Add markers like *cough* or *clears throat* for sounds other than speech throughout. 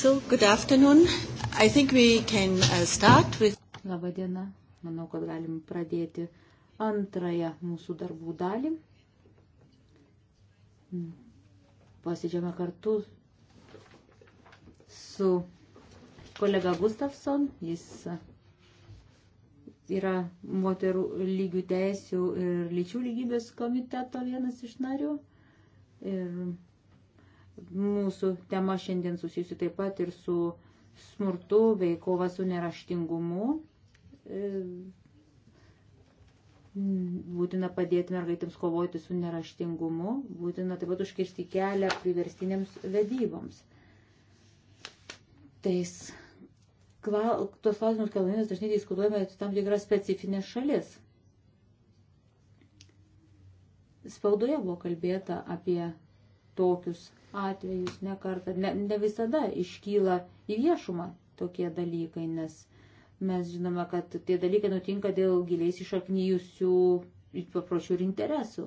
So, good afternoon. I think we can uh, start with. Labadiena. Manau, kad galim pradėti antrąją mūsų darbų dalį. Hmm. Posėdžiame kartu su kolega Gustafson. Jis uh, yra moterų lygių teisių ir lyčių lygybės komiteto vienas iš narių. Ir Mūsų tema šiandien susijusi taip pat ir su smurtu bei kova su neraštingumu. E, būtina padėti mergaitėms kovoti su neraštingumu, būtina taip pat užkirsti kelią priverstinėms vedyboms. Tais, klau, tos klausimus kalbomis dažnai diskutuojame tai tam tikras specifinės šalis. Spaudoje buvo kalbėta apie tokius atvejus nekartą. Ne, ne visada iškyla į viešumą tokie dalykai, nes mes žinome, kad tie dalykai nutinka dėl giliais išaknyjusių papročių ir interesų.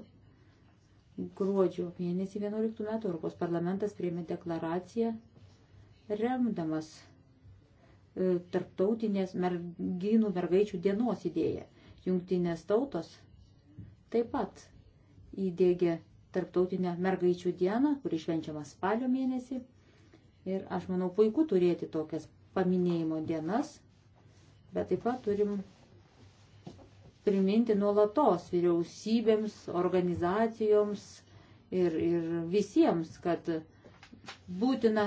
Gruodžio mėnesį 11 metų Europos parlamentas priėmė deklaraciją remdamas e, tarptautinės merginų mergaičių dienos idėją. Jungtinės tautos taip pat įdėgė tarptautinę mergaičių dieną, kuri švenčiama spalio mėnesį. Ir aš manau puiku turėti tokias paminėjimo dienas, bet taip pat turim priminti nuolatos vyriausybėms, organizacijoms ir, ir visiems, kad būtina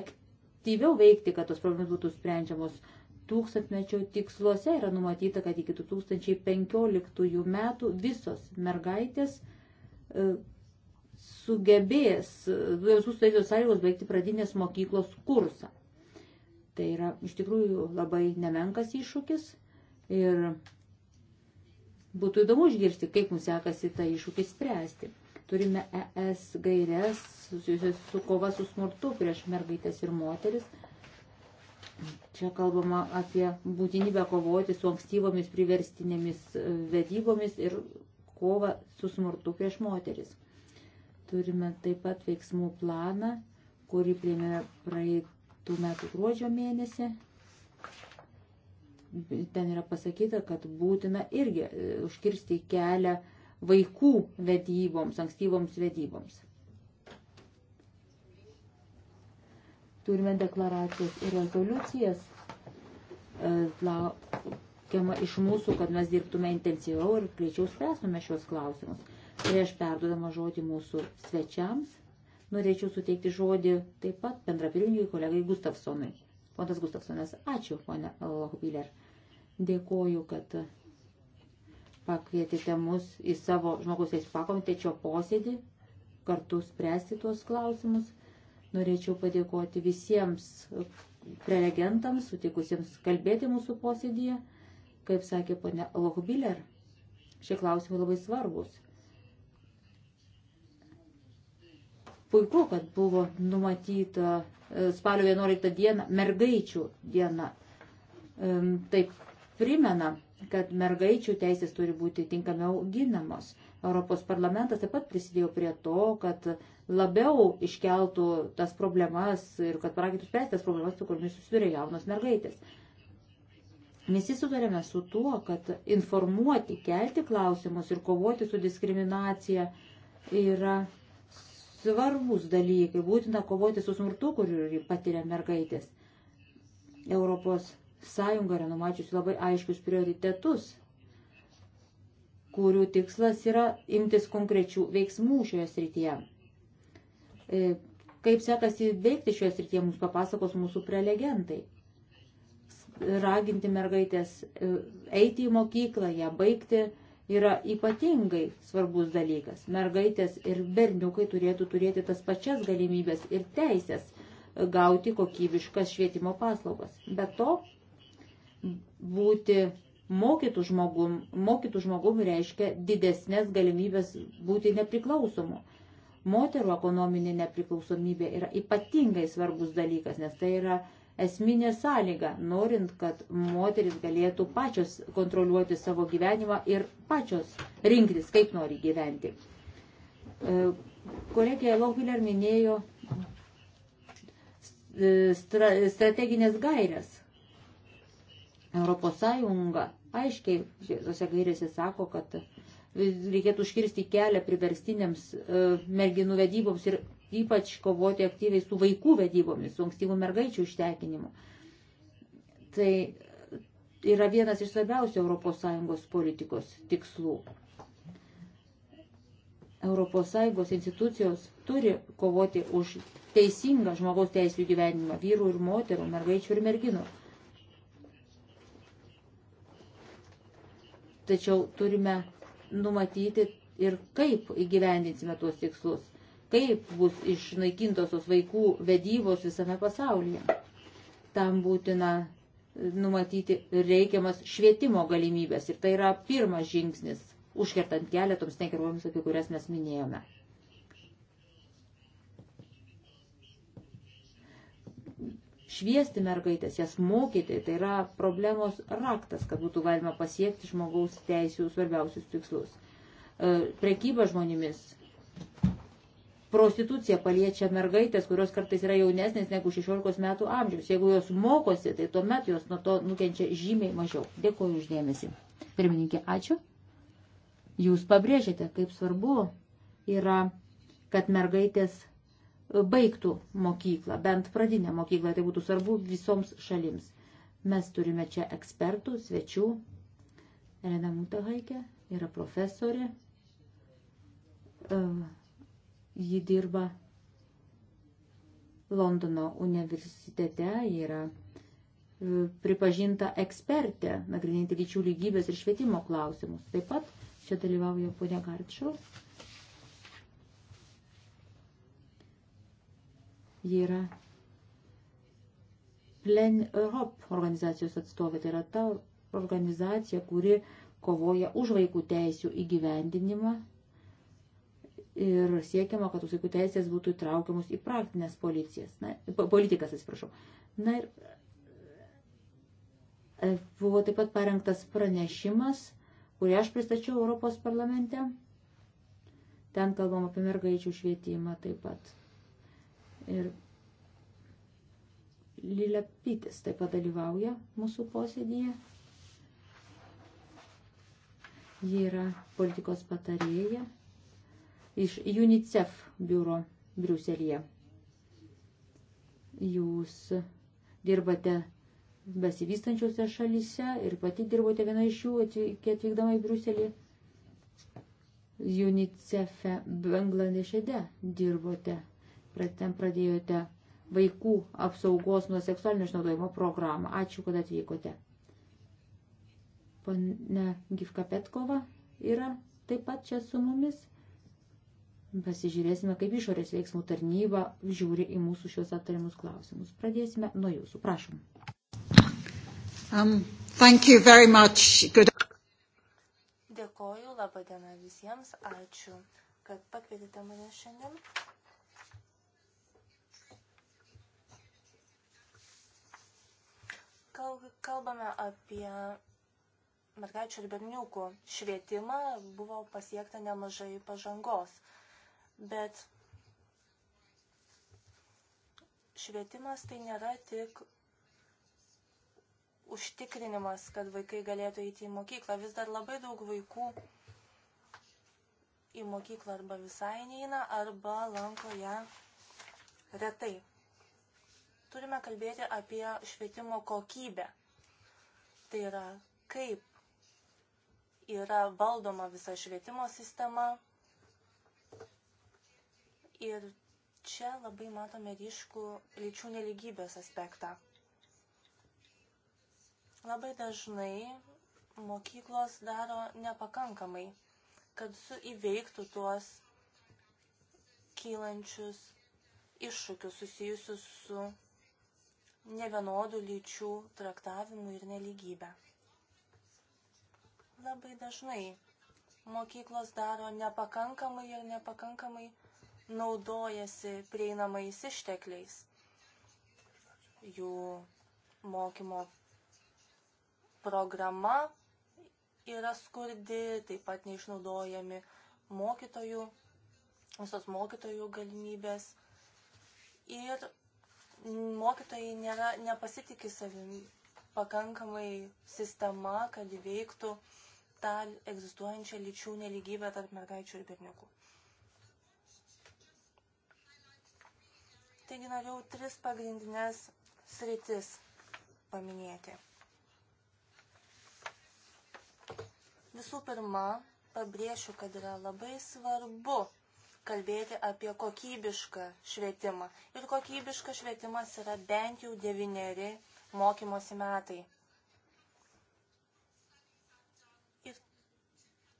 aktyviau veikti, kad tos problemas būtų sprendžiamos. Tūkstantmečio tiksluose yra numatyta, kad iki 2015 metų visos mergaitės E, sugebės jos sustatytos sąlygos baigti pradinės mokyklos kursą. Tai yra iš tikrųjų labai nemenkas iššūkis ir būtų įdomu išgirsti, kaip mums sekasi tą iššūkį spręsti. Turime ES gairias susijusios su kova su smurtu prieš mergaitės ir moteris. Čia kalbama apie būtinybę kovoti su ankstyvomis priverstinėmis e, vedybomis ir kovą su smurtu prieš moteris. Turime taip pat veiksmų planą, kurį priėmėme praeitų metų gruodžio mėnesį. Ten yra pasakyta, kad būtina irgi e, užkirsti kelią vaikų vedyboms, ankstyvoms vedyboms. Turime deklaracijas ir rezoliucijas e, laukiama iš mūsų, kad mes dirbtume intensyviau ir greičiau spręstume šios klausimus. Prieš perdodama žodį mūsų svečiams, norėčiau suteikti žodį taip pat bendrapilininkui kolegai Gustafsonui. Ponas Gustafsonas, ačiū, ponė Lohubiler. Dėkoju, kad pakvietėte mus į savo žmogus teispakomitečio posėdį, kartu spręsti tuos klausimus. Norėčiau padėkoti visiems prelegentams, sutikusiems kalbėti mūsų posėdėje. Kaip sakė ponia Lochbiller, šie klausimai labai svarbus. Puiku, kad buvo numatyta e, spalio 11 diena mergaičių diena. Taip primena, kad mergaičių teisės turi būti tinkamiau ginamos. Europos parlamentas taip pat prisidėjo prie to, kad labiau iškeltų tas problemas ir kad paragintų spręsti tas problemas, su kuriomis susiduria jaunos mergaitės. Visi sutarėme su tuo, kad informuoti, kelti klausimus ir kovoti su diskriminacija yra svarbus dalykai. Būtina kovoti su smurtu, kurį patiria mergaitės. Europos Sąjunga yra numačiusi labai aiškius prioritetus, kurių tikslas yra imtis konkrečių veiksmų šioje srityje. E, kaip sekasi veikti šioje srityje, mums papasakos mūsų prelegentai raginti mergaitės e, eiti į mokyklą, ją baigti yra ypatingai svarbus dalykas. Mergaitės ir berniukai turėtų turėti tas pačias galimybės ir teisės gauti kokybiškas švietimo paslaugas. Be to, būti mokytų žmogum, mokytų žmogum reiškia didesnės galimybės būti nepriklausomu. Moterų ekonominė nepriklausomybė yra ypatingai svarbus dalykas, nes tai yra esminė sąlyga, norint, kad moteris galėtų pačios kontroliuoti savo gyvenimą ir pačios rinktis, kaip nori gyventi. E, Kolegija Lohviler minėjo e, stra strateginės gairias. Europos Sąjunga aiškiai tose gairėse sako, kad reikėtų užkirsti kelią priverstiniams e, merginų vedyboms ir ypač kovoti aktyviai su vaikų vedybomis, su ankstyvų mergaičių ištekinimu. Tai yra vienas iš svarbiausių ES politikos tikslų. ES institucijos turi kovoti už teisingą žmogaus teisų gyvenimą vyrų ir moterų, mergaičių ir merginų. Tačiau turime numatyti ir kaip įgyvendinsime tuos tikslus kaip bus išnaikintosios vaikų vedybos visame pasaulyje. Tam būtina numatyti reikiamas švietimo galimybės ir tai yra pirmas žingsnis, užkertant kelią toms negerovėms, apie kurias mes minėjome. Šviesti mergaitės, jas mokyti, tai yra problemos raktas, kad būtų galima pasiekti žmogaus teisų svarbiausius tikslus. E, prekyba žmonėmis prostitucija paliečia mergaitės, kurios kartais yra jaunesnės negu 16 metų amžiaus. Jeigu jos mokosi, tai tuomet jos nuo to nukenčia žymiai mažiau. Dėkuoju uždėmesi. Pirmininkė, ačiū. Jūs pabrėžėte, kaip svarbu yra, kad mergaitės baigtų mokyklą, bent pradinę mokyklą, tai būtų svarbu visoms šalims. Mes turime čia ekspertų, svečių. Elena Mutahaikė yra profesorė. Uh Ji dirba Londono universitete, ji yra e, pripažinta ekspertė nagrinėti lyčių lygybės ir švietimo klausimus. Taip pat čia dalyvauja ponia Garčil. Ji yra Plen Europe organizacijos atstovė. Tai yra ta organizacija, kuri kovoja už vaikų teisių įgyvendinimą ir siekiama, kad tos vaikų teisės būtų įtraukiamus į praktinės policijas, na, politikas, atsiprašau. Na ir e, buvo taip pat parengtas pranešimas, kurį aš pristačiau Europos parlamente. Ten kalbam apie mergaičių švietimą taip pat. Ir Lilė Pytis taip pat dalyvauja mūsų posėdėje. Ji yra politikos patarėja iš UNICEF biuro Briuselėje. Jūs dirbate besivystančiose šalyse ir pati dirbote viena iš jų atvykdama į Briuselį. UNICEF'e Bangladešėde dirbote. Ten pradėjote vaikų apsaugos nuo seksualinio išnaudojimo programą. Ačiū, kad atvykote. Pane Gifka Petkova yra taip pat čia su mumis pasižiūrėsime, kaip išorės veiksmų tarnyba žiūri į mūsų šios aptariamus klausimus. Pradėsime nuo jūsų. Prašom. Um, thank you very much. Good... Dėkoju, laba diena visiems. Ačiū, kad pakvietėte mane šiandien. Kalbame apie mergaičių ir berniukų švietimą buvo pasiekta nemažai pažangos. Bet švietimas tai nėra tik užtikrinimas, kad vaikai galėtų eiti į mokyklą. Vis dar labai daug vaikų į mokyklą arba visai neina, arba lanko ją retai. Turime kalbėti apie švietimo kokybę. Tai yra, kaip yra valdoma visa švietimo sistema, Ir čia labai matome ryškų lyčių neligybės aspektą. Labai dažnai mokyklos daro nepakankamai, kad su įveiktų tuos kylančius iššūkius susijusius su nevienodų lyčių traktavimu ir neligybę. Labai dažnai mokyklos daro nepakankamai ir nepakankamai naudojasi prieinamais ištekliais, jų mokymo programa yra skurdi, taip pat neišnaudojami mokytojų, visos mokytojų galimybės ir mokytojai nėra, nepasitikė savimi pakankamai sistema, kad įveiktų tą egzistuojančią lyčių neligybę tarp mergaičių ir berniukų. Taigi norėjau tris pagrindinės sritis paminėti. Visų pirma, pabrėšiu, kad yra labai svarbu kalbėti apie kokybišką švietimą. Ir kokybiškas švietimas yra bent jau devyneri mokymosi metai. Ir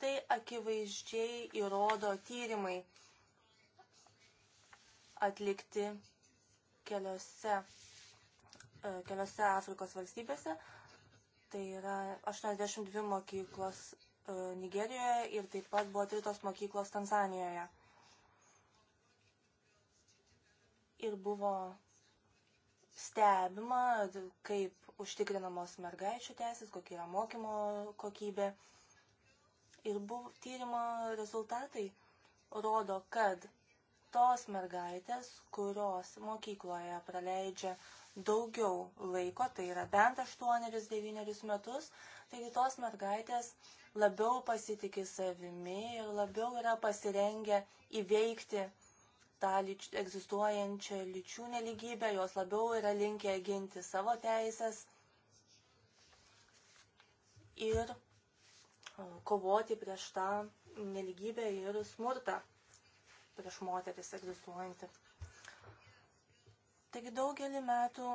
tai akivaizdžiai įrodo tyrimai atlikti keliose, e, keliose Afrikos valstybėse. Tai yra 82 mokyklos e, Nigerijoje ir taip pat buvo tritos mokyklos Tanzanijoje. Ir buvo stebima, kaip užtikrinamos mergaičių teisės, kokia yra mokymo kokybė. Ir buvo tyrimo rezultatai rodo, kad tos mergaitės, kurios mokykloje praleidžia daugiau laiko, tai yra bent 8-9 metus, taigi tos mergaitės labiau pasitikė savimi ir labiau yra pasirengę įveikti tą lyč, egzistuojančią lyčių neligybę, jos labiau yra linkę ginti savo teisės ir e, kovoti prieš tą neligybę ir smurtą prieš moteris egzistuojanti. Taigi daugelį metų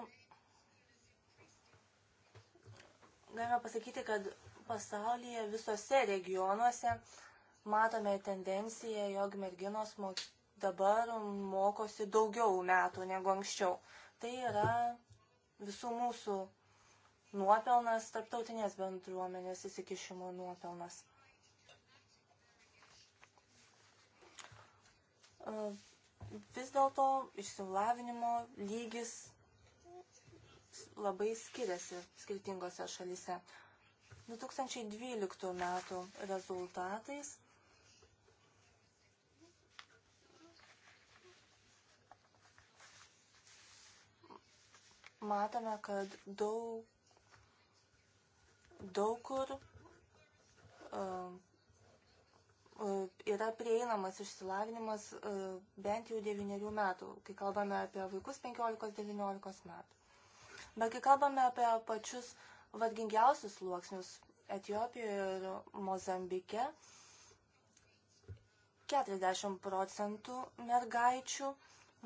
galime pasakyti, kad pasaulyje visose regionuose matome tendenciją, jog merginos mok dabar mokosi daugiau metų negu anksčiau. Tai yra visų mūsų nuopelnas, tarptautinės bendruomenės įsikišimo nuopelnas. vis dėlto išsilavinimo lygis labai skiriasi skirtingose šalise. 2012 metų rezultatais matome, kad daug, daug kur uh, E, yra prieinamas išsilavinimas e, bent jau 9 metų, kai kalbame apie vaikus 15-19 metų. Bet kai kalbame apie pačius vargingiausius sluoksnius Etijopijoje ir Mozambike, 40 procentų mergaičių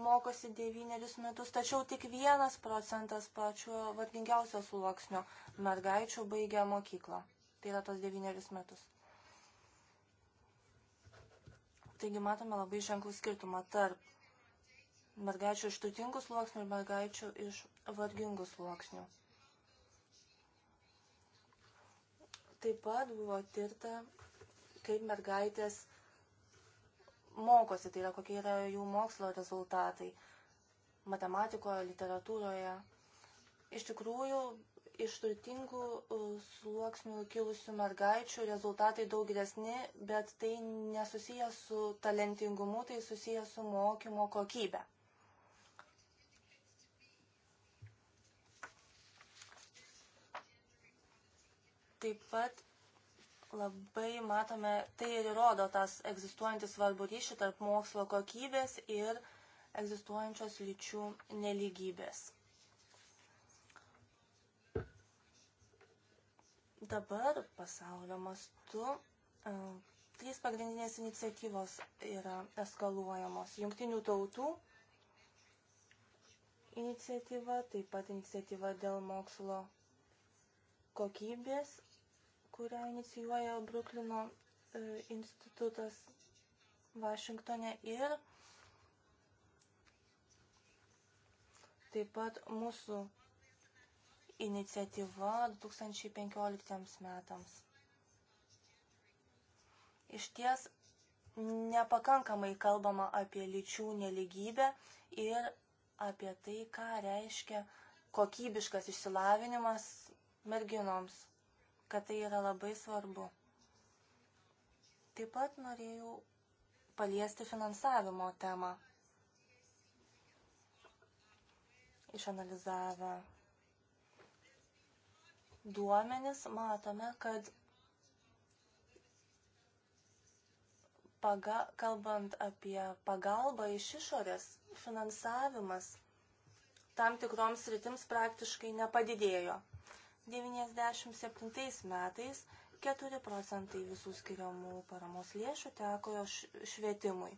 mokosi devynerius metus, tačiau tik vienas procentas pačio vargingiausio sluoksnio mergaičių baigia mokyklą. Tai yra tos devynerius metus. Taigi matome labai ženklų skirtumą tarp mergaičių iš turtingų sluoksnių ir mergaičių iš vargingų sluoksnių. Taip pat buvo tirta, kaip mergaitės mokosi, tai yra kokie yra jų mokslo rezultatai matematikoje, literatūroje. Iš tikrųjų, iš turtingų e, sluoksnių kilusių mergaičių rezultatai daug geresni, bet tai nesusiję su talentingumu, tai susiję su mokymo kokybe. Taip pat labai matome, tai ir įrodo tas egzistuojantis svarbu ryšį tarp mokslo kokybės ir egzistuojančios lyčių neligybės. Dabar pasaulio mastu e, trys pagrindinės iniciatyvos yra eskaluojamos. Jungtinių tautų iniciatyva, taip pat iniciatyva dėl mokslo kokybės, kurią inicijuoja Bruklino e, institutas Vašingtone ir taip pat mūsų iniciatyva 2015 metams. Iš ties nepakankamai kalbama apie lyčių neligybę ir apie tai, ką reiškia kokybiškas išsilavinimas merginoms, kad tai yra labai svarbu. Taip pat norėjau paliesti finansavimo temą. Išanalizavę duomenis, matome, kad paga, kalbant apie pagalbą iš išorės, finansavimas tam tikroms rytims praktiškai nepadidėjo. 97 metais 4 procentai visų skiriamų paramos lėšų teko švietimui.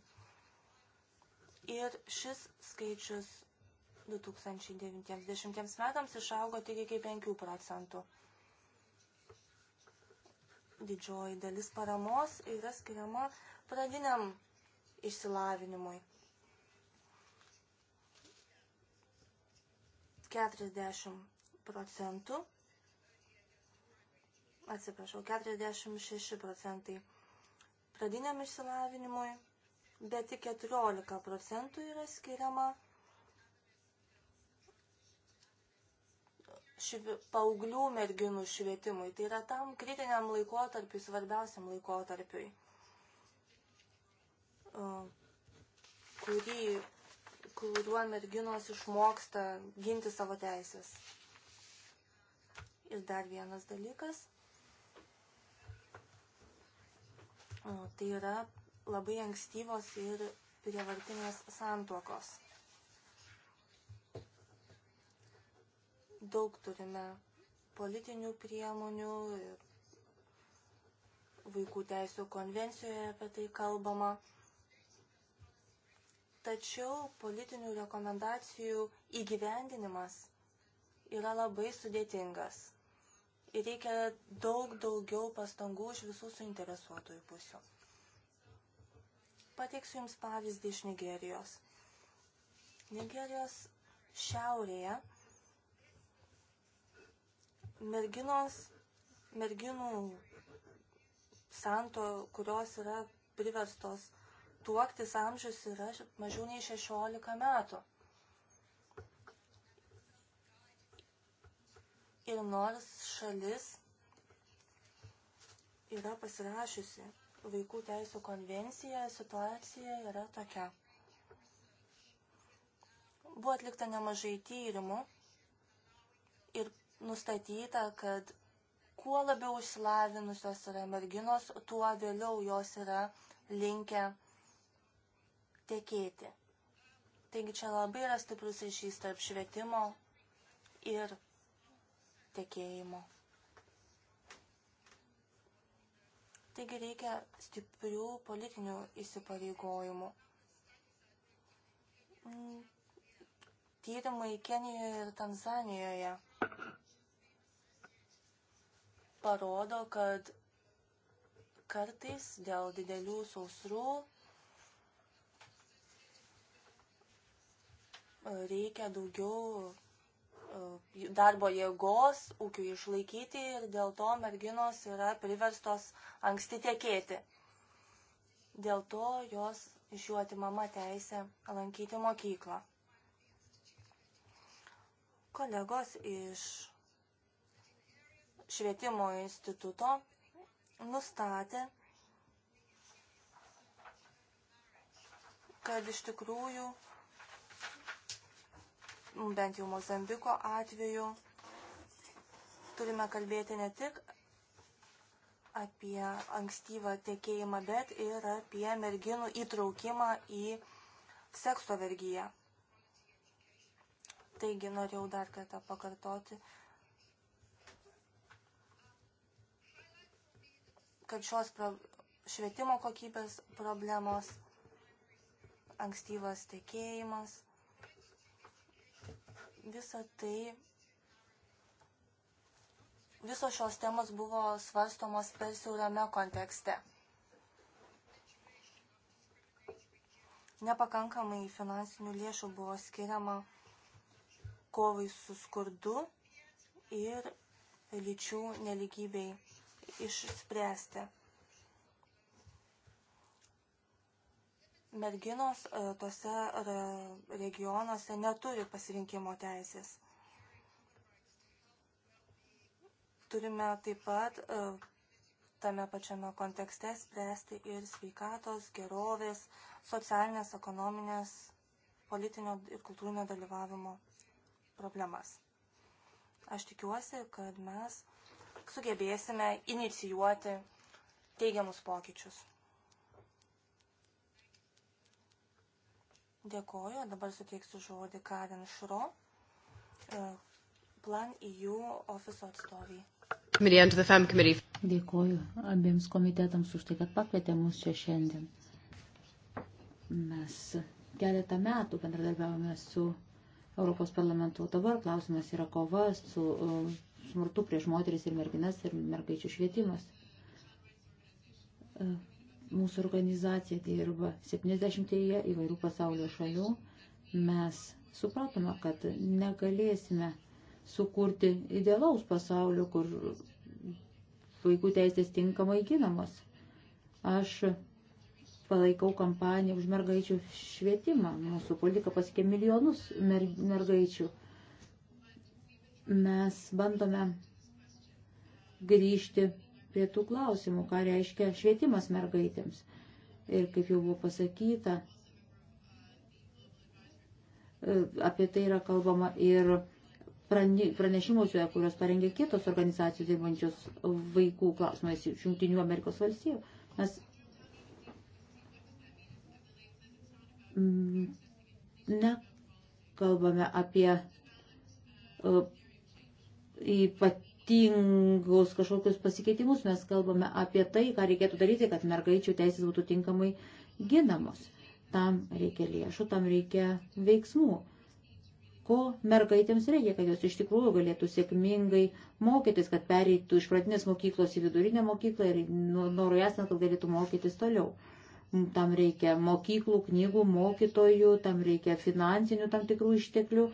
Ir šis skaičius 2009-2010 metams išaugo tik iki 5 procentų. Didžioji dalis paramos yra skiriama pradiniam išsilavinimui. 40 procentų, atsiprašau, 46 procentai pradiniam išsilavinimui, bet tik 14 procentų yra skiriama švi, paauglių merginų švietimui. Tai yra tam kritiniam laikotarpiui, svarbiausiam laikotarpiui, e, kurį, kuriuo merginos išmoksta ginti savo teisės. Ir dar vienas dalykas. Tai yra labai ankstyvos ir prievartinės santuokos. Daug turime politinių priemonių ir vaikų teisų konvencijoje apie tai kalbama. Tačiau politinių rekomendacijų įgyvendinimas yra labai sudėtingas. Ir reikia daug daugiau pastangų iš visų suinteresuotųjų pusių. Pateiksiu Jums pavyzdį iš Nigerijos. Nigerijos šiaurėje merginos, merginų santo, kurios yra priverstos tuoktis amžius yra mažiau nei 16 metų. Ir nors šalis yra pasirašiusi vaikų teisų konvenciją, situacija yra tokia. Buvo atlikta nemažai tyrimų ir nustatyta, kad kuo labiau išsilavinusios yra merginos, tuo vėliau jos yra linkę tekėti. Taigi čia labai yra stiprus ryšys tarp švietimo ir tekėjimo. Taigi reikia stiprių politinių įsipareigojimų. Mm, tyrimai Kenijoje ir Tanzanijoje parodo, kad kartais dėl didelių sausrų reikia daugiau e, darbo jėgos ūkiui išlaikyti ir dėl to merginos yra priverstos anksti tiekėti. Dėl to jos iš jų atimama teisė lankyti mokyklą. Kolegos iš švietimo instituto nustatė, kad iš tikrųjų, bent jau Mozambiko atveju, turime kalbėti ne tik apie ankstyvą tekėjimą, bet ir apie merginų įtraukimą į sekso vergiją. Taigi norėjau dar kartą pakartoti, kad šios pro, švietimo kokybės problemos, ankstyvas tekėjimas, visa tai, visos šios temos buvo svarstomos per siaurame kontekste. Nepakankamai finansinių lėšų buvo skiriama kovai su skurdu ir lyčių neligybei išspręsti. Merginos e, tose e, regionuose neturi pasirinkimo teisės. Turime taip pat e, tame pačiame kontekste spręsti ir sveikatos, gerovės, socialinės, ekonominės, politinio ir kultūrinio dalyvavimo problemas. Aš tikiuosi, kad mes sugebėsime inicijuoti teigiamus pokyčius. Dėkoju, dabar suteiksiu žodį Karen Šro, e, Plan EU ofiso atstoviai. Dėkoju abiems komitetams už tai, kad pakvietė mus čia šiandien. Mes keletą metų bendradarbiavome su Europos parlamentu. Dabar klausimas yra kova su smurtu prieš moteris ir merginas ir mergaičių švietimas. E, mūsų organizacija dirba 70 įvairių pasaulio šalių. Mes supratome, kad negalėsime sukurti idealaus pasaulio, kur vaikų teisės tinkamai ginamos. Aš palaikau kampaniją už mergaičių švietimą. Mūsų politika pasiekė milijonus mergaičių mes bandome grįžti prie tų klausimų, ką reiškia švietimas mergaitėms. Ir kaip jau buvo pasakyta, e, apie tai yra kalbama ir pranešimuose, kurios parengė kitos organizacijos dirbančios vaikų klausimais iš Junktinių Amerikos valstijų. Mes mm, nekalbame apie e, ypatingus kažkokius pasikeitimus. Mes kalbame apie tai, ką reikėtų daryti, kad mergaičių teisės būtų tinkamai ginamos. Tam reikia lėšų, tam reikia veiksmų. Ko mergaitėms reikia, kad jos iš tikrųjų galėtų sėkmingai mokytis, kad pereitų iš pradinės mokyklos į vidurinę mokyklą ir norų esant, kad galėtų mokytis toliau tam reikia mokyklų, knygų, mokytojų, tam reikia finansinių tam tikrų išteklių,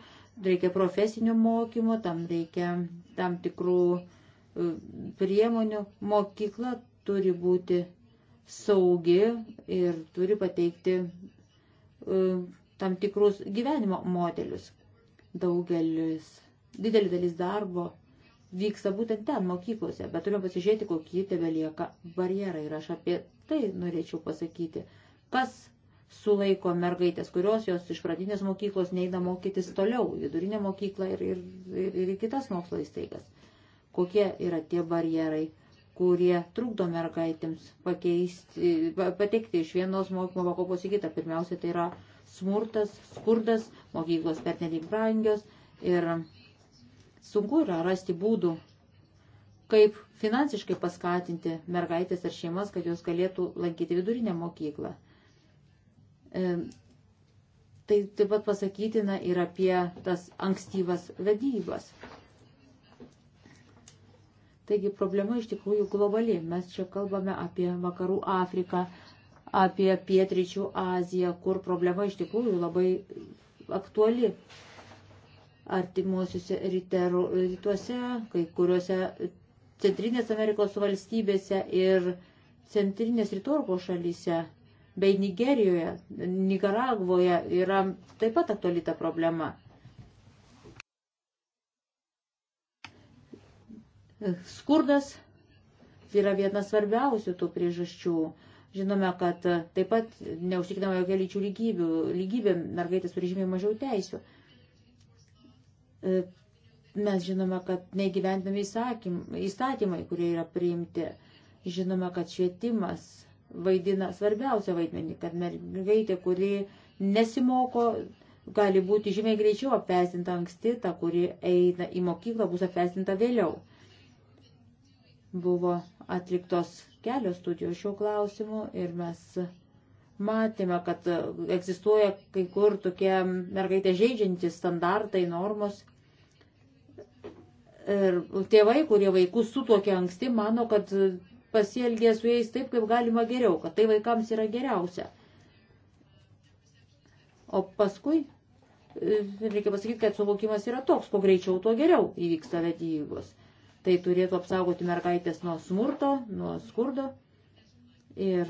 reikia profesinio mokymo, tam reikia tam tikrų e, priemonių. Mokykla turi būti saugi ir turi pateikti e, tam tikrus gyvenimo modelius. Daugelis, didelį dalis darbo vyksta būtent ten mokyklose, bet turime pasižiūrėti, kokie tebe lieka barjerai. Ir aš apie tai norėčiau pasakyti, kas sulaiko mergaitės, kurios jos iš pradinės mokyklos neina mokytis toliau, vidurinė mokykla ir, ir, ir, ir kitas mokslo įstaigas. Kokie yra tie barjerai, kurie trukdo mergaitėms pakeisti, patekti iš vienos mokymo pakopos į kitą. Pirmiausia, tai yra smurtas, skurdas, mokyklos pernelyg brangios ir sunku yra rasti būdų, kaip finansiškai paskatinti mergaitės ar šeimas, kad jos galėtų lankyti vidurinę mokyklą. E, tai taip pat pasakytina ir apie tas ankstyvas vedybas. Taigi problema iš tikrųjų globali. Mes čia kalbame apie vakarų Afriką, apie pietryčių Aziją, kur problema iš tikrųjų labai aktuali. Artimuosiuose rytuose, kai kuriuose Centrinės Amerikos valstybėse ir Centrinės rytų Europos šalyse bei Nigerijoje, Nikaragvoje yra taip pat aktuali ta problema. Skurdas yra viena svarbiausių tų priežasčių. Žinome, kad taip pat neužtikrinama jokia lyčių lygybių, lygybė mergaitės turi žymiai mažiau teisių. Mes žinome, kad negyvendami įstatymai, kurie yra priimti, žinome, kad švietimas vaidina svarbiausią vaidmenį, kad mergaitė, kuri nesimoko, gali būti žymiai greičiau apveisinta anksti, ta, kuri eina į mokyklą, bus apveisinta vėliau. Buvo atliktos kelios studijos šiuo klausimu ir mes matėme, kad egzistuoja kai kur tokie mergaitė žaidžiantys standartai, normos. Ir tėvai, kurie vaikus sutokia anksti, mano, kad pasielgė su jais taip, kaip galima geriau, kad tai vaikams yra geriausia. O paskui, e, reikia pasakyti, kad suvokimas yra toks, kuo greičiau, tuo geriau įvyksta vedybos. Tai turėtų apsaugoti mergaitės nuo smurto, nuo skurdo. Ir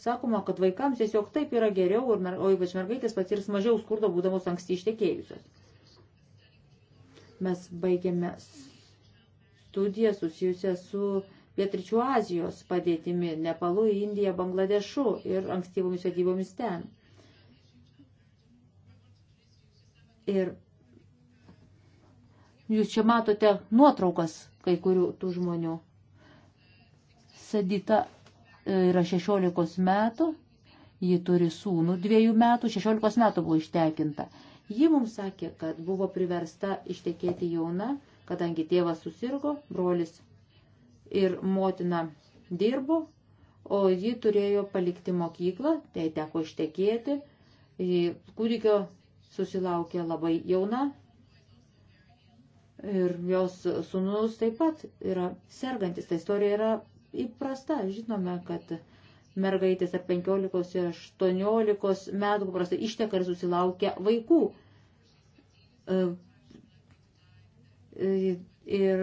sakoma, kad vaikams tiesiog taip yra geriau, o ypač mergaitės patirs mažiau skurdo, būdamos anksti ištekėjusios. Mes baigėme studiją susijusią su Pietričių Azijos padėtimi, Nepalu, Indija, Bangladešu ir ankstyvomis vedybomis ten. Ir jūs čia matote nuotraukas kai kurių tų žmonių. Sadita e, yra 16 metų, ji turi sūnų dviejų metų, 16 metų buvo ištekinta. Ji mums sakė, kad buvo priversta ištekėti jauna, kadangi tėvas susirgo, brolis ir motina dirbo, o ji turėjo palikti mokyklą, tai teko ištekėti, kūdikio susilaukė labai jauna ir jos sunus taip pat yra sergantis. Ta istorija yra įprasta, žinome, kad mergaitės ar 15 ir 18 metų paprastai išteka ir susilaukia vaikų. E, e, Ir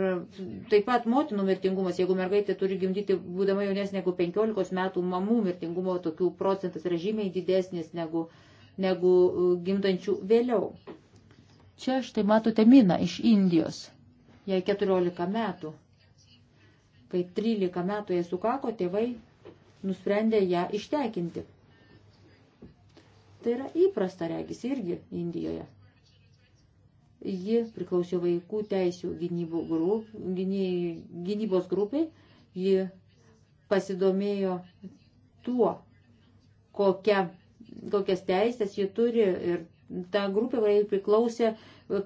taip pat motinų mirtingumas, jeigu mergaitė turi gimdyti, būdama jaunesnė negu 15 metų, mamų mirtingumo tokių procentas yra žymiai didesnis negu, negu e, gimdančių vėliau. Čia štai matote miną iš Indijos, jai 14 metų. Kai 13 metų jai sukako, tėvai nusprendė ją ištekinti. Tai yra įprasta regis irgi Indijoje. Ji priklausė vaikų teisų grup, gynybos grupai. Ji pasidomėjo tuo, kokia, kokias teisės ji turi ir ta grupė, kuriai priklausė,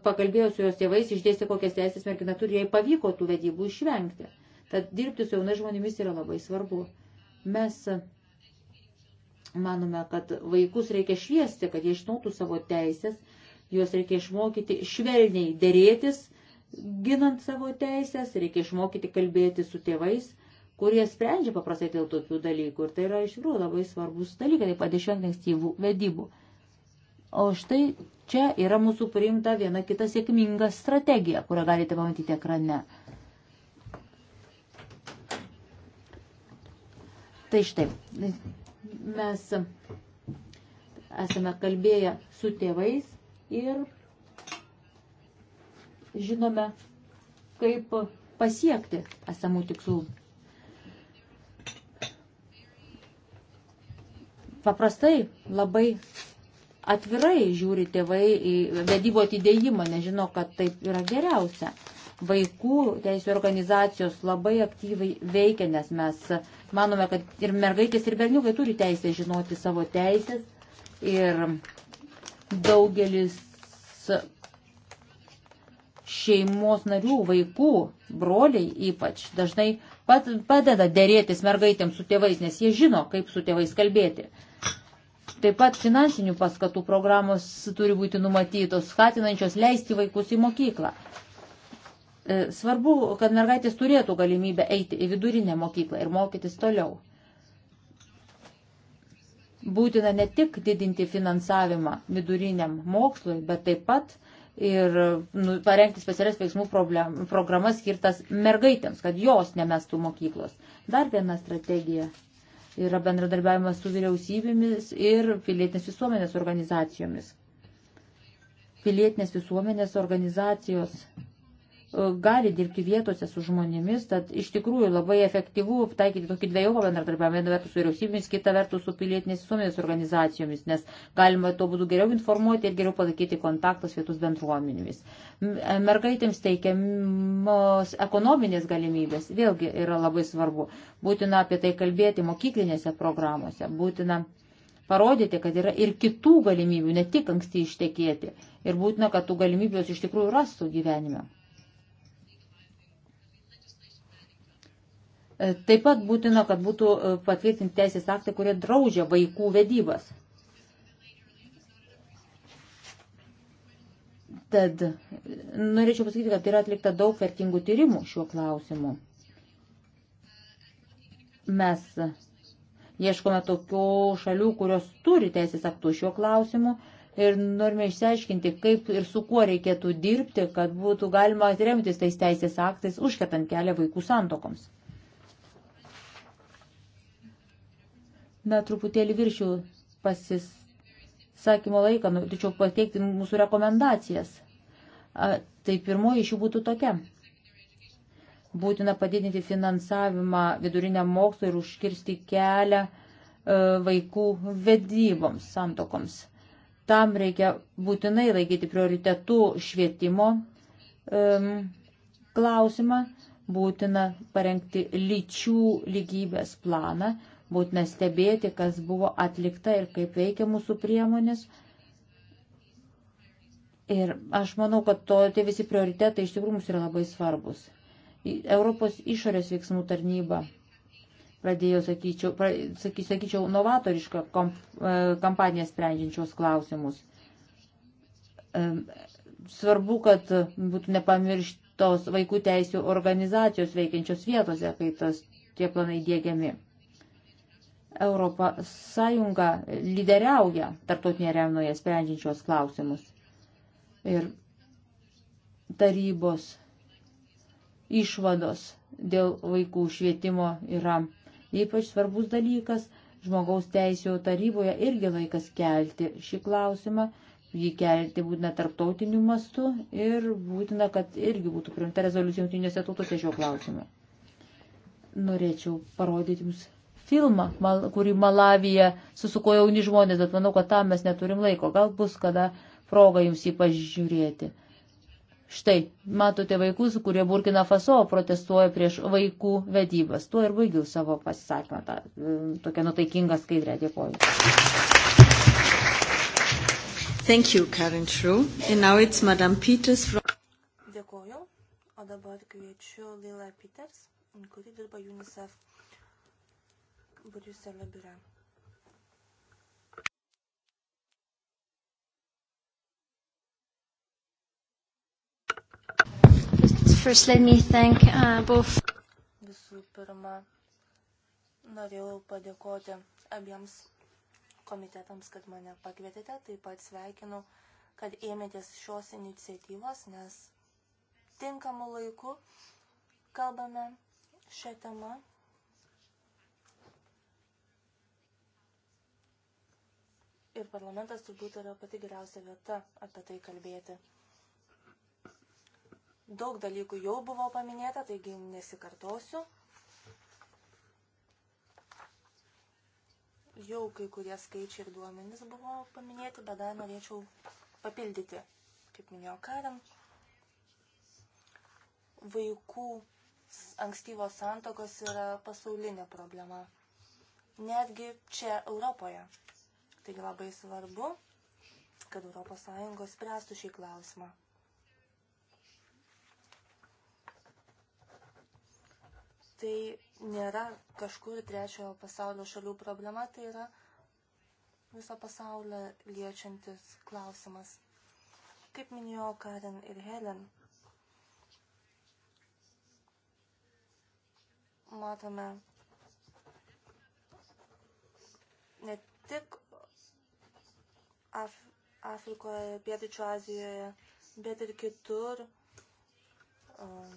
pakalbėjo su jos tėvais, išdėstė, kokias teisės mergina turi, jai pavyko tų vedybų išvengti. Tad dirbti su jaunais žmonėmis yra labai svarbu. Mes manome, kad vaikus reikia šviesti, kad jie išnautų savo teisės juos reikia išmokyti švelniai dėrėtis, ginant savo teisės, reikia išmokyti kalbėti su tėvais, kurie sprendžia paprastai dėl tokių dalykų. Ir tai yra iš tikrųjų labai svarbus dalykai, tai padėšvengti ankstyvų vedybų. O štai čia yra mūsų priimta viena kita sėkminga strategija, kurią galite pamatyti ekrane. Tai štai, mes esame kalbėję su tėvais ir žinome, kaip pasiekti esamų tikslų. Paprastai labai atvirai žiūri tėvai į vedybų atidėjimą, nežino, kad taip yra geriausia. Vaikų teisų organizacijos labai aktyviai veikia, nes mes manome, kad ir mergaitės, ir berniukai turi teisę žinoti savo teisės. Ir Daugelis šeimos narių, vaikų, broliai ypač dažnai padeda dėrėtis mergaitėms su tėvais, nes jie žino, kaip su tėvais kalbėti. Taip pat finansinių paskatų programos turi būti numatytos, skatinančios leisti vaikus į mokyklą. E, svarbu, kad mergaitės turėtų galimybę eiti į vidurinę mokyklą ir mokytis toliau būtina ne tik didinti finansavimą viduriniam mokslui, bet taip pat ir nu, parengti specialias veiksmų problem, programas skirtas mergaitėms, kad jos nemestų mokyklos. Dar viena strategija yra bendradarbiavimas su vyriausybėmis ir pilietinės visuomenės organizacijomis. Pilietinės visuomenės organizacijos gali dirbti vietose su žmonėmis, tad iš tikrųjų labai efektyvu taikyti tokį dviejopą bendradarbiavimą, viena vertus su vyriausybėmis, kita vertus su pilietinės visuomenės organizacijomis, nes galima tuo būdu geriau informuoti ir geriau palaikyti kontaktus vietos bendruomenėmis. E, mergaitėms teikiamos ekonominės galimybės vėlgi yra labai svarbu. Būtina apie tai kalbėti mokyklinėse programuose, būtina parodyti, kad yra ir kitų galimybių, ne tik anksti ištekėti. Ir būtina, kad tų galimybių jos iš tikrųjų rastų gyvenime. E, taip pat būtina, kad būtų e, patvirtinti teisės aktai, kurie draudžia vaikų vedybas. Tad norėčiau pasakyti, kad yra atlikta daug vertingų tyrimų šiuo klausimu. Mes ieškome tokių šalių, kurios turi teisės aktų šiuo klausimu ir norime išsiaiškinti, kaip ir su kuo reikėtų dirbti, kad būtų galima atremtis tais teisės aktais, užketant kelią vaikų santokoms. Na, truputėlį viršių pasisakymo laiką, norėčiau pateikti mūsų rekomendacijas. A, tai pirmoji iš jų būtų tokia. Būtina padidinti finansavimą viduriniam mokslo ir užkirsti kelią e, vaikų vedyboms, santokoms. Tam reikia būtinai laikyti prioritetų švietimo um, e, klausimą, būtina parengti lyčių lygybės planą, būtina stebėti, kas buvo atlikta ir kaip veikia mūsų priemonės. Ir aš manau, kad to, tie visi prioritetai iš tikrųjų mums yra labai svarbus. Europos išorės veiksmų tarnyba pradėjo, sakyčiau, pra, saky, sakyčiau novatorišką komp, e, kampaniją sprendžiančios klausimus. E, svarbu, kad būtų nepamirštos vaikų teisų organizacijos veikiančios vietose, kai tas, tie planai dėgiami. Europos Sąjunga lyderiauja tarptautinėje renoje sprendžiančios klausimus. Ir tarybos išvados dėl vaikų švietimo yra ypač svarbus dalykas. Žmogaus teisėjų taryboje irgi laikas kelti šį klausimą, jį kelti būtina tarptautiniu mastu ir būtina, kad irgi būtų priimta rezoliucija jungtinėse tautose šio klausimu. Norėčiau parodyti jums filmą, mal, kurį Malavija susuko jauni žmonės, bet manau, kad tam mes neturim laiko. Gal bus kada proga jums jį pažiūrėti. Štai, matote vaikus, kurie Burkina Faso protestuoja prieš vaikų vedybas. Tuo ir baigiu savo pasisakymą. Ta, tokia nutaikinga skaidrė. Dėkoju. Thank you, Karen True. And now it's Madame Peters from... Dėkoju. O dabar kviečiu Lila Peters, kuri dirba UNICEF Briuselio biure. First, let me thank uh, both. Visų pirma, norėjau padėkoti abiems komitetams, kad mane pakvietėte. Taip pat sveikinu, kad ėmėtės šios iniciatyvos, nes tinkamu laiku kalbame šią temą ir parlamentas turbūt yra pati geriausia vieta apie tai kalbėti. Daug dalykų jau buvo paminėta, taigi nesikartosiu. Jau kai kurie skaičiai ir duomenys buvo paminėti, bet dar norėčiau papildyti, kaip minėjo Karen, vaikų ankstyvos santokos yra pasaulinė problema. Netgi čia Europoje Taigi labai svarbu, kad ES spręstų šį klausimą. Tai nėra kažkur trečiojo pasaulio šalių problema, tai yra viso pasaulio liečiantis klausimas. Kaip minėjo Karen ir Helen, matome ne tik Af Afrikoje, Pietryčio Azijoje, bet ir kitur. Um,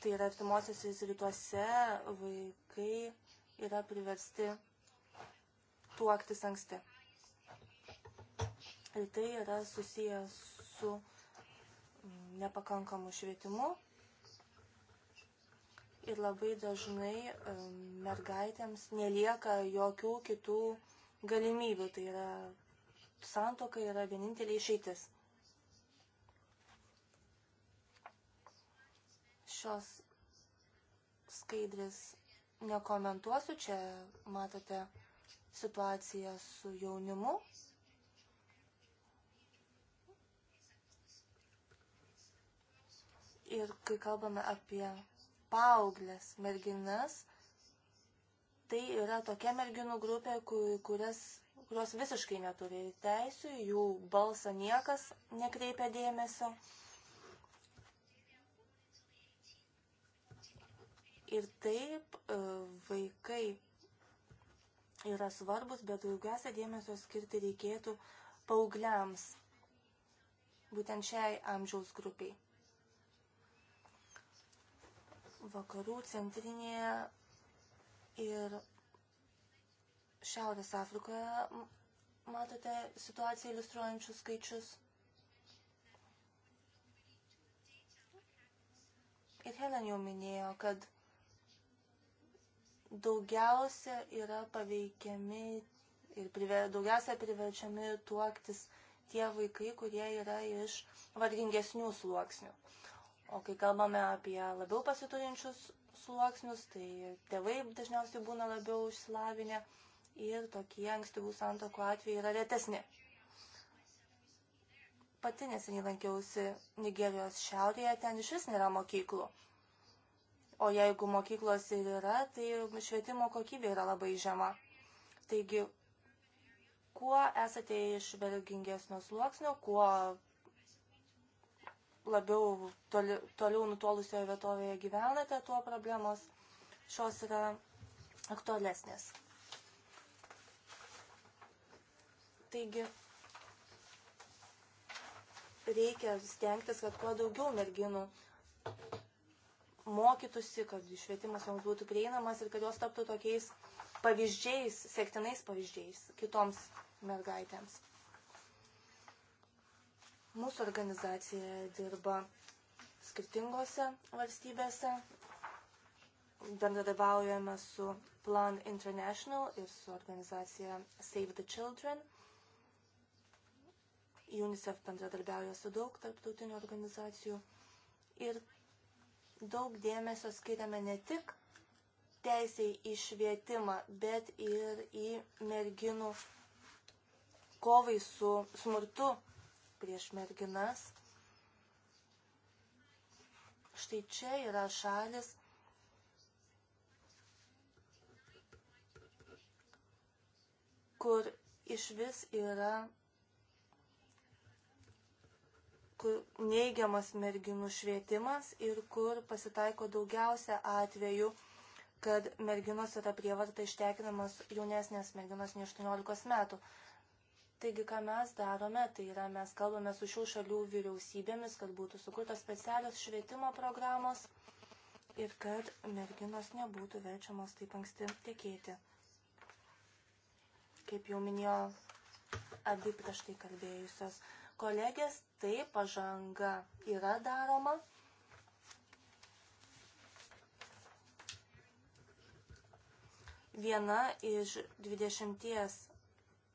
tai yra artimuosiuose rytuose vaikai yra priversti tuoktis anksti. Ir tai yra susijęs su nepakankamu švietimu. Ir labai dažnai mergaitėms nelieka jokių kitų galimybių, tai yra santoka yra vienintelė išeitis. Šios skaidrės nekomentuosiu, čia matote situaciją su jaunimu. Ir kai kalbame apie paauglės merginas, tai yra tokia merginų grupė, kurias, kurios visiškai neturi teisų, jų balsą niekas nekreipia dėmesio. Ir taip e, vaikai yra svarbus, bet daugiausia dėmesio skirti reikėtų paaugliams, būtent šiai amžiaus grupiai. Vakarų centrinėje Ir Šiaurės Afrikoje matote situaciją iliustruojančius skaičius. Ir Helen jau minėjo, kad daugiausia yra paveikiami ir priver, daugiausia priverčiami tuoktis tie vaikai, kurie yra iš vargingesnių sluoksnių. O kai kalbame apie labiau pasiturinčius sluoksnius, tai tėvai dažniausiai būna labiau išsilavinę ir tokie ankstyvų santokų atvejai yra retesni. Pati neseniai lankiausi Nigerijos šiaurėje, ten iš vis nėra mokyklų. O jeigu mokyklos ir yra, tai švietimo kokybė yra labai žema. Taigi, kuo esate iš vergingesnio sluoksnio, kuo labiau toli, toliau nutolusioje vietovėje gyvenate, tuo problemos šios yra aktualesnės. Taigi reikia stengtis, kad kuo daugiau merginų mokytųsi, kad švietimas joms būtų prieinamas ir kad jos taptų tokiais pavyzdžiais, sektinais pavyzdžiais kitoms mergaitėms. Mūsų organizacija dirba skirtingose valstybėse. Bendradarbiaujame su Plan International ir su organizacija Save the Children. UNICEF bendradarbiauja su daug tarptautinių organizacijų ir daug dėmesio skiriame ne tik teisiai į švietimą, bet ir į merginų kovai su smurtu prieš merginas. Štai čia yra šalis, kur iš vis yra kur neigiamas merginų švietimas ir kur pasitaiko daugiausia atvejų, kad merginos yra prievarta ištekinamas jaunesnės merginos nei 18 metų. Taigi, ką mes darome, tai yra mes kalbame su šių šalių vyriausybėmis, kad būtų sukurtos specialios švietimo programos ir kad merginos nebūtų verčiamos taip anksti tekėti. Kaip jau minėjo abi prieš tai kalbėjusios kolegės, tai pažanga yra daroma. Viena iš dvidešimties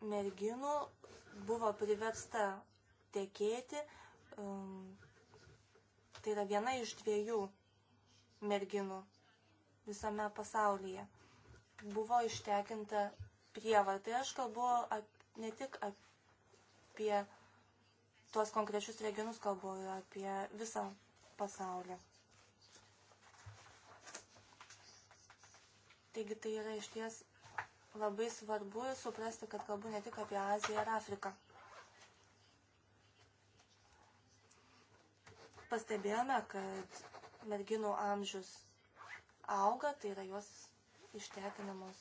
merginų buvo priversta tekėti. Um, tai yra viena iš dviejų merginų visame pasaulyje. Buvo ištekinta prievartai. Aš kalbu ap, ne tik apie tuos konkrečius regionus, kalbu ir apie visą pasaulį. Taigi tai yra išties labai svarbu suprasti, kad kalbu ne tik apie Aziją ir Afriką. Pastebėjome, kad merginų amžius auga, tai yra jos ištekinamos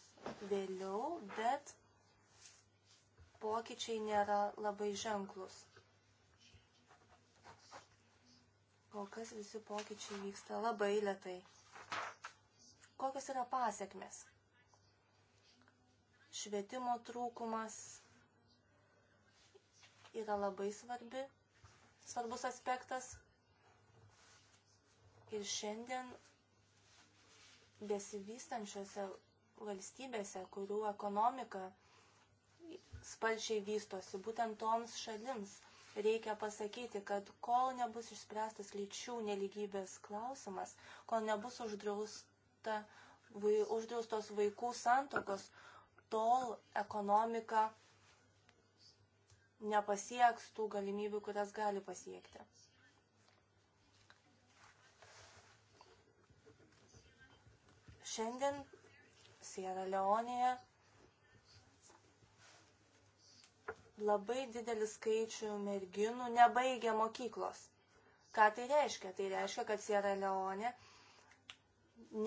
vėliau, bet pokyčiai nėra labai ženklus. Kol kas visi pokyčiai vyksta labai lietai. Kokios yra pasiekmes? švietimo trūkumas yra labai svarbi, svarbus aspektas. Ir šiandien besivystančiose valstybėse, kurių ekonomika sparčiai vystosi, būtent toms šalims reikia pasakyti, kad kol nebus išspręstas lyčių neligybės klausimas, kol nebus uždrausta, vai, uždraustos vaikų santokos, tol ekonomika nepasieks tų galimybių, kurias gali pasiekti. Šiandien Sierra Leonėje labai didelis skaičių merginų nebaigia mokyklos. Ką tai reiškia? Tai reiškia, kad Sierra Leonė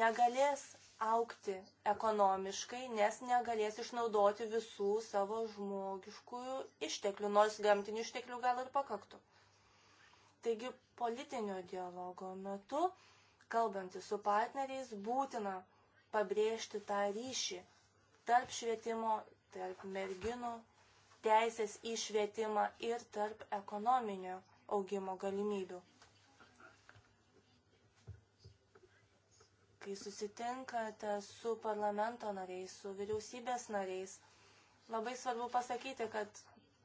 negalės aukti ekonomiškai, nes negalės išnaudoti visų savo žmogiškųjų išteklių, nors gamtinių išteklių gal ir pakaktų. Taigi politinio dialogo metu, kalbantys su partneriais, būtina pabrėžti tą ryšį tarp švietimo, tarp merginų, teisės į švietimą ir tarp ekonominio augimo galimybių. kai susitinkate su parlamento nariais, su vyriausybės nariais, labai svarbu pasakyti, kad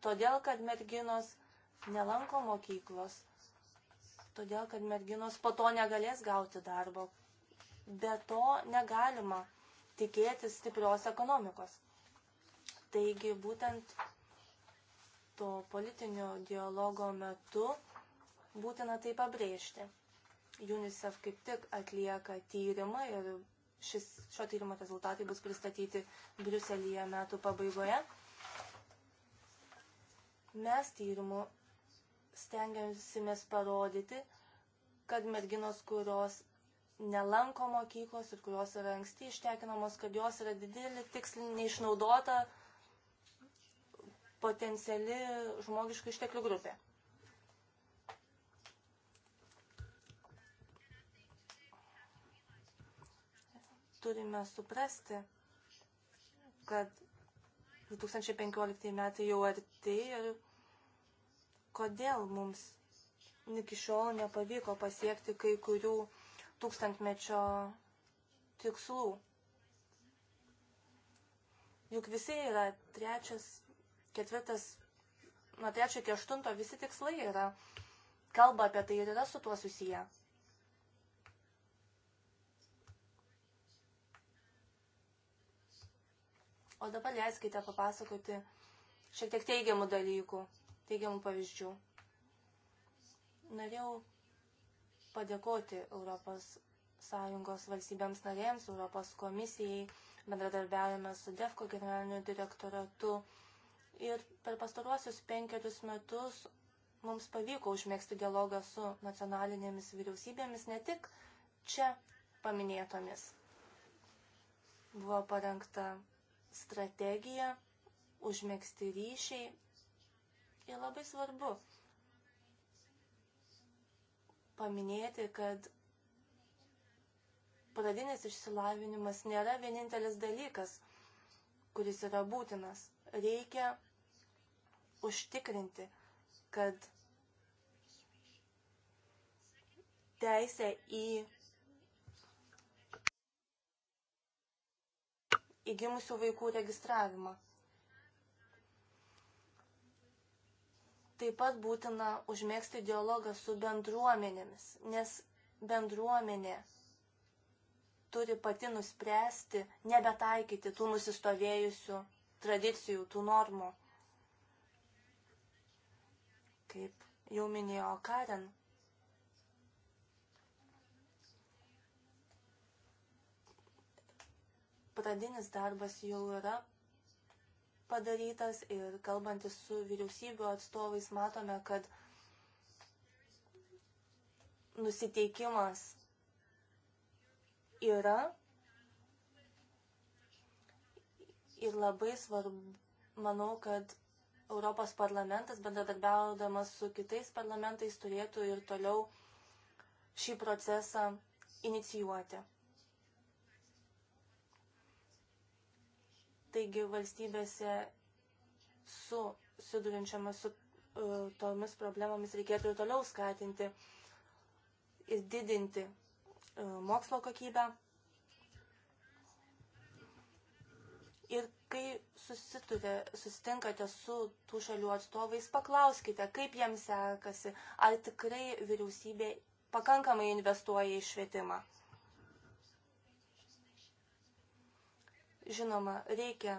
todėl, kad merginos nelanko mokyklos, todėl, kad merginos po to negalės gauti darbo. Be to negalima tikėtis stiprios ekonomikos. Taigi būtent to politinio dialogo metu būtina tai pabrėžti. UNICEF kaip tik atlieka tyrimą ir šis, šio tyrimo rezultatai bus pristatyti Briuselyje metų pabaigoje. Mes tyrimu stengiamės parodyti, kad merginos, kurios nelanko mokyklos ir kurios yra anksti ištekinamos, kad jos yra didelį tikslinį neišnaudota potenciali žmogiškų išteklių grupė. turime suprasti, kad 2015 metai jau artėja ir kodėl mums iki šiol nepavyko pasiekti kai kurių tūkstantmečio tikslų. Juk visi yra trečias, ketvirtas, nuo trečio iki aštunto visi tikslai yra. Kalba apie tai ir yra su tuo susiję. O dabar leiskite papasakoti šiek tiek teigiamų dalykų, teigiamų pavyzdžių. Norėjau padėkoti Europos Sąjungos valstybėms narėms, Europos komisijai, bendradarbiavime su DEFCO generaliniu direktoratu. Ir per pastaruosius penkerius metus mums pavyko užmėgsti dialogą su nacionalinėmis vyriausybėmis, ne tik čia paminėtomis. Buvo parengta strategija, užmėgsti ryšiai. Ir labai svarbu paminėti, kad pradinis išsilavinimas nėra vienintelis dalykas, kuris yra būtinas. Reikia užtikrinti, kad teisę į į gimusių vaikų registravimą. Taip pat būtina užmėgsti dialogą su bendruomenėmis, nes bendruomenė turi pati nuspręsti, nebetaikyti tų nusistovėjusių tradicijų, tų normų. Kaip jau minėjo Karen, pradinis darbas jau yra padarytas ir kalbantis su vyriausybių atstovais matome, kad nusiteikimas yra ir labai svarbu, manau, kad Europos parlamentas, bendradarbiaudamas su kitais parlamentais, turėtų ir toliau šį procesą inicijuoti. Taigi valstybėse su sudurinčiama su uh, tomis problemomis reikėtų ir toliau skatinti ir didinti uh, mokslo kokybę. Ir kai susitinkate su tų šalių atstovais, paklauskite, kaip jiems sekasi, ar tikrai vyriausybė pakankamai investuoja į švietimą. Žinoma, reikia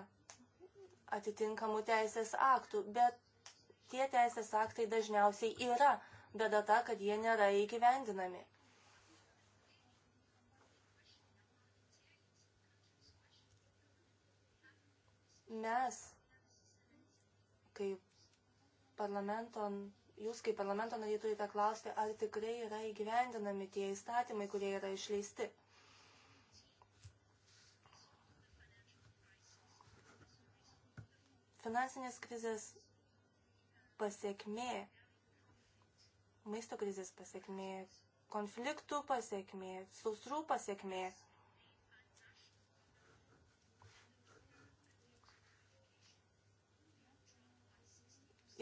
atitinkamų teisės aktų, bet tie teisės aktai dažniausiai yra, bėda ta, kad jie nėra įgyvendinami. Mes, kaip parlamento, jūs kaip parlamento nariai turite klausti, ar tikrai yra įgyvendinami tie įstatymai, kurie yra išleisti. Finansinės krizės pasiekmė, maisto krizės pasiekmė, konfliktų pasiekmė, sausrų pasiekmė.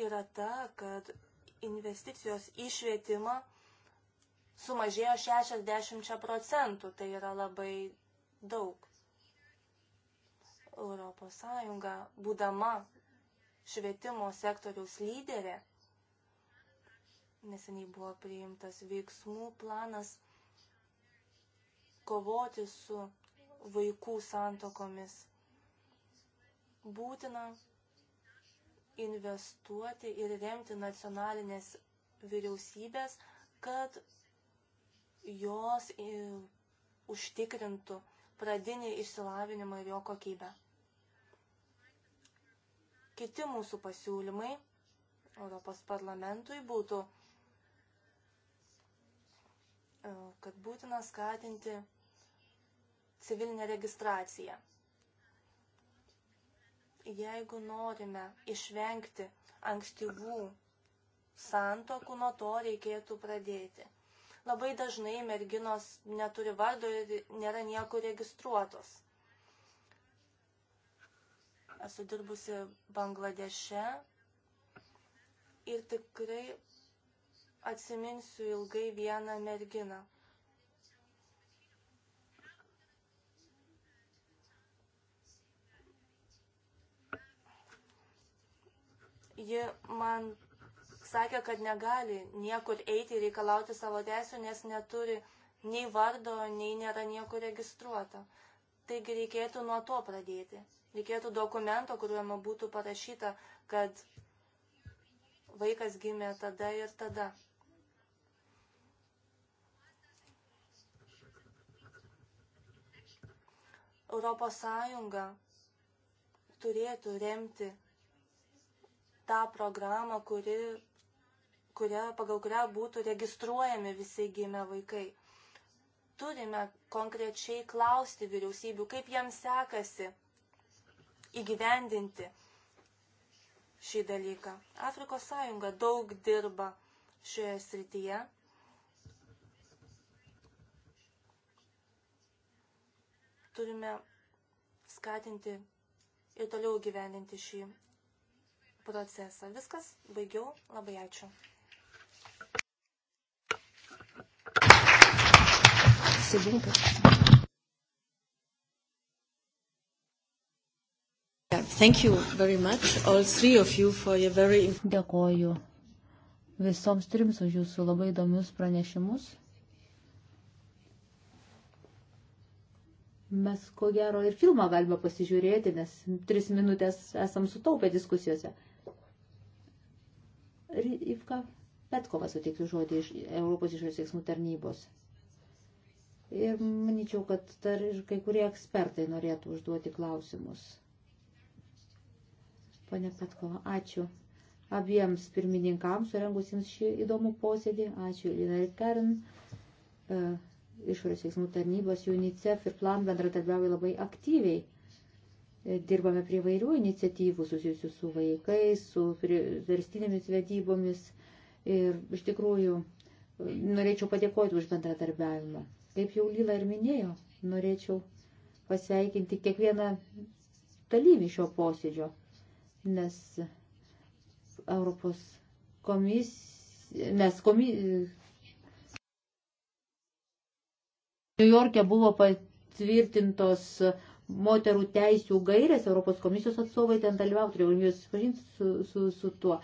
Yra ta, kad investicijos į švietimą sumažėjo 60 procentų, tai yra labai daug. ES, būdama švietimo sektoriaus lyderė, neseniai buvo priimtas veiksmų planas kovoti su vaikų santokomis. Būtina investuoti ir remti nacionalinės vyriausybės, kad jos e, užtikrintų pradinį išsilavinimą ir jo kokybę. Kiti mūsų pasiūlymai Europos parlamentui būtų, e, kad būtina skatinti civilinę registraciją. Jeigu norime išvengti ankstyvų santokų, nuo to reikėtų pradėti. Labai dažnai merginos neturi vardo ir nėra niekur registruotos. Esu dirbusi Bangladeše ir tikrai atsiminsiu ilgai vieną merginą. Ji man sakė, kad negali niekur eiti ir reikalauti savo teisų, nes neturi nei vardo, nei nėra niekur registruota. Taigi reikėtų nuo to pradėti reikėtų dokumento, kuriuo būtų parašyta, kad vaikas gimė tada ir tada. Europos Sąjunga turėtų remti tą programą, kuri, kuria, pagal kurią būtų registruojami visi gimę vaikai. Turime konkrečiai klausti vyriausybių, kaip jam sekasi įgyvendinti šį dalyką. Afrikos sąjunga daug dirba šioje srityje. Turime skatinti ir toliau gyveninti šį procesą. Viskas, baigiau, labai ačiū. C'est bon parce que... Thank you very much, all three of you, for your very... Dėkoju visoms trims už jūsų labai įdomius pranešimus. Mes ko gero ir filmą galime pasižiūrėti, nes tris minutės esam sutaupę diskusijose. Ivka Petkova suteiksiu žodį iš Europos išorės veiksmų tarnybos. Ir manyčiau, kad dar ir kai kurie ekspertai norėtų užduoti klausimus. Pane Petkova, ačiū abiems pirmininkams surengusiems šį įdomų posėdį. Ačiū Lina ir Kern, e, išorės veiksmų tarnybos, UNICEF ir plan bendradarbiauja labai aktyviai. E, dirbame prie vairių iniciatyvų susijusių su vaikais, su verstinėmis vedybomis ir iš tikrųjų e, norėčiau padėkoti už bendradarbiavimą. Kaip jau Lyla ir minėjo, norėčiau pasveikinti kiekvieną dalyvį šio posėdžio nes Europos komisija, nes komisija. New York'e buvo patvirtintos moterų teisių gairės, Europos komisijos atstovai ten dalyvauti, jau jūs pažinti su, su, su tuo.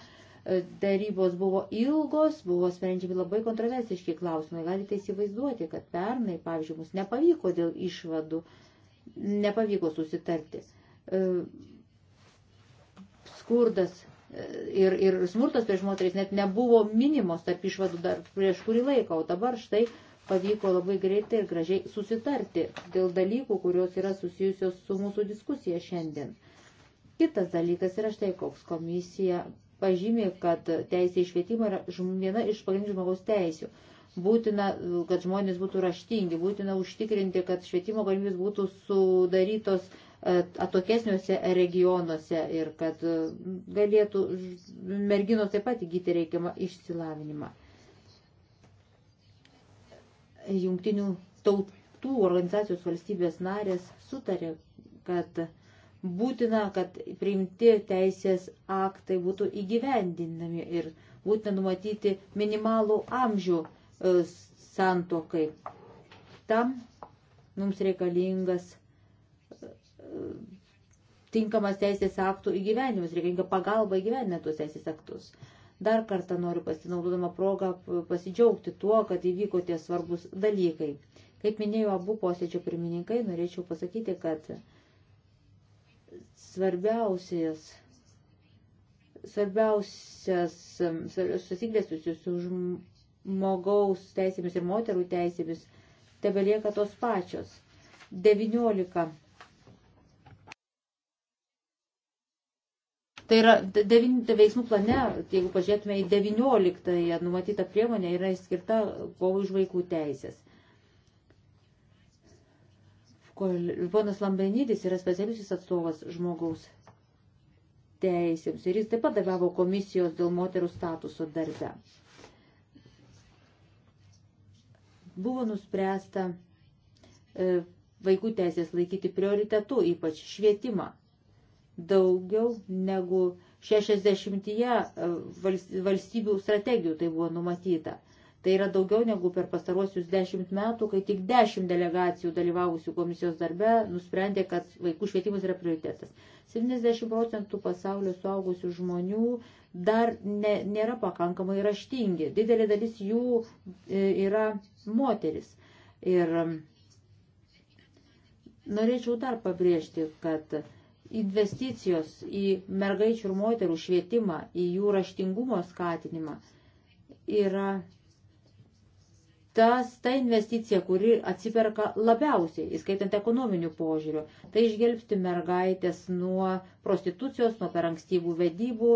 E, darybos buvo ilgos, buvo sprendžiami labai kontroversiški klausimai. Galite įsivaizduoti, kad pernai, pavyzdžiui, mums nepavyko dėl išvadų, nepavyko susitarti. E, skurdas e, ir, ir smurtas prieš moteris net nebuvo minimos tarp išvadų dar prieš kurį laiką, o dabar štai pavyko labai greitai ir gražiai susitarti dėl dalykų, kurios yra susijusios su mūsų diskusija šiandien. Kitas dalykas yra štai koks komisija pažymė, kad teisė į švietimą yra viena iš pagrindinių žmogaus teisių. Būtina, kad žmonės būtų raštingi, būtina užtikrinti, kad švietimo galimybės būtų sudarytos atokesniuose regionuose ir kad e, galėtų merginos taip pat įgyti reikiamą išsilavinimą. Jungtinių tautų organizacijos valstybės narės sutarė, kad būtina, kad priimti teisės aktai būtų įgyvendinami ir būtina numatyti minimalų amžių e, santokai. Tam mums reikalingas tinkamas teisės aktų įgyvenimas, reikalinga pagalba įgyveninant tuos teisės aktus. Dar kartą noriu pasinaudodama progą pasidžiaugti tuo, kad įvyko tie svarbus dalykai. Kaip minėjo abu posėdžio pirmininkai, norėčiau pasakyti, kad svarbiausias, svarbiausias, svarbiausias susiglės su žmogaus teisėmis ir moterų teisėmis tebelieka tos pačios. 19 Tai yra devin, veiksmų plane, jeigu pažiūrėtume į 19-ąją numatytą priemonę, yra skirta kovai už vaikų teisės. Ponas Lambenydis yra specialiusis atstovas žmogaus teisėms ir jis taip pat dalyvavo komisijos dėl moterų statuso darbe. Buvo nuspręsta e, vaikų teisės laikyti prioritetu, ypač švietimą daugiau negu 60 e, valstybių strategijų tai buvo numatyta. Tai yra daugiau negu per pastaruosius 10 metų, kai tik 10 delegacijų dalyvavusių komisijos darbe nusprendė, kad vaikų švietimas yra prioritetas. 70 procentų pasaulio suaugusių žmonių dar ne, nėra pakankamai raštingi. Didelė dalis jų e, yra moteris. Ir norėčiau dar pabrėžti, kad investicijos į mergaičių ir moterų švietimą, į jų raštingumo skatinimą yra tas, ta investicija, kuri atsiperka labiausiai, įskaitant ekonominių požiūrių. Tai išgelbsti mergaitės nuo prostitucijos, nuo per ankstyvų vedybų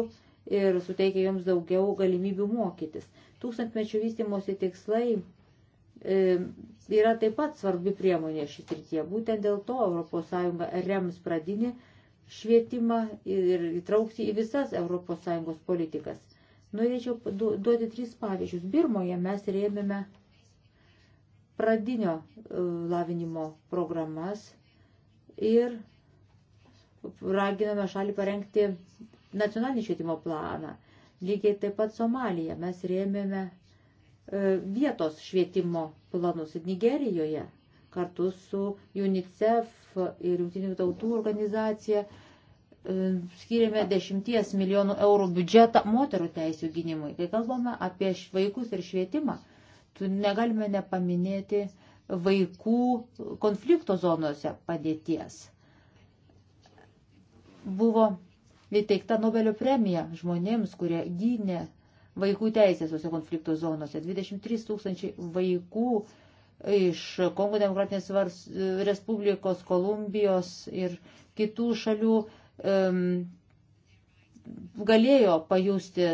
ir suteikia joms daugiau galimybių mokytis. Tūkstantmečių vystimosi tikslai e, yra taip pat svarbi priemonė šis rytie. Būtent dėl to ES rems pradinį švietimą ir įtraukti į visas ES politikas. Norėčiau duoti tris pavyzdžius. Birmoje mes rėmėme pradinio e, lavinimo programas ir raginame šalį parengti nacionalinį švietimo planą. Lygiai taip pat Somalija mes rėmėme e, vietos švietimo planus Nigerijoje kartu su UNICEF mokslą ir Junktinių tautų organizaciją e, skiriame 10 milijonų eurų biudžetą moterų teisų gynimui. Kai kalbame apie vaikus ir švietimą, tu negalime nepaminėti vaikų konflikto zonuose padėties. Buvo įteikta Nobelio premija žmonėms, kurie gynė vaikų teisės tose konflikto zonose. 23 tūkstančiai vaikų iš Kongo Demokratinės Respublikos, Kolumbijos ir kitų šalių um, galėjo pajusti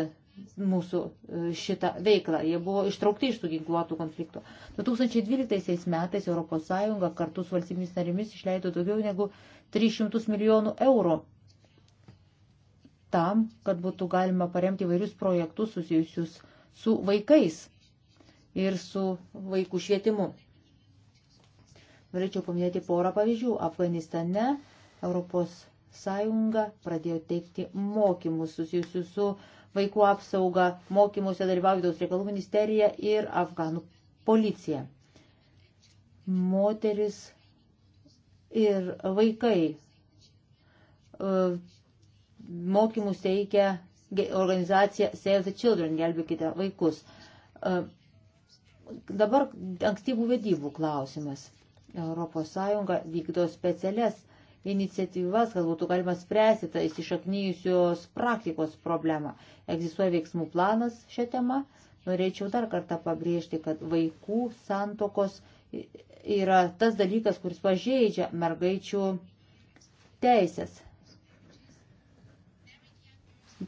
mūsų e, šitą veiklą. Jie buvo ištraukti iš tų ginkluotų konfliktų. 2012 metais ES kartu su valstybėmis narimis išleido daugiau negu 300 milijonų eurų tam, kad būtų galima paremti vairius projektus susijusius su vaikais ir su vaikų švietimu. Norėčiau paminėti porą pavyzdžių. Afganistane Europos Sąjunga pradėjo teikti mokymus susijusius su vaikų apsauga, mokymuose dalyvauja vidaus reikalų ministerija ir afganų policija. Moteris ir vaikai e, mokymus teikia organizacija Save the Children, gelbėkite vaikus. E, Dabar ankstyvų vedybų klausimas. ES vykdo specialias iniciatyvas, kad būtų galima spręsti tą įsišaknyjusios praktikos problemą. Egzistuoja veiksmų planas šią temą. Norėčiau dar kartą pabrėžti, kad vaikų santokos yra tas dalykas, kuris pažeidžia mergaičių teisės.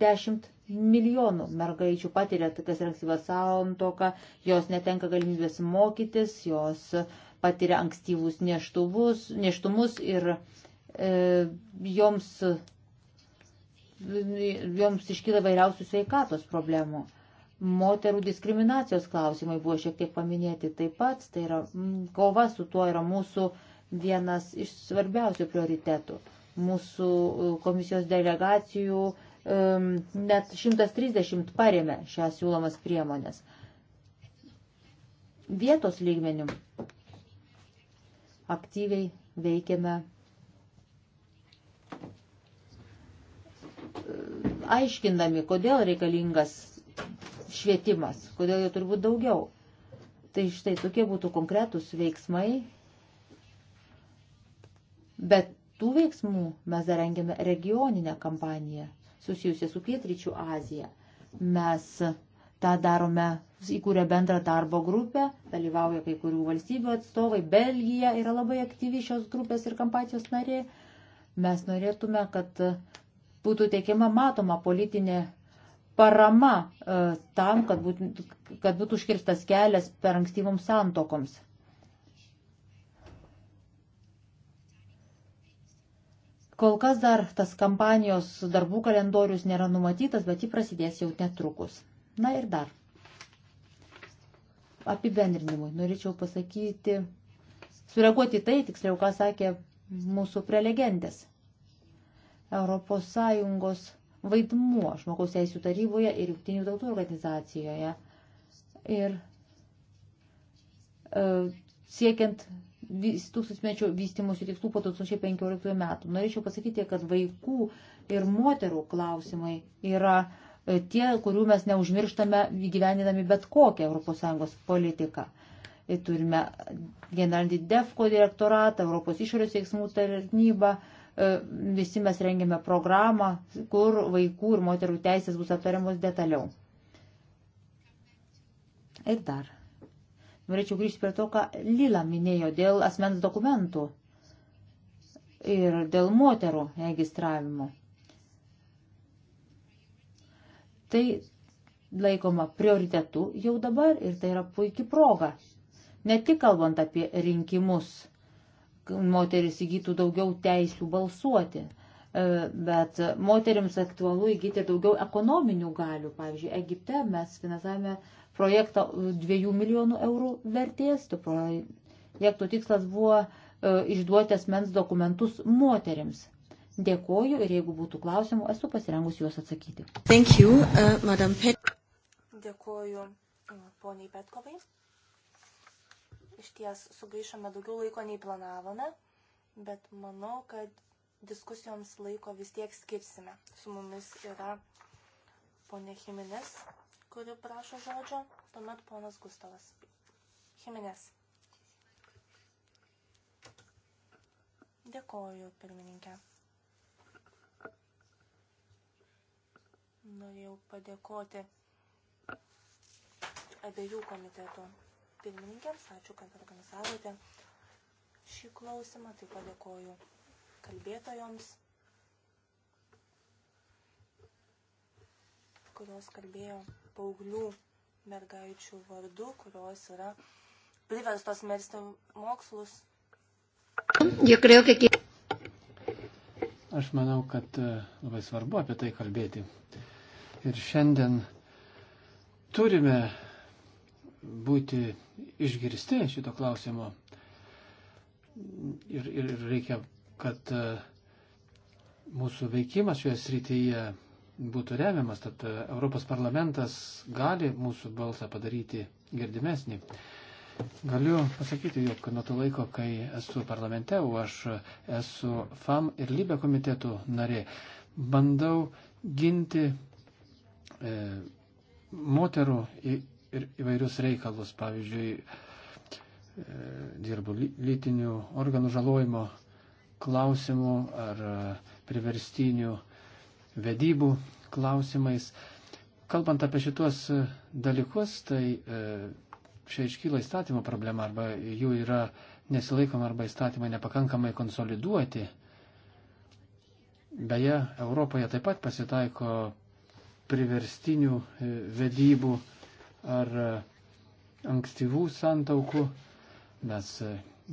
Dešimt milijonų mergaičių patiria tokias ankstyvas santoką, jos netenka galimybės mokytis, jos patiria ankstyvus neštumus ir e, joms, joms iškyla vairiausių sveikatos problemų. Moterų diskriminacijos klausimai buvo šiek tiek paminėti taip pat, tai yra kova su tuo yra mūsų vienas iš svarbiausių prioritetų. Mūsų e, komisijos delegacijų uh, net 130 parėmė šią siūlomas priemonės. Vietos lygmenių aktyviai veikiame aiškindami, kodėl reikalingas švietimas, kodėl jo turbūt daugiau. Tai štai tokie būtų konkretūs veiksmai, bet tų veiksmų mes dar rengiame regioninę kampaniją susijusią su Pietryčių Azija. Mes tą darome, įkūrė bendrą darbo grupę, dalyvauja kai kurių valstybių atstovai, Belgija yra labai aktyvi šios grupės ir kampacijos narė. Mes norėtume, kad būtų teikiama matoma politinė parama e, tam, kad, būt, kad būtų užkirstas kelias per ankstyvoms santokoms. Kol kas dar tas kampanijos darbų kalendorius nėra numatytas, bet jį prasidės jau netrukus. Na ir dar. Apibendrinimui norėčiau pasakyti, sureaguoti tai, tiksliau, ką sakė mūsų prelegentės. Europos Sąjungos vaidmuo žmogaus teisų taryboje ir jungtinių tautų organizacijoje. Ir e, siekiant tūkstantmečio vystimusi tikslų po 2015 metų. Norėčiau pasakyti, kad vaikų ir moterų klausimai yra e, tie, kurių mes neužmirštame įgyvendinami bet kokią ES politiką. E, turime generalinį DEFCO direktoratą, Europos išorės veiksmų tarnybą, e, visi mes rengiame programą, kur vaikų ir moterų teisės bus aptariamos detaliau. Ir dar Norėčiau grįžti prie to, ką Lila minėjo dėl asmens dokumentų ir dėl moterų registravimo. Tai laikoma prioritetu jau dabar ir tai yra puikia proga. Ne tik kalbant apie rinkimus, moteris įgytų daugiau teisių balsuoti, e, bet moteriams aktualu įgyti daugiau ekonominių galių. Pavyzdžiui, Egipte mes finansavome projektą 2 e, milijonų eurų vertės. To projekto tikslas buvo e, išduoti asmens dokumentus moterims. Dėkoju ir jeigu būtų klausimų, esu pasirengus juos atsakyti. Thank you, uh, Madam Pet. Dėkoju uh, poniai Petkovai. Iš ties sugaišome daugiau laiko nei planavome, bet manau, kad diskusijoms laiko vis tiek skirsime. Su mumis yra ponė Chiminis, kuri prašo žodžio, tuomet ponas Gustavas. Jimenez. Dėkoju, pirmininkė. Norėjau padėkoti abiejų komitetų pirmininkėms. Ačiū, kad organizavote šį klausimą. Taip pat dėkoju kalbėtojoms, kurios kalbėjo paauglių mergaičių vardu, kurios yra priverstos mersti mokslus. Aš manau, kad e, labai svarbu apie tai kalbėti. Ir šiandien turime būti išgirsti šito klausimo. Ir, ir reikia, kad e, mūsų veikimas šioje srityje būtų remiamas, tad e, Europos parlamentas gali mūsų balsą padaryti girdimesnį. Galiu pasakyti, jog nuo to laiko, kai esu parlamente, o aš esu FAM ir Lybė komitetų narė, bandau ginti e, moterų į, ir įvairius reikalus, pavyzdžiui, e, dirbu lytinių organų žalojimo klausimų ar e, priverstinių e, vedybų klausimais. Kalbant apie šitos e, dalykus, tai e, čia iškyla įstatymo problema arba jų yra nesilaikoma arba įstatymai nepakankamai konsoliduoti. Beje, Europoje taip pat pasitaiko priverstinių e, vedybų ar ankstyvų santaukų. Mes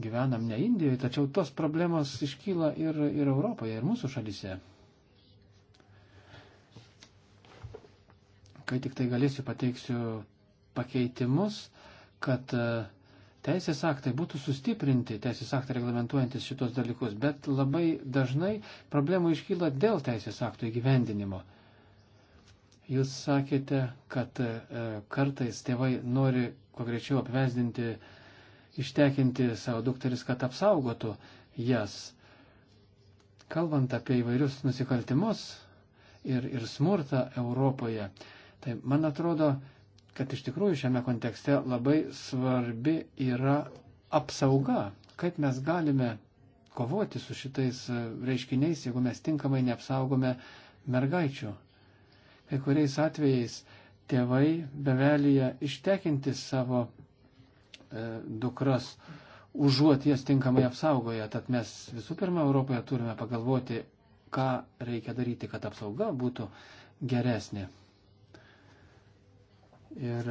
gyvenam ne Indijoje, tačiau tos problemos iškyla ir, ir Europoje, ir mūsų šalyse. kai tik tai galėsiu pateiksiu pakeitimus, kad e, teisės aktai būtų sustiprinti, teisės aktai reglamentuojantis šitos dalykus, bet labai dažnai problemų iškyla dėl teisės aktų įgyvendinimo. Jūs sakėte, kad e, kartais tėvai nori kuo greičiau apvesdinti, ištekinti savo dukteris, kad apsaugotų jas. Kalbant apie įvairius nusikaltimus ir, ir smurtą Europoje, Tai man atrodo, kad iš tikrųjų šiame kontekste labai svarbi yra apsauga, kaip mes galime kovoti su šitais e, reiškiniais, jeigu mes tinkamai neapsaugome mergaičių. Kai kuriais atvejais tėvai bevelyje ištekinti savo e, dukras, užuot jas tinkamai apsaugoję. Tad mes visų pirma Europoje turime pagalvoti, ką reikia daryti, kad apsauga būtų geresnė. Ir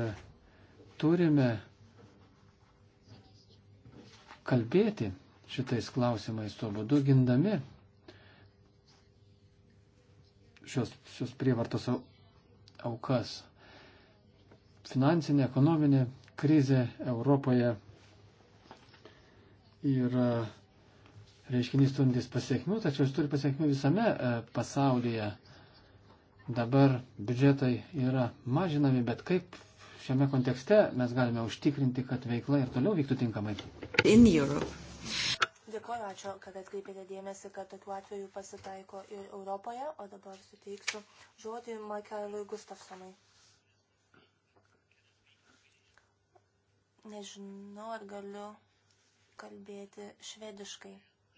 turime kalbėti šitais klausimais, tuo būdu gindami šios, šios prievartos aukas. Finansinė, ekonominė krizė Europoje yra reiškinys turintis pasiekmių, tačiau jis turi pasiekmių visame e, pasaulyje dabar biudžetai yra mažinami, bet kaip šiame kontekste mes galime užtikrinti, kad veikla ir toliau vyktų tinkamai? In Europe. Dėkuoju, ačiū, kad atkreipėte dėmesį, kad tokiu atveju pasitaiko ir Europoje, o dabar suteiksiu žodį Michaelui Gustafsonui. Nežinau, ar galiu kalbėti švediškai.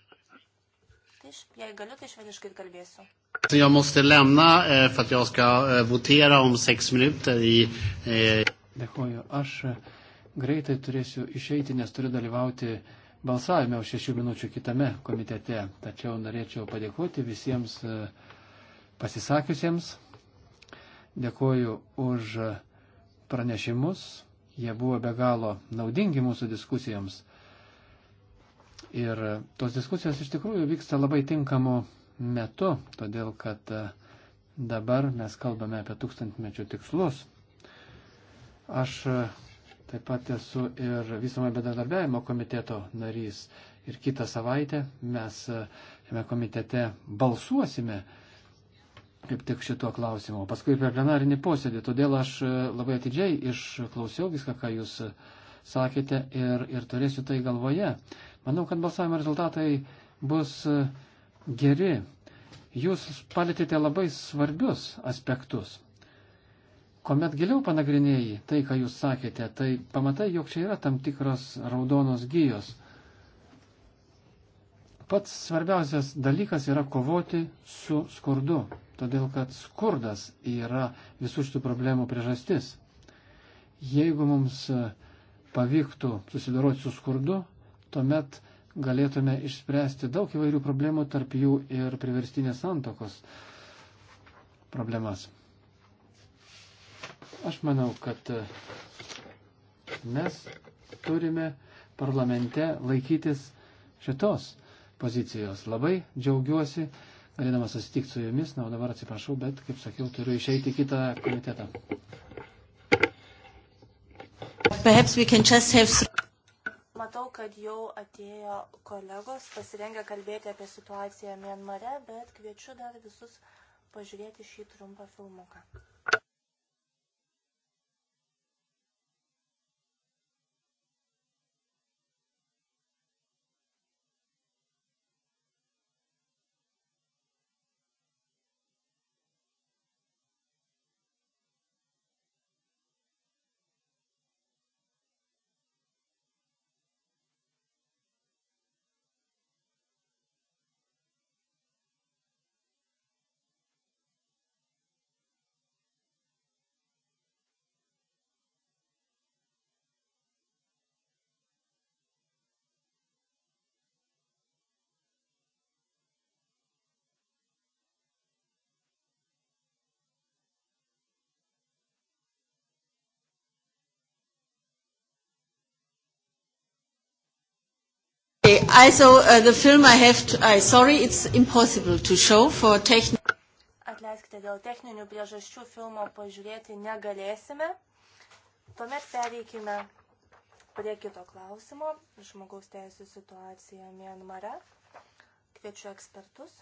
Tai, jei galiu, tai švediškai kalbėsiu att jag måste lämna eh, för att jag ska eh, votera om sex minuter i... Eh... Dėkuoju. Aš eh, greitai turėsiu išeiti, nes turiu dalyvauti balsavime už šešių minučių kitame komitete. Tačiau norėčiau padėkoti visiems eh, pasisakiusiems. Dėkuoju už pranešimus. Jie buvo be galo naudingi mūsų diskusijoms. Ir eh, tos diskusijos iš tikrųjų vyksta labai tinkamu metu, todėl kad e, dabar mes kalbame apie tūkstantmečių tikslus. Aš e, taip pat esu ir visamo bedarbiavimo komiteto narys ir kitą savaitę mes e, šiame komitete balsuosime kaip tik šituo klausimu, paskui per plenarinį posėdį. Todėl aš labai atidžiai išklausiau viską, ką jūs sakėte ir, ir turėsiu tai galvoje. Manau, kad balsavimo rezultatai bus geri. Jūs palėtėte labai svarbius aspektus. Komet giliau panagrinėjai tai, ką jūs sakėte, tai pamatai, jog čia yra tam tikros raudonos gyjos. Pats svarbiausias dalykas yra kovoti su skurdu, todėl kad skurdas yra visų šitų problemų priežastis. Jeigu mums pavyktų susidoroti su skurdu, tuomet galėtume išspręsti daug įvairių problemų, tarp jų ir priverstinės santokos problemas. Aš manau, kad e, mes turime parlamente laikytis šitos pozicijos. Labai džiaugiuosi, galėdamas susitikti su jumis, na, o dabar atsiprašau, bet, kaip sakiau, turiu išeiti į kitą komitetą. Perhaps we can just have Matau, kad jau atėjo kolegos, pasirengę kalbėti apie situaciją Mienmare, bet kviečiu dar visus pažiūrėti šį trumpą filmuką. Okay, also uh, the film I have to, I sorry, it's impossible to show for technical. Atleiskite dėl techninių priežasčių filmo pažiūrėti negalėsime. Tuomet pereikime prie kito klausimo. Žmogaus teisų situacija Mianmare. Kviečiu ekspertus.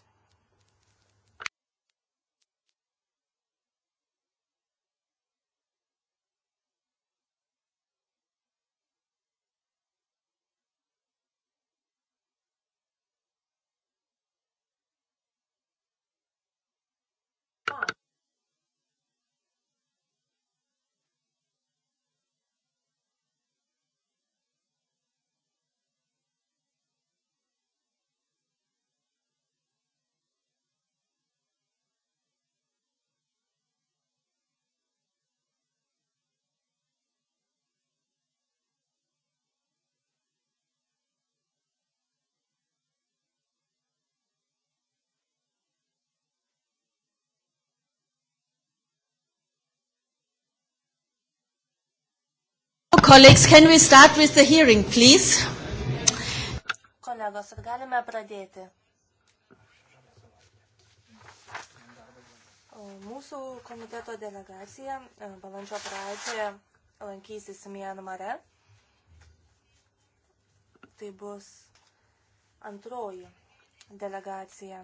Colleagues, can we start with the hearing, please? Kolegos, ar galime pradėti? Mūsų komiteto delegacija e, balandžio pradžioje lankysis Mianmare. Tai bus antroji delegacija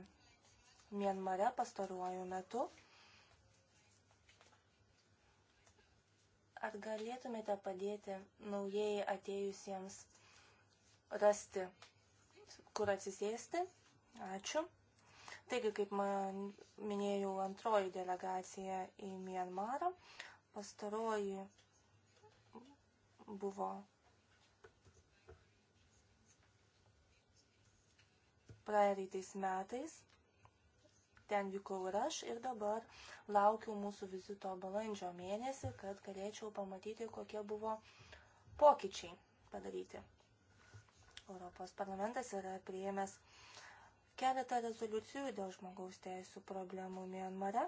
Mianmare pastaruoju metu. Ar galėtumėte padėti naujai atėjusiems rasti, kur atsisėsti? Ačiū. Taigi, kaip man minėjau, antroji delegacija į Mianmarą, pastaroji buvo praeitais metais ten vykau ir aš ir dabar laukiu mūsų vizito balandžio mėnesį, kad galėčiau pamatyti, kokie buvo pokyčiai padaryti. Europos parlamentas yra priėmęs keletą rezoliucijų dėl žmogaus teisų problemų Mianmare.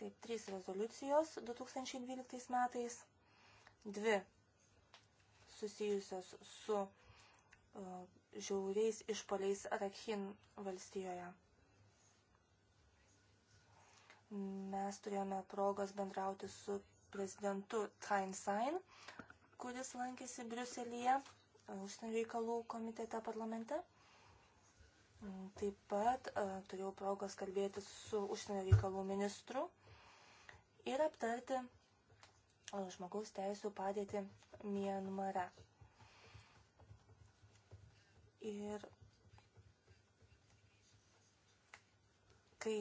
Taip, trys rezoliucijos 2012 metais, dvi susijusios su uh, žiauriais išpoliais Rakhin valstijoje mes turėjome progos bendrauti su prezidentu Kainsain, kuris lankėsi Briuselyje, užsienio reikalų komitete parlamente. Taip pat e, turėjau progos kalbėti su užsienio reikalų ministru ir aptarti e, žmogaus teisų padėtį Mienmare. Ir kai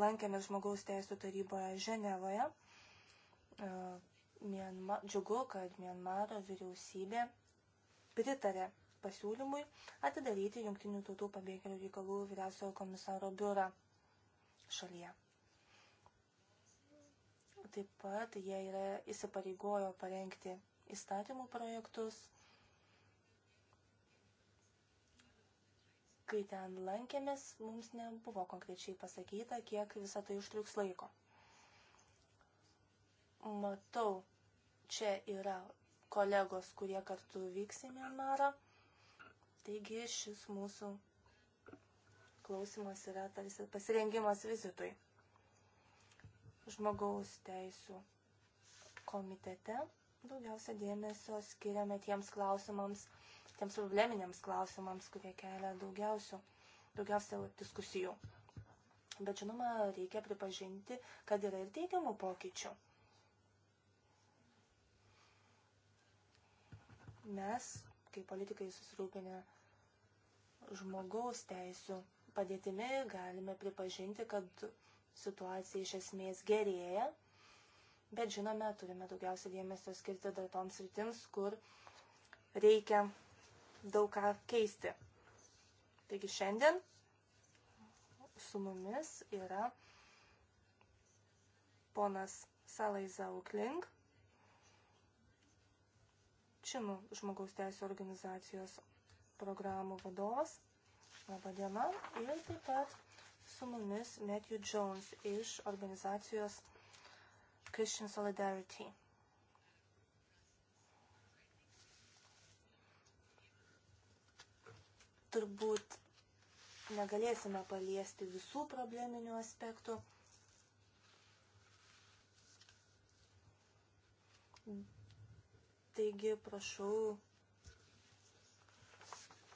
lankėmės žmogaus teisų taryboje Ženevoje. E, Mienma, džiugu, kad Mienmaro vyriausybė pritarė pasiūlymui atidaryti Junktinių tautų pabėgėlių reikalų vyriausiojo komisaro biurą šalyje. Taip pat jie yra įsipareigojo parengti įstatymų projektus Kai ten lankėmės, mums nebuvo konkrečiai pasakyta, kiek visą tai užtruks laiko. Matau, čia yra kolegos, kurie kartu vyks į Mianmarą. Taigi šis mūsų klausimas yra tarsi pasirengimas vizitui. Žmogaus teisų komitete daugiausia dėmesio skiriame tiems klausimams, tiems probleminiams klausimams, kurie kelia daugiausia, daugiausia diskusijų. Bet žinoma, reikia pripažinti, kad yra ir teigiamų pokyčių. Mes, kaip politikai susirūpinę žmogaus teisų padėtimi, galime pripažinti, kad situacija iš esmės gerėja bet žinome, turime daugiausia dėmesio skirti dar toms rytims, kur reikia daug ką keisti. Taigi šiandien su mumis yra ponas Salai Zaukling, Činų žmogaus teisų organizacijos programų vadovas. Labą dieną. Ir taip pat su mumis Matthew Jones iš organizacijos Christian Solidarity. turbūt negalėsime paliesti visų probleminių aspektų. Taigi, prašau,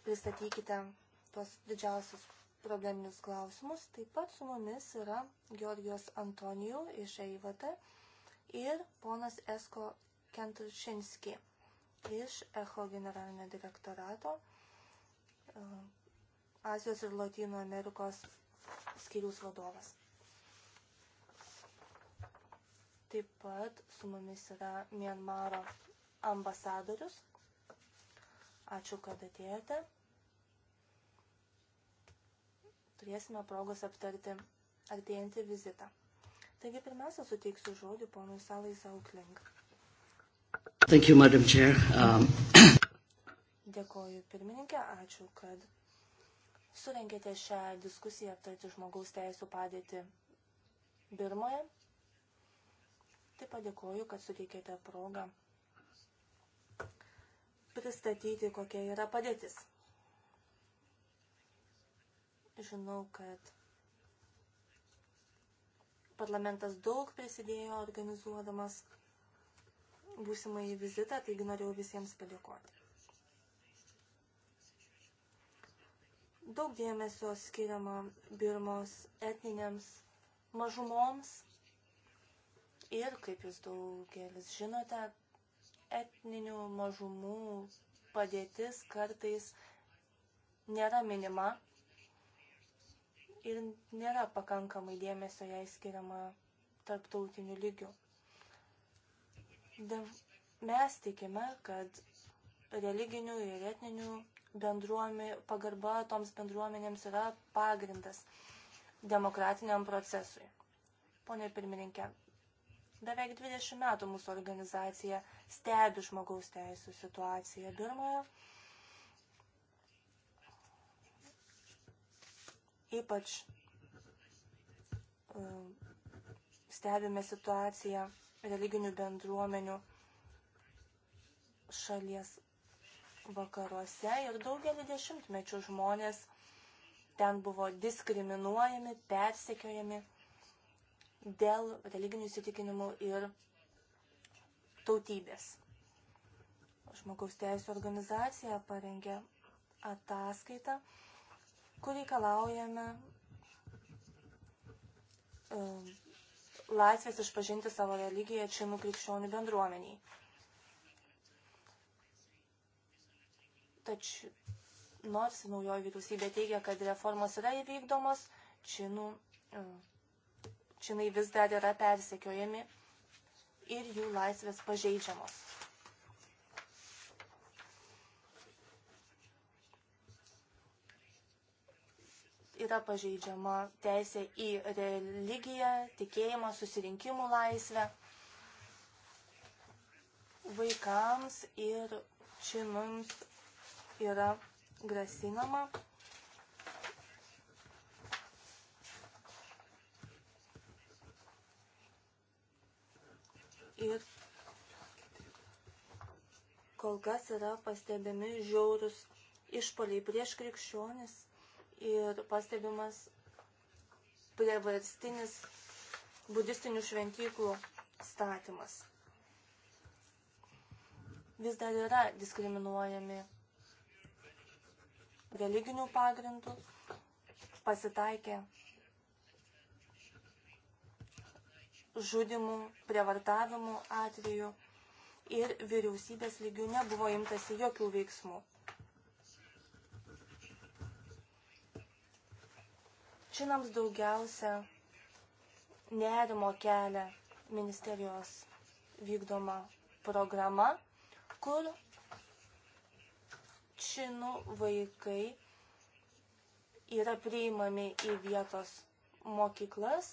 pristatykite tos didžiausius probleminius klausimus. Taip pat su mumis yra Georgijos Antonijų iš EIVT ir ponas Esko Kentušinski iš ECHO generalinio direktorato. Azijos ir Latino Amerikos skiriaus vadovas. Taip pat su mumis yra Mienmaro ambasadorius. Ačiū, kad atėjote. Turėsime progos aptarti artėjantį vizitą. Taigi pirmiausia, suteiksiu žodį ponui Salai Zaukling. Thank you, Madam Chair. Um, *clears throat* Dėkoju pirmininkė, ačiū, kad surengėte šią diskusiją aptarti žmogaus teisų padėti Birmoje. Taip pat dėkoju, kad suteikėte progą pristatyti, kokia yra padėtis. Žinau, kad parlamentas daug prisidėjo organizuodamas būsimąjį vizitą, taigi norėjau visiems padėkoti. Daug dėmesio skiriama Birmos etninėms mažumoms ir, kaip jūs daugelis žinote, etninių mažumų padėtis kartais nėra minima ir nėra pakankamai dėmesio jai skiriama tarptautiniu lygiu. De, mes tikime, kad religinių ir etninių bendruomi, pagarba toms bendruomenėms yra pagrindas demokratiniam procesui. Pone pirmininkė, beveik 20 metų mūsų organizacija stebi žmogaus teisų situaciją Birmoje. Ypač e, stebime situaciją religinių bendruomenių šalies vakaruose ir daugelį dešimtmečių žmonės ten buvo diskriminuojami, persekiojami dėl religinių įsitikinimų ir tautybės. Žmogaus teisų organizacija parengė ataskaitą, kur reikalaujame um, laisvės išpažinti savo religiją činų krikščionių bendruomeniai. Tačiau nors naujoji vyriausybė teigia, kad reformos yra įvykdomos, činų, e, činai vis dar yra persekiojami ir jų laisvės pažeidžiamos. Yra pažeidžiama teisė į religiją, tikėjimą, susirinkimų laisvę vaikams ir činums yra grasinama. Ir kol kas yra pastebimi žiaurus išpoliai prieš krikščionis ir pastebimas prievarstinis budistinių šventyklų statymas. Vis dar yra diskriminuojami religinių pagrindų pasitaikė žudimų, prievartavimų atveju ir vyriausybės lygių nebuvo imtasi jokių veiksmų. Činams daugiausia nerimo kelia ministerijos vykdoma programa, kur činų vaikai yra priimami į vietos mokyklas.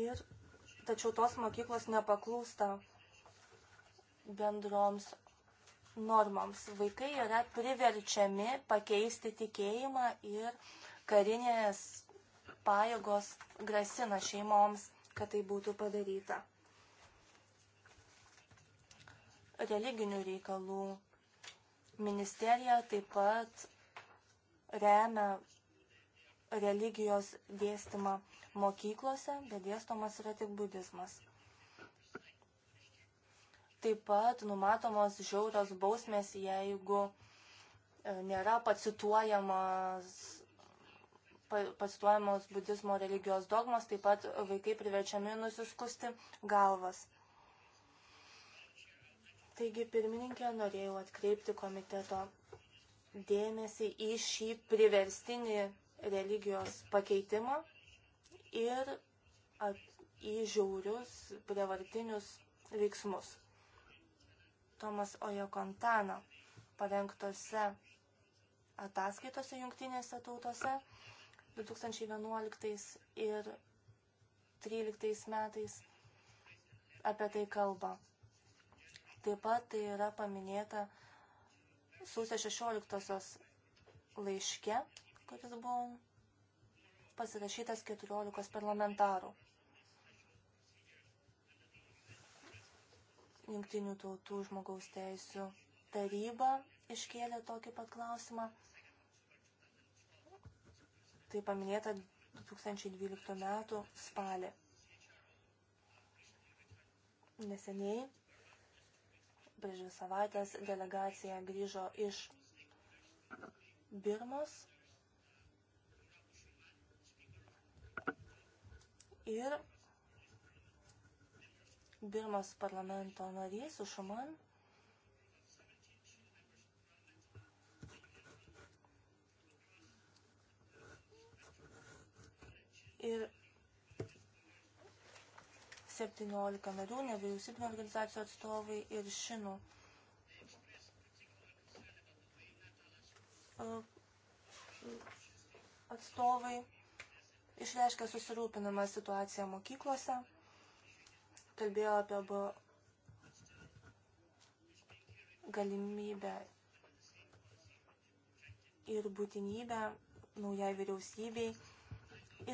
Ir tačiau tos mokyklos nepaklūsta bendroms normoms. Vaikai yra priverčiami pakeisti tikėjimą ir karinės pajėgos grasina šeimoms, kad tai būtų padaryta religinių reikalų ministerija taip pat remia religijos dėstymą mokyklose, bet dėstomas yra tik budizmas. Taip pat numatomos žiaurios bausmės, jeigu e, nėra pacituojamas pacituojamos budizmo religijos dogmos, taip pat vaikai priverčiami nusiskusti galvas. Taigi, pirmininkė, norėjau atkreipti komiteto dėmesį į šį priverstinį religijos pakeitimą ir į žiaurius prievartinius veiksmus. Tomas Ojo Kontana parengtose ataskaitose jungtinėse tautose 2011 ir 2013 metais apie tai kalba. Taip pat tai yra paminėta sausio 16-osios laiške, kuris buvo pasirašytas 14 parlamentarų. Jungtinių tautų žmogaus teisų taryba iškėlė tokį pat klausimą. Tai paminėta 2012 metų spalį. Neseniai prieš dvi savaitės delegacija grįžo iš Birmos ir Birmos parlamento narys Ušuman ir 17 narių, nevyriausybinio organizacijų atstovai ir šinų. E, atstovai išreiškė susirūpinimą situaciją mokyklose, kalbėjo apie galimybę ir būtinybę naujai vyriausybei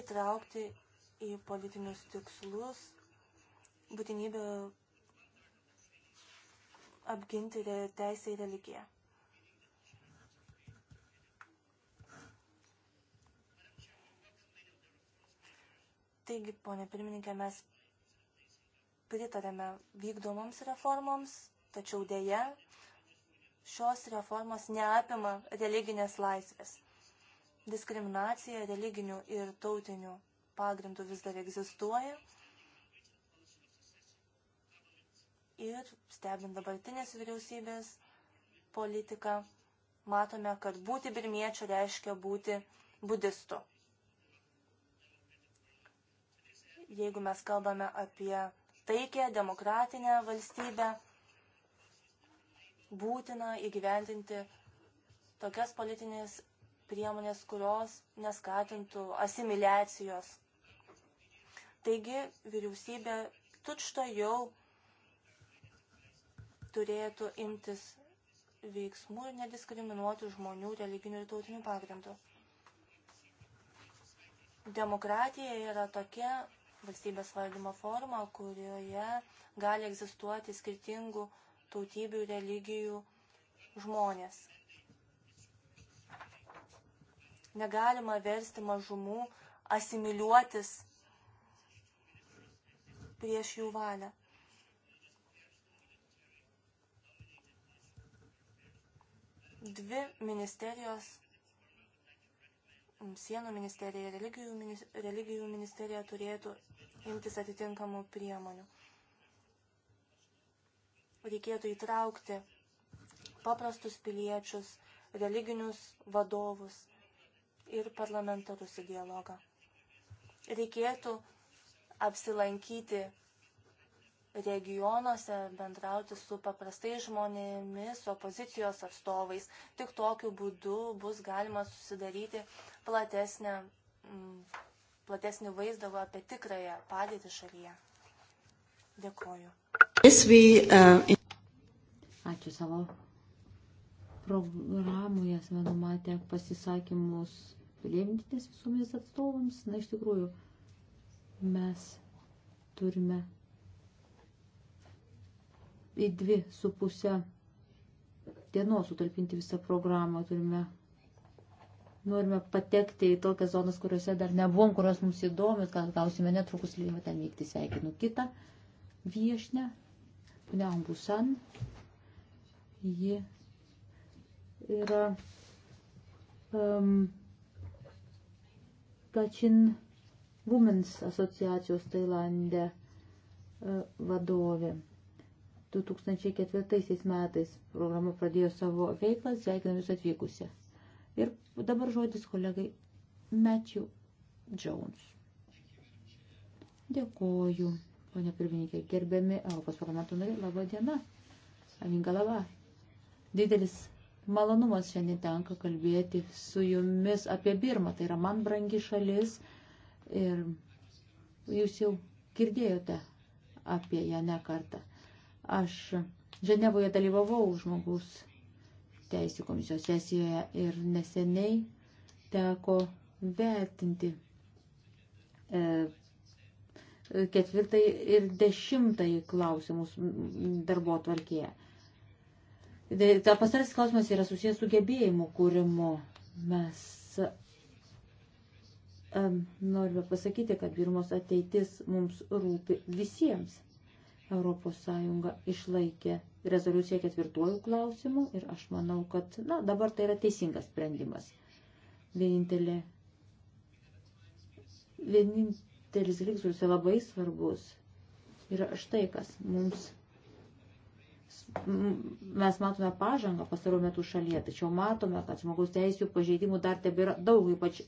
įtraukti į politinius tikslus būtinybę apginti teisę į religiją. Taigi, ponė pirmininkė, mes pritarėme vykdomoms reformoms, tačiau dėja šios reformos neapima religinės laisvės. Diskriminacija religinių ir tautinių pagrindų vis dar egzistuoja. ir stebint dabartinės vyriausybės politiką, matome, kad būti birmiečiu reiškia būti budistu. Jeigu mes kalbame apie taikę, demokratinę valstybę, būtina įgyvendinti tokias politinės priemonės, kurios neskatintų asimiliacijos. Taigi vyriausybė tučto jau turėtų imtis veiksmų ir nediskriminuoti žmonių religinių ir tautinių pagrindų. Demokratija yra tokia valstybės valdymo forma, kurioje gali egzistuoti skirtingų tautybių, religijų žmonės. Negalima versti mažumų asimiliuotis prieš jų valią. dvi ministerijos, sienų ministerija ir religijų, religijų ministerija turėtų imtis atitinkamų priemonių. Reikėtų įtraukti paprastus piliečius, religinius vadovus ir parlamentarus į dialogą. Reikėtų apsilankyti regionuose bendrauti su paprastai žmonėmis, su opozicijos atstovais. Tik tokiu būdu bus galima susidaryti platesnę, mm, platesnį vaizdą apie tikrąją padėtį šalyje. Dėkoju. Uh, Ačiū savo programoje, esame numatę pasisakymus priimtinės visuomenės atstovams. Na, iš tikrųjų, mes turime į dvi su pusę dienos sutalpinti visą programą. Turime, norime patekti į tokias zonas, kuriuose dar nebuvom, kurios mums įdomios, gal gausime netrukus leidimą ten vykti. Sveikinu kitą viešnę, ponia Ambusan. Ji yra um, Kachin Women's asociacijos Tailandė uh, vadovė. 2004 metais programa pradėjo savo veiklą, sveikinam jūs atvykusią. Ir dabar žodis kolegai Matthew Jones. Dėkoju, ponia pirmininkė, gerbiami Europos parlamento nariai, laba diena. Aminga lava. Didelis malonumas šiandien tenka kalbėti su jumis apie Birmą, tai yra man brangi šalis ir jūs jau girdėjote apie ją ne kartą. Aš Ženevoje dalyvavau žmogus teisų komisijos sesijoje ir neseniai teko vertinti e, ketvirtai ir dešimtai klausimus darbo tvarkėje. Ta pastaras klausimas yra susijęs su gebėjimu kūrimu. Mes um, norime pasakyti, kad Birmos ateitis mums rūpi visiems. ES išlaikė rezoliuciją ketvirtuoju klausimu ir aš manau, kad na, dabar tai yra teisingas sprendimas. Vienintelė, vienintelis dalykas, kuris yra labai svarbus, yra štai kas mums. Mes matome pažangą pastaruo metu šalyje, tačiau matome, kad žmogaus teisų pažeidimų dar tebėra daug, ypač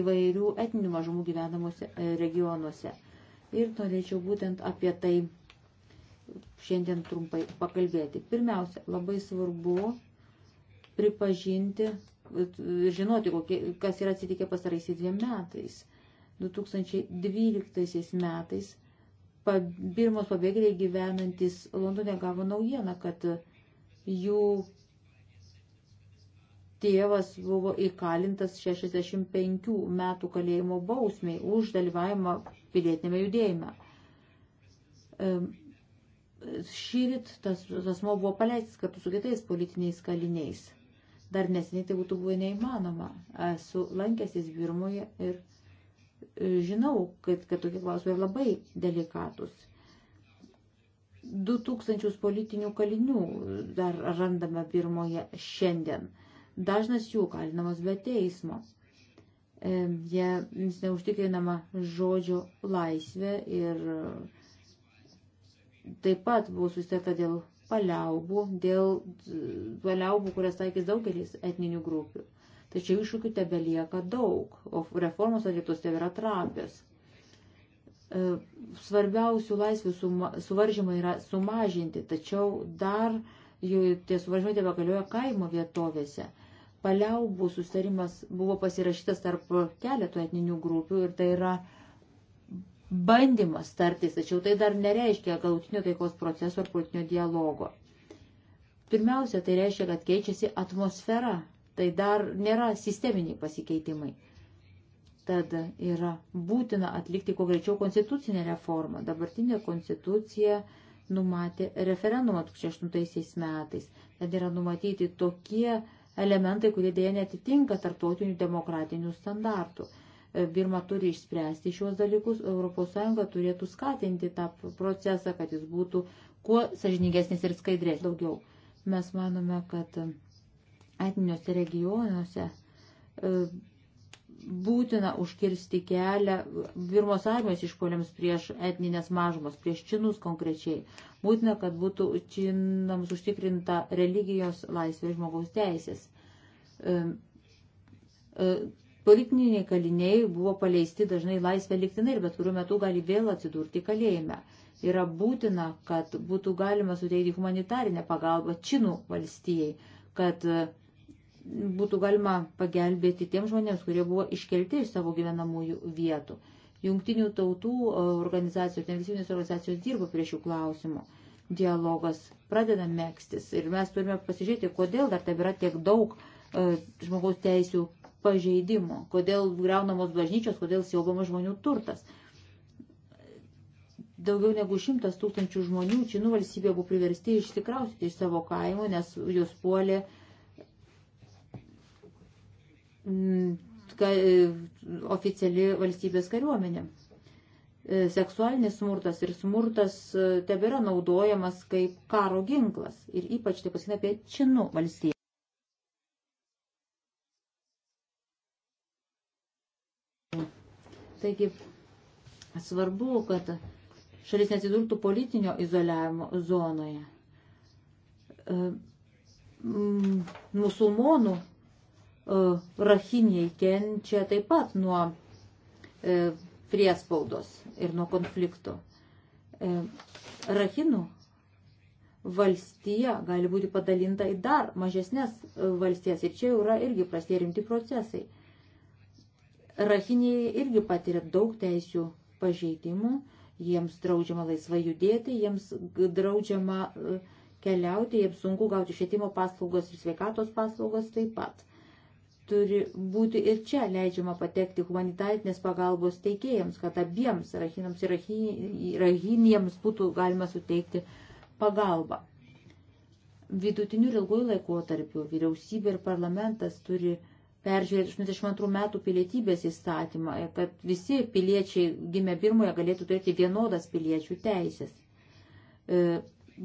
įvairių etninių mažumų gyvenamuose e, regionuose. Ir norėčiau būtent apie tai šiandien trumpai pakalbėti. Pirmiausia, labai svarbu pripažinti, žinoti, kokie, kas yra atsitikę pastaraisiais dviem metais. 2012 metais Birmos pabėgėliai gyvenantis Londone gavo naujieną, kad jų tėvas buvo įkalintas 65 metų kalėjimo bausmiai už dalyvavimą pilietinėme judėjime šyrit tas asmo buvo paleistas kartu su kitais politiniais kaliniais. Dar nesiniai tai būtų buvę neįmanoma. Esu lankęsis Birmoje ir e, žinau, kad, kad tokie klausimai labai delikatus. 2000 politinių kalinių dar randame Birmoje šiandien. Dažnas jų kalinamas be teismo. E, jie neužtikrinama žodžio laisvė ir e, Taip pat buvo susitarta dėl paliaubų, dėl paliaubų, kurias taikys daugelis etninių grupių. Tačiau iššūkių tebelieka daug, o reformos atliktos tebėra trapios. E, svarbiausių laisvių suma, suvaržymai yra sumažinti, tačiau dar jų tie suvaržymai tebegalioja kaimo vietovėse. Paliaubų sustarimas buvo pasirašytas tarp keletų etninių grupių ir tai yra uh, bandymas tartis, tačiau tai dar nereiškia galutinio taikos proceso ar politinio dialogo. Pirmiausia, tai reiškia, kad keičiasi atmosfera, tai dar nėra sisteminiai pasikeitimai. Tad yra būtina atlikti kuo greičiau konstitucinę reformą. Dabartinė konstitucija numatė referendumą 2008 metais. Ten yra numatyti tokie elementai, kurie dėja netitinka tarptautinių demokratinių standartų. Birma turi išspręsti šios dalykus, ES turėtų skatinti tą procesą, kad jis būtų kuo sažiningesnis ir skaidrės daugiau. Mes manome, kad etniniuose regionuose e, būtina užkirsti kelią Birmos armijos išpoliams prieš etninės mažumas, prieš činus konkrečiai. Būtina, kad būtų činams užtikrinta religijos laisvė žmogaus teisės. E, e, Politiniai kaliniai buvo paleisti dažnai laisvę liktinai ir bet kuriuo metu gali vėl atsidurti kalėjime. Yra būtina, kad būtų galima suteikti humanitarinę pagalbą Činų valstijai, kad e, būtų galima pagelbėti tiem žmonėms, kurie buvo iškelti iš savo gyvenamųjų vietų. Jungtinių tautų e, organizacijos, nevisinės organizacijos dirba prie šių klausimų. Dialogas pradeda mėgstis ir mes turime pasižiūrėti, kodėl dar tebėra tiek daug e, žmogaus teisių pažeidimo, kodėl greunamos bažnyčios, kodėl siaubamas žmonių turtas. Daugiau negu šimtas tūkstančių žmonių činų valstybė buvo priversti išsikraustyti iš savo kaimo, nes jos puolė mm, ka, oficiali valstybės kariuomenė. E, seksualinis smurtas ir smurtas e, tebėra naudojamas kaip karo ginklas ir ypač tai pasina apie činų valstybę. Taigi svarbu, kad šalis nesidurtų politinio izoliavimo zonoje. E, musulmonų e, rahiniai kenčia taip pat nuo e, priespaudos ir nuo konflikto. Rahinų valstija gali būti padalinta į dar mažesnės valstijas ir čia jau yra irgi prasidė rimti procesai. Rahinėje irgi patiria daug teisių pažeidimų, jiems draudžiama laisvai judėti, jiems draudžiama e, keliauti, jiems sunku gauti švietimo paslaugas ir sveikatos paslaugas taip pat. Turi būti ir čia leidžiama patekti humanitarinės pagalbos teikėjams, kad abiems rahinams ir rahiniems būtų galima suteikti pagalbą. Vidutiniu ir ilguoju laikotarpiu vyriausybė ir parlamentas turi uh, peržiūrėti 82 metų pilietybės įstatymą, kad visi piliečiai gimę Birmoje galėtų turėti vienodas piliečių teisės. E,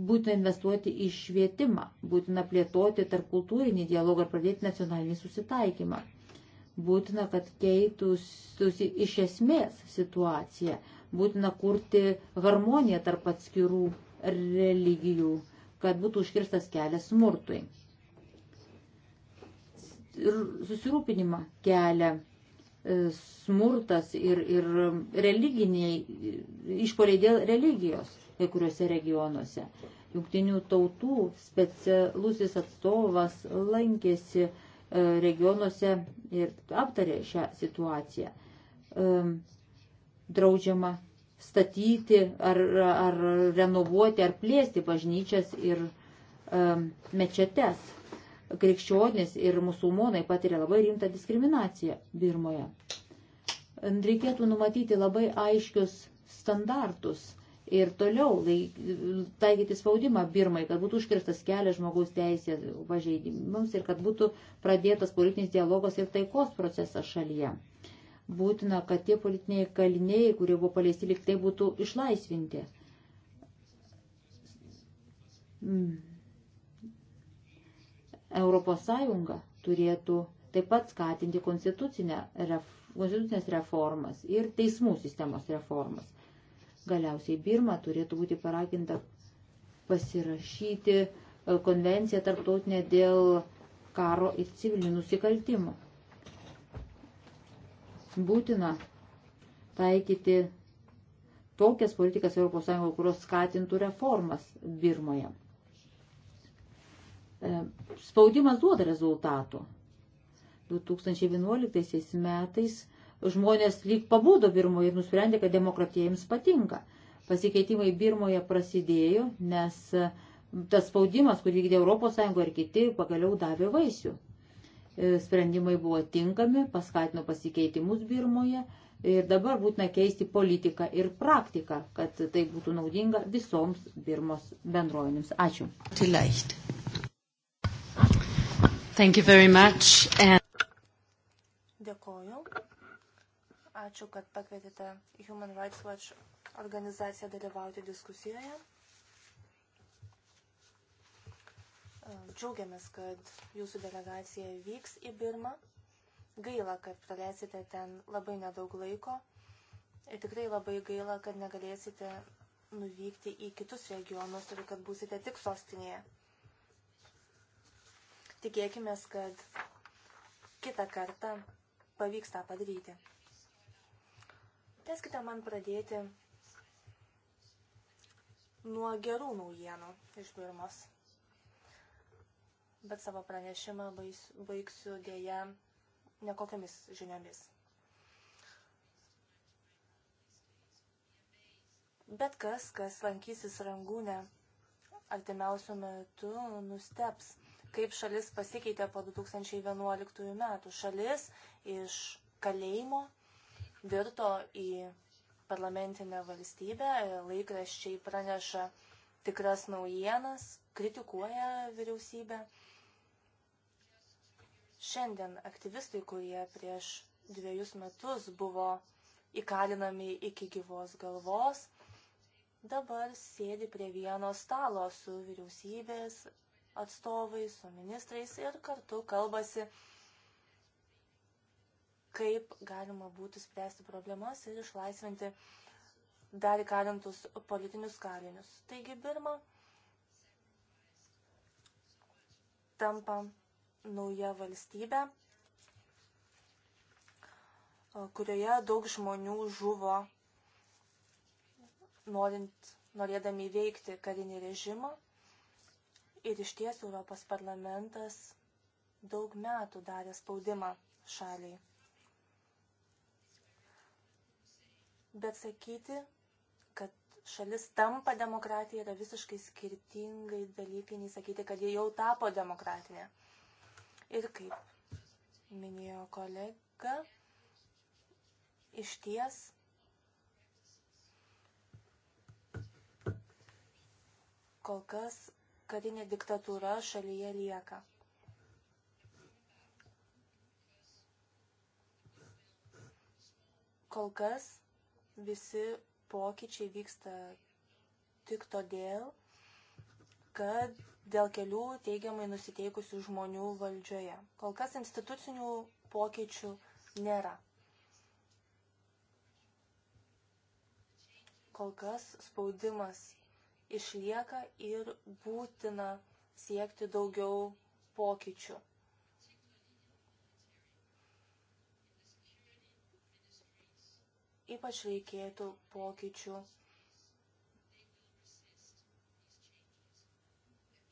būtina investuoti į švietimą, būtina plėtoti tarp kultūrinį dialogą ir pradėti nacionalinį susitaikymą. Būtina, kad keitųsi iš esmės situacija, būtina kurti harmoniją tarp atskirų religijų, kad būtų užkirstas kelias smurtui ir susirūpinimą kelia e, smurtas ir, ir religiniai išpoliai dėl religijos kai kuriuose regionuose. Jungtinių tautų specialusis atstovas lankėsi e, regionuose ir aptarė šią situaciją. E, draudžiama statyti ar, ar renovuoti ar plėsti bažnyčias ir mečetes krikščionės ir musulmonai patiria labai rimtą diskriminaciją Birmoje. Reikėtų numatyti labai aiškius standartus ir toliau taikyti spaudimą Birmai, kad būtų užkirstas kelias žmogaus teisės pažeidimams ir kad būtų pradėtas politinis dialogas ir taikos procesas šalyje. Būtina, kad tie politiniai kaliniai, kurie buvo paleisti liktai, būtų išlaisvinti. Mm ES turėtų taip pat skatinti konstitucinę ref, konstitucinės reformas ir teismų sistemos reformas. Galiausiai Birma turėtų būti paraginta pasirašyti e, konvenciją tarptautinę dėl karo ir civilinių nusikaltimų. Būtina taikyti tokias politikas ES, kurios skatintų reformas Birmoje. E, spaudimas duoda rezultatų. 2011 metais žmonės lyg pabudo Birmoje ir nusprendė, kad demokratija jiems patinka. Pasikeitimai Birmoje prasidėjo, nes e, tas spaudimas, kurį vykdė ES ir kiti, pagaliau davė vaisių. E, sprendimai buvo tinkami, paskatino pasikeitimus Birmoje ir dabar būtina keisti politiką ir praktiką, kad tai būtų naudinga visoms Birmos bendruomenėms. Ačiū. Vielleicht. Thank you very much. And... Dėkoju. Ačiū, kad pakvietėte Human Rights Watch organizaciją dalyvauti diskusijoje. E, džiaugiamės, kad jūsų delegacija vyks į Birmą. Gaila, kad praleisite ten labai nedaug laiko. Ir tikrai labai gaila, kad negalėsite nuvykti į kitus regionus ir kad būsite tik sostinėje. Tikėkime, kad kitą kartą pavyks tą padaryti. Leiskite man pradėti nuo gerų naujienų iš Birmos. Bet savo pranešimą baigsiu dėja nekokiamis žiniomis. Bet kas, kas lankysis rangūne artimiausių metų, nusteps kaip šalis pasikeitė po 2011 metų. Šalis iš kalėjimo virto į parlamentinę valstybę, laikraščiai praneša tikras naujienas, kritikuoja vyriausybę. Šiandien aktyvistai, kurie prieš dviejus metus buvo įkalinami iki gyvos galvos, dabar sėdi prie vieno stalo su vyriausybės atstovais, su ministrais ir kartu kalbasi, kaip galima būtų spręsti problemas ir išlaisvinti dar įkalintus politinius kalinius. Taigi Birma tampa nauja valstybė, kurioje daug žmonių žuvo norint, norėdami įveikti karinį režimą. Ir iš ties Europos parlamentas daug metų darė spaudimą šaliai. Bet sakyti, kad šalis tampa demokratija yra visiškai skirtingai dalykai, nei sakyti, kad jie jau tapo demokratinė. Ir kaip minėjo kolega, iš ties kol kas karinė diktatūra šalyje lieka. Kol kas visi pokyčiai vyksta tik todėl, kad dėl kelių teigiamai nusiteikusių žmonių valdžioje. Kol kas institucinių pokyčių nėra. Kol kas spaudimas išlieka ir būtina siekti daugiau pokyčių. Ypač reikėtų pokyčių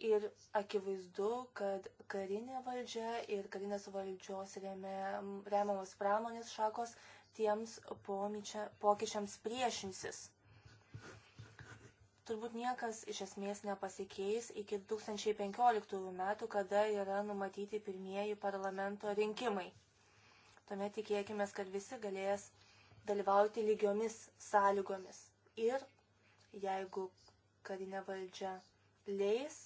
ir akivaizdu, kad karinė valdžia ir karinės valdžios remiamos pramonės šakos tiems pomyčia, pokyčiams priešinsis turbūt niekas iš esmės nepasikeis iki 2015 metų, kada yra numatyti pirmieji parlamento rinkimai. Tuomet tikėkime, kad visi galės dalyvauti lygiomis sąlygomis. Ir jeigu karinė valdžia leis,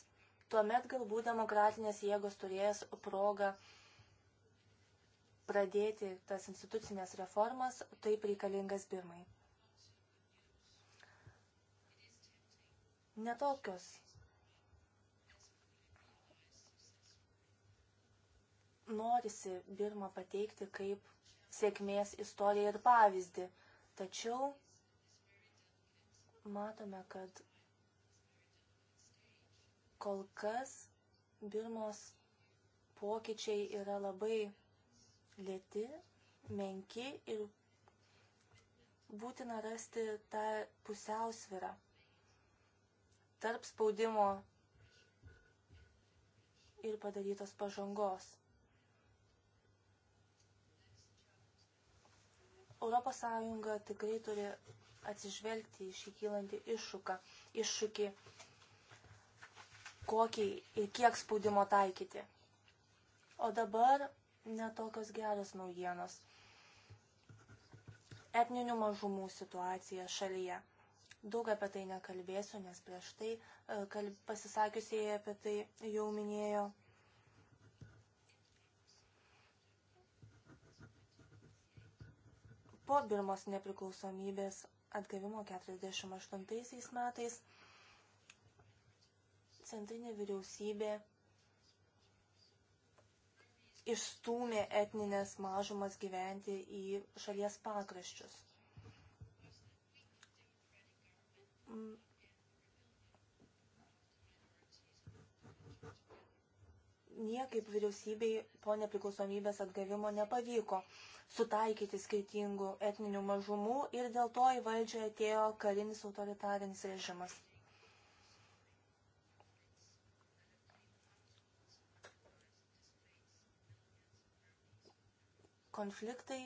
tuomet galbūt demokratinės jėgos turės progą pradėti tas institucinės reformas, taip reikalingas Birmai. netokios. Norisi Birmą pateikti kaip sėkmės istoriją ir pavyzdį, tačiau matome, kad kol kas Birmos pokyčiai yra labai lėti, menki ir būtina rasti tą pusiausvirą tarp spaudimo ir padarytos pažangos. Europos Sąjunga tikrai turi atsižvelgti į šį kylantį iššūką, iššūkį, kokį ir kiek spaudimo taikyti. O dabar netokios geros naujienos. Etninių mažumų situacija šalyje – Daug apie tai nekalbėsiu, nes prieš tai e, kalb, pasisakiusiai apie tai jau minėjo. Po Birmos nepriklausomybės atgavimo 48 metais centrinė vyriausybė išstūmė etninės mažumas gyventi į šalies pakraščius. niekaip vyriausybei po nepriklausomybės atgavimo nepavyko sutaikyti skirtingų etninių mažumų ir dėl to į valdžią atėjo karinis autoritarinis režimas. Konfliktai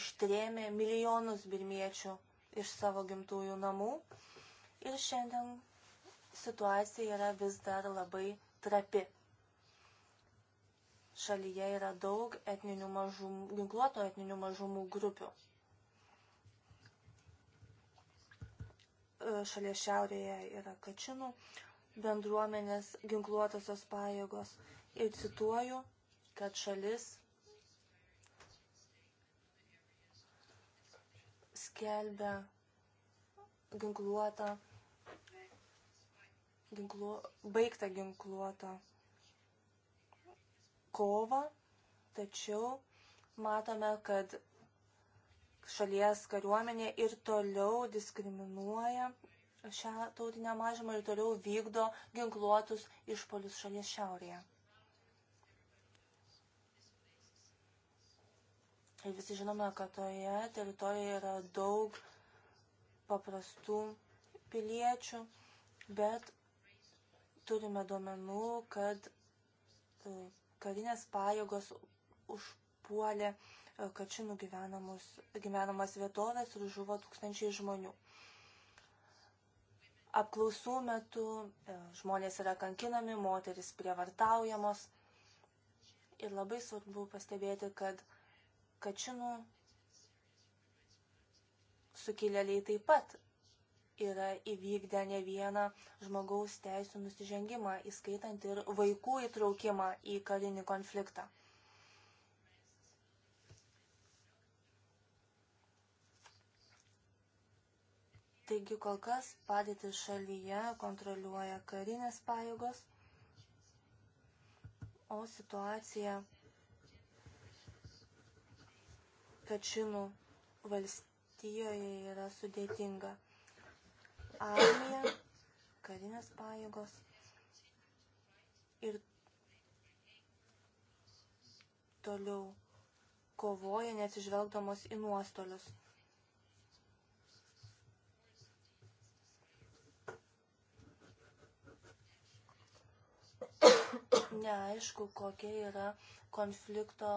ištrėmė milijonus birmiečių iš savo gimtųjų namų. Ir šiandien situacija yra vis dar labai trapi. Šalyje yra daug etninių mažumų, ginkluoto etninių mažumų grupių. E, šalies šiaurėje yra kačinų bendruomenės ginkluotosios pajėgos ir cituoju, kad šalis skelbia ginkluotą, ginklu, baigtą ginkluotą kovą, tačiau matome, kad šalies kariuomenė ir toliau diskriminuoja šią tautinę mažumą ir toliau vykdo ginkluotus išpolius šalies šiaurėje. Visi žinome, kad toje teritorijoje yra daug paprastų piliečių, bet turime duomenų, kad e, karinės pajėgos užpuolė e, kačinų gyvenamas vietovės ir žuvo tūkstančiai žmonių. Apklausų metu e, žmonės yra kankinami, moteris prievartaujamos. Ir labai svarbu pastebėti, kad Kačinų sukilėliai taip pat yra įvykdę ne vieną žmogaus teisų nusižengimą, įskaitant ir vaikų įtraukimą į karinį konfliktą. Taigi kol kas padėtį šalyje kontroliuoja karinės pajėgos, o situacija kačinų valstijoje yra sudėtinga. Armija, karinės pajėgos ir toliau kovoja neatsižvelgdamos į nuostolius. *coughs* Neaišku, kokia yra konflikto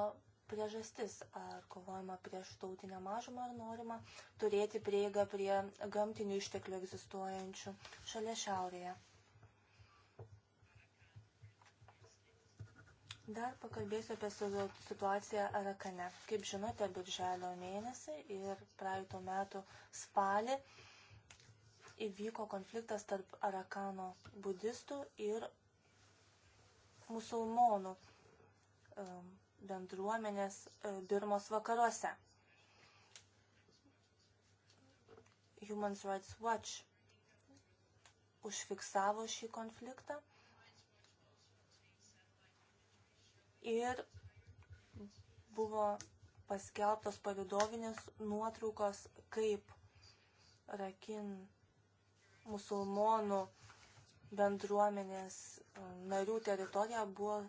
priežastis, ar kovojama prieš tautinę mažumą, ar norima turėti prieigą prie gamtinių išteklių egzistuojančių šalia šiaurėje. Dar pakalbėsiu apie situaciją Arakane. Kaip žinote, birželio mėnesį ir praeito metų spalį įvyko konfliktas tarp Arakano budistų ir musulmonų. Um, bendruomenės e, Birmos vakaruose. Human Rights Watch užfiksavo šį konfliktą ir buvo paskelbtos pavidovinės nuotraukos, kaip rakin musulmonų bendruomenės e, narių teritorija buvo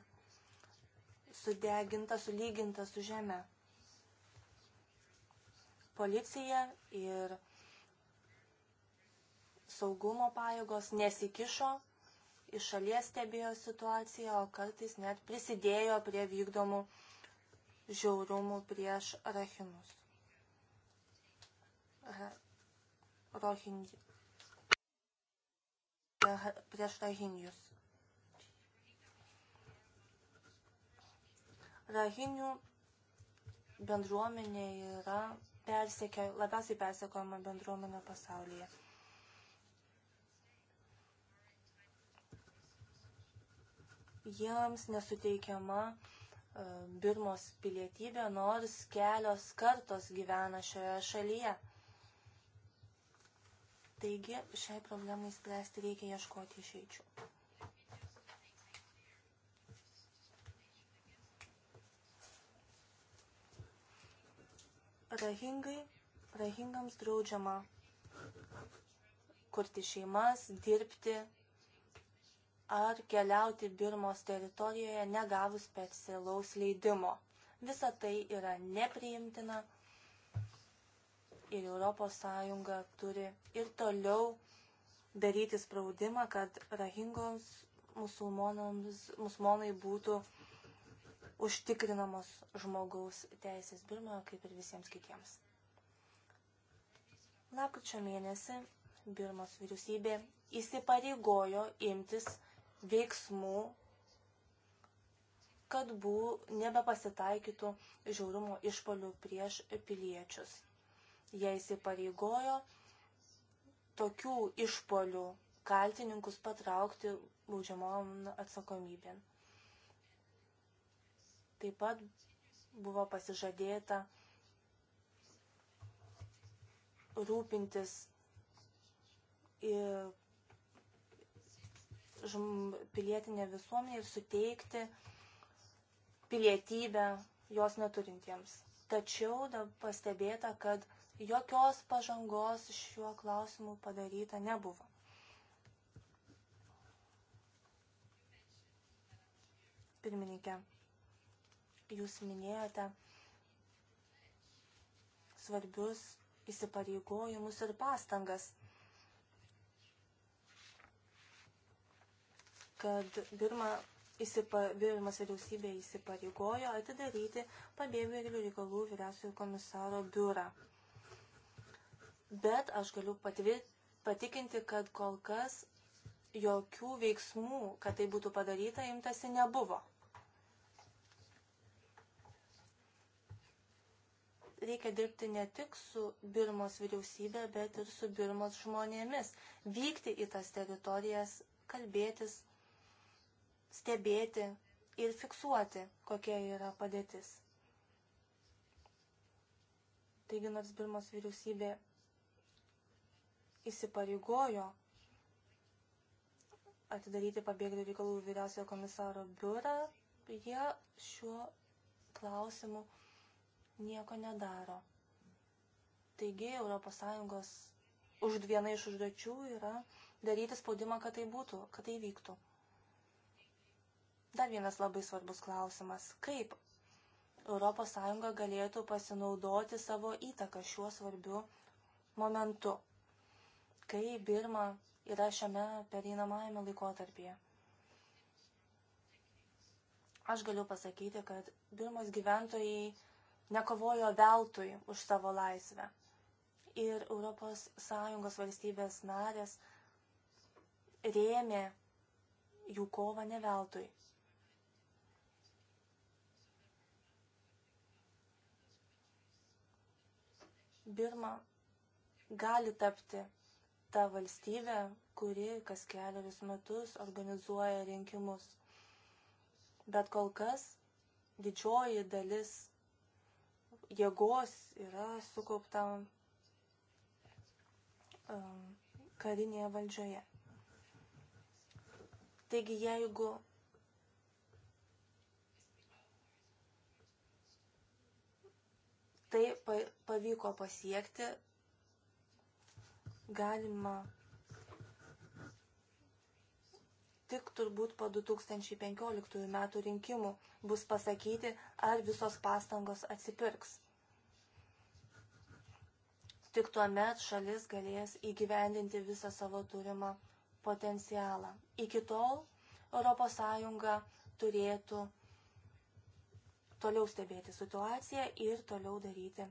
sudeginta, sulyginta su žeme. Policija ir saugumo pajėgos nesikišo, iš šalies stebėjo situaciją, o kartais net prisidėjo prie vykdomų žiaurumų prieš rahimus. Rohindį. Prieš rahindijus. Rahinių bendruomenė yra persekio, labiausiai persekiojama bendruomenė pasaulyje. Jiems nesuteikiama e, Birmos pilietybė, nors kelios kartos gyvena šioje šalyje. Taigi šiai problemai spręsti reikia ieškoti išeičių. Rahingai, rahingams draudžiama kurti šeimas, dirbti ar keliauti Birmos teritorijoje negavus specialaus leidimo. Visa tai yra nepriimtina ir ES turi ir toliau daryti spaudimą, kad rahingoms musulmonai būtų užtikrinamos žmogaus teisės Birmoje, kaip ir visiems kitiems. Lapkričio mėnesį Birmos vyriausybė įsipareigojo imtis veiksmų, kad bū nebepasitaikytų žiaurumo išpolių prieš piliečius. Jie įsipareigojo tokių išpolių kaltininkus patraukti baudžiamom atsakomybėn. Taip pat buvo pasižadėta rūpintis pilietinė visuomenė ir suteikti pilietybę jos neturintiems. Tačiau pastebėta, kad jokios pažangos šiuo klausimu padaryta nebuvo. Pirmininkė, Jūs minėjote svarbius įsipareigojimus ir pastangas, kad Birma įsipa, Birmas vyriausybė įsipareigojo atidaryti pabėgėlių reikalų vyriausiojo komisaro biurą. Bet aš galiu patvirt, patikinti, kad kol kas jokių veiksmų, kad tai būtų padaryta, imtasi nebuvo. reikia dirbti ne tik su Birmos vyriausybė, bet ir su Birmos žmonėmis. Vykti į tas teritorijas, kalbėtis, stebėti ir fiksuoti, kokia yra padėtis. Taigi nors Birmos vyriausybė įsipareigojo atidaryti pabėgėlių reikalų vyriausiojo komisaro biurą, jie šiuo klausimu nieko nedaro. Taigi ES už viena iš užduočių yra daryti spaudimą, kad tai būtų, kad tai vyktų. Dar vienas labai svarbus klausimas. Kaip ES galėtų pasinaudoti savo įtaką šiuo svarbiu momentu, kai Birma yra šiame pereinamajame laikotarpyje? Aš galiu pasakyti, kad Birmos gyventojai nekovojo veltui už savo laisvę. Ir ES valstybės narės rėmė jų kovą ne veltui. Birma gali tapti ta valstybė, kuri kas keliarius metus organizuoja rinkimus. Bet kol kas didžioji dalis jėgos yra sukaupta um, karinėje valdžioje. Taigi jeigu tai pavyko pasiekti, galima tik turbūt po 2015 metų rinkimų bus pasakyti, ar visos pastangos atsipirks. Tik tuo met šalis galės įgyvendinti visą savo turimą potencialą. Iki tol ES turėtų toliau stebėti situaciją ir toliau daryti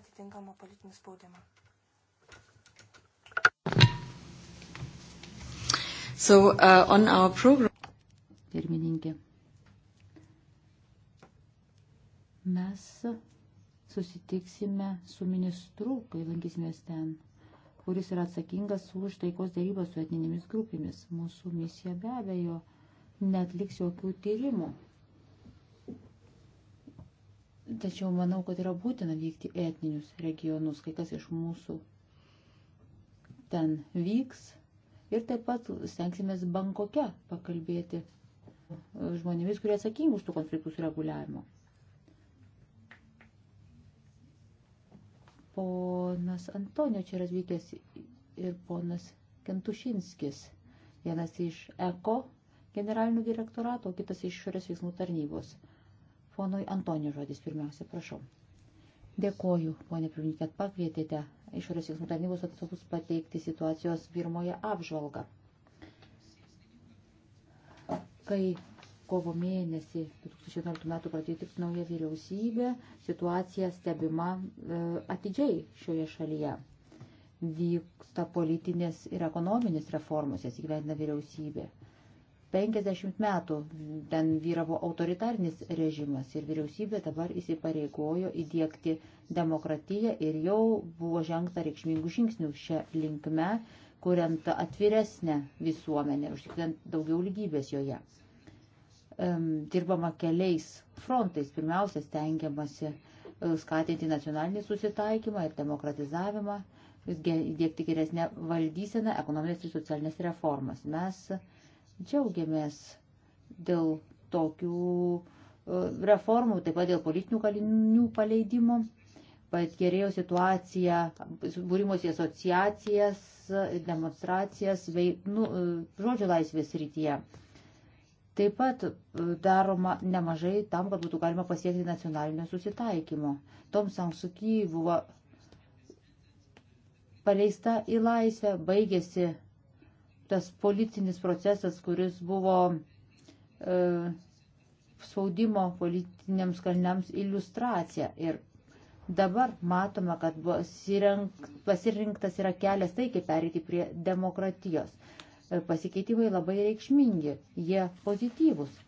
atitinkamą politinį spaudimą. So, uh, on our program... Pirmininkė. Mes susitiksime su ministru, kai lankysimės ten, kuris yra atsakingas už taikos dėrybas su etninėmis grupėmis. Mūsų misija be abejo netliks jokių tyrimų. Tačiau manau, kad yra būtina vykti etninius regionus, kai kas iš mūsų ten vyks Ir taip pat stengsimės bankoke pakalbėti e, žmonėmis, kurie atsakingi už tų konfliktų sureguliavimo. Ponas Antonio čia yra atvykęs ir ponas Kentušinskis, vienas iš ECO generalinių direktorato, kitas iš išorės veiksmų tarnybos. Ponui Antonio žodis pirmiausia, prašau. Dėkoju, ponė Priminkė, kad pakvietėte išorės veiksmų tarnybos atstovus pateikti situacijos pirmoje apžvalgą. Kai kovo mėnesį 2011 metų pradėjo tik nauja vyriausybė, situacija stebima e, atidžiai šioje šalyje. Vyksta politinės ir ekonominės reformos, jas įgyvendina vyriausybė. 50 metų ten vyravo autoritarnis režimas ir vyriausybė dabar įsipareigojo įdėkti demokratiją ir jau buvo žengta reikšmingų žingsnių šią linkme, kuriant atviresnę visuomenę, užtikrint daugiau lygybės joje. Dirbama keliais frontais. Pirmiausia, stengiamasi e, skatinti nacionalinį susitaikymą ir demokratizavimą, įdėkti geresnę valdyseną, ekonominės ir socialinės reformas. Mes Džiaugiamės dėl tokių e, reformų, taip pat dėl politinių kalinių paleidimo, bet gerėjo situacija, būrimosi asociacijas, demonstracijas, bei, nu, e, žodžio laisvės rytyje. Taip pat e, daroma nemažai tam, kad būtų galima pasiekti nacionalinio susitaikymo. Tom Sansuky buvo paleista į laisvę, baigėsi tas politinis procesas, kuris buvo e, spaudimo politiniams kalniams iliustracija. Ir dabar matome, kad pasirinktas yra kelias taikiai perėti prie demokratijos. E, pasikeitimai labai reikšmingi, jie pozityvus.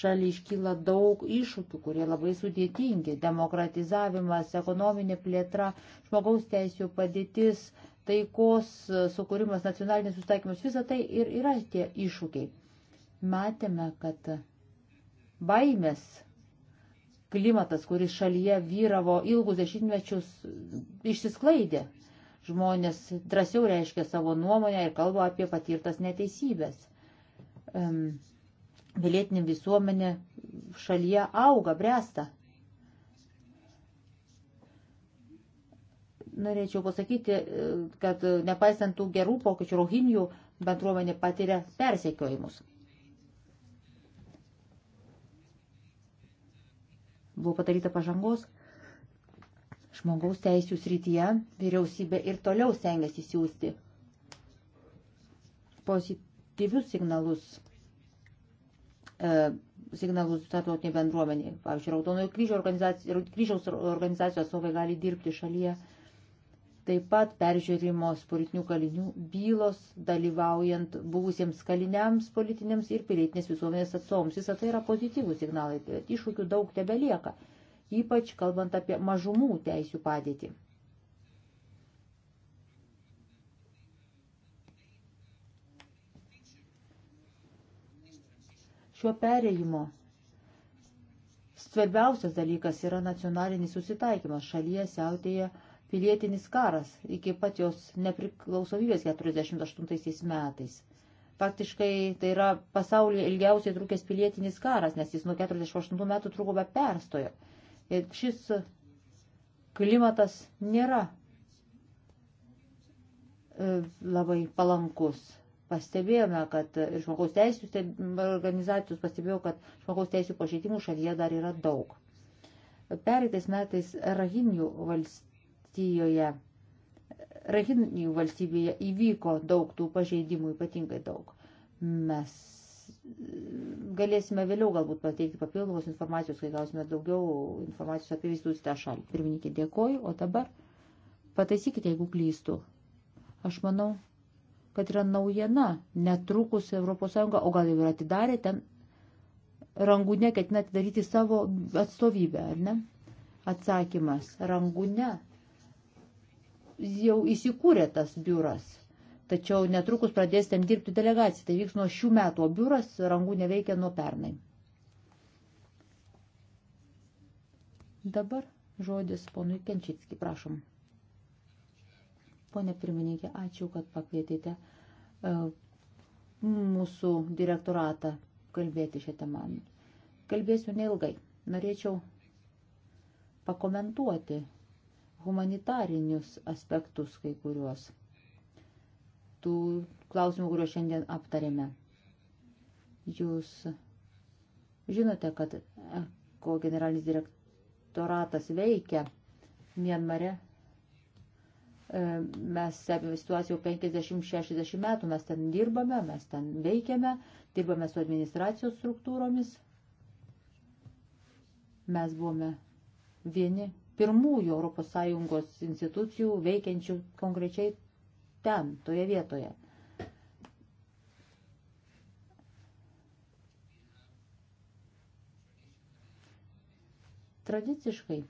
Šalį iškyla daug iššūkių, kurie labai sudėtingi - demokratizavimas, ekonominė plėtra, žmogaus teisų padėtis, taikos e, sukūrimas, nacionalinis sustaikymas, visa tai ir yra tie iššūkiai. Matėme, kad baimės klimatas, kuris šalyje vyravo ilgus dešimtmečius, išsisklaidė. Žmonės drąsiau reiškia savo nuomonę ir kalba apie patirtas neteisybės. Vilietinė visuomenė šalyje auga, bręsta. Norėčiau pasakyti, e, kad e, nepaisant tų gerų pokyčių, rohinių bendruomenė patiria persekiojimus. Buvo padaryta pažangos žmogaus teisų srityje, vyriausybė ir toliau stengiasi siūsti pozityvius signalus, e, signalus tarptautinė bendruomenė. Pavyzdžiui, Raudonojo kryžiaus organizacijos, organizacijos atstovai gali dirbti šalyje Taip pat peržiūrimos politinių kalinių bylos, dalyvaujant buvusiems kaliniams politiniams ir pilietinės visuomenės atsoms. Visą tai yra pozityvų signalai, bet tai iššūkių daug tebelieka, ypač kalbant apie mažumų teisių padėtį. Šiuo perėjimo svarbiausias dalykas yra nacionalinis susitaikymas šalyje siautėje pilietinis karas iki pat jos nepriklausomybės 48 metais. Faktiškai tai yra pasaulyje ilgiausiai trukęs pilietinis karas, nes jis nuo 48 metų truko be perstojo. Ir šis klimatas nėra e, labai palankus. Pastebėjome, kad žmogaus teisų organizacijos pastebėjo, kad žmogaus teisų pažeidimų šalyje dar yra daug. Pereitais metais Rahinijų valstybė Vokietijoje, Rahinijų valstybėje įvyko daug tų pažeidimų, ypatingai daug. Mes e, galėsime vėliau galbūt pateikti papildomos informacijos, kai gausime daugiau informacijos apie visus tą šalį. Pirmininkė, dėkoju, o dabar pataisykite, jeigu klystu. Aš manau, kad yra naujiena, netrukus ES, o gal jau ir atidarė ten Rangūne ketina atidaryti savo atstovybę, ar ne? Atsakymas. Rangūne jau įsikūrė tas biuras. Tačiau netrukus pradės ten dirbti delegacija. Tai vyks nuo šių metų, o biuras rangų neveikia nuo pernai. Dabar žodis ponui Kenčitski, prašom. Pone pirmininkė, ačiū, kad pakvietėte e, mūsų direktoratą kalbėti šią temą. Kalbėsiu neilgai. Norėčiau pakomentuoti humanitarinius aspektus kai kuriuos. Tų klausimų, kuriuos šiandien aptarėme. Jūs žinote, kad ko generalinis direktoratas veikia Mienmare. E, mes apie situaciją jau 50-60 metų, mes ten dirbame, mes ten veikiame, dirbame su administracijos struktūromis. Mes buvome vieni pirmųjų ES institucijų veikiančių konkrečiai ten, toje vietoje. Tradiciškai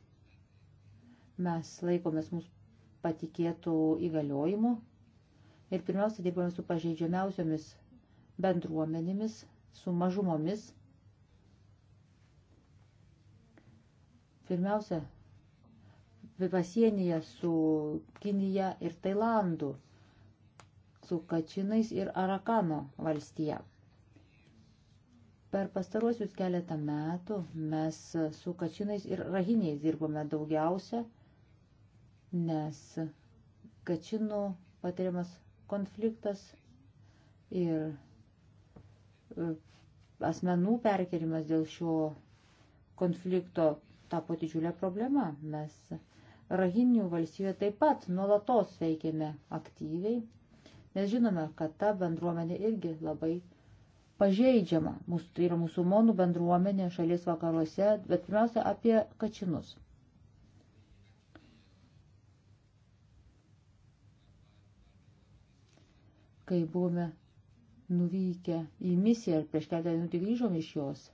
mes laikomės mūsų patikėtų įgaliojimų ir pirmiausia dirbame su pažeidžiamiausiomis bendruomenėmis, su mažumomis. Pirmiausia, pasienyje su Kinija ir Tailandu, su Kačinais ir Arakano valstija. Per pastaruosius keletą metų mes su Kačinais ir Rahiniais dirbome daugiausia, nes Kačinų patiriamas konfliktas ir e, asmenų perkelimas dėl šio konflikto tapo didžiulė problema. Mes Rahinių valstybė taip pat nuolatos veikėme aktyviai, nes žinome, kad ta bendruomenė irgi labai pažeidžiama. Mūsų, tai yra musulmonų bendruomenė šalies vakaruose, bet pirmiausia apie kačinus. Kai buvome nuvykę į misiją ir prieš keletą dienų grįžom iš jos,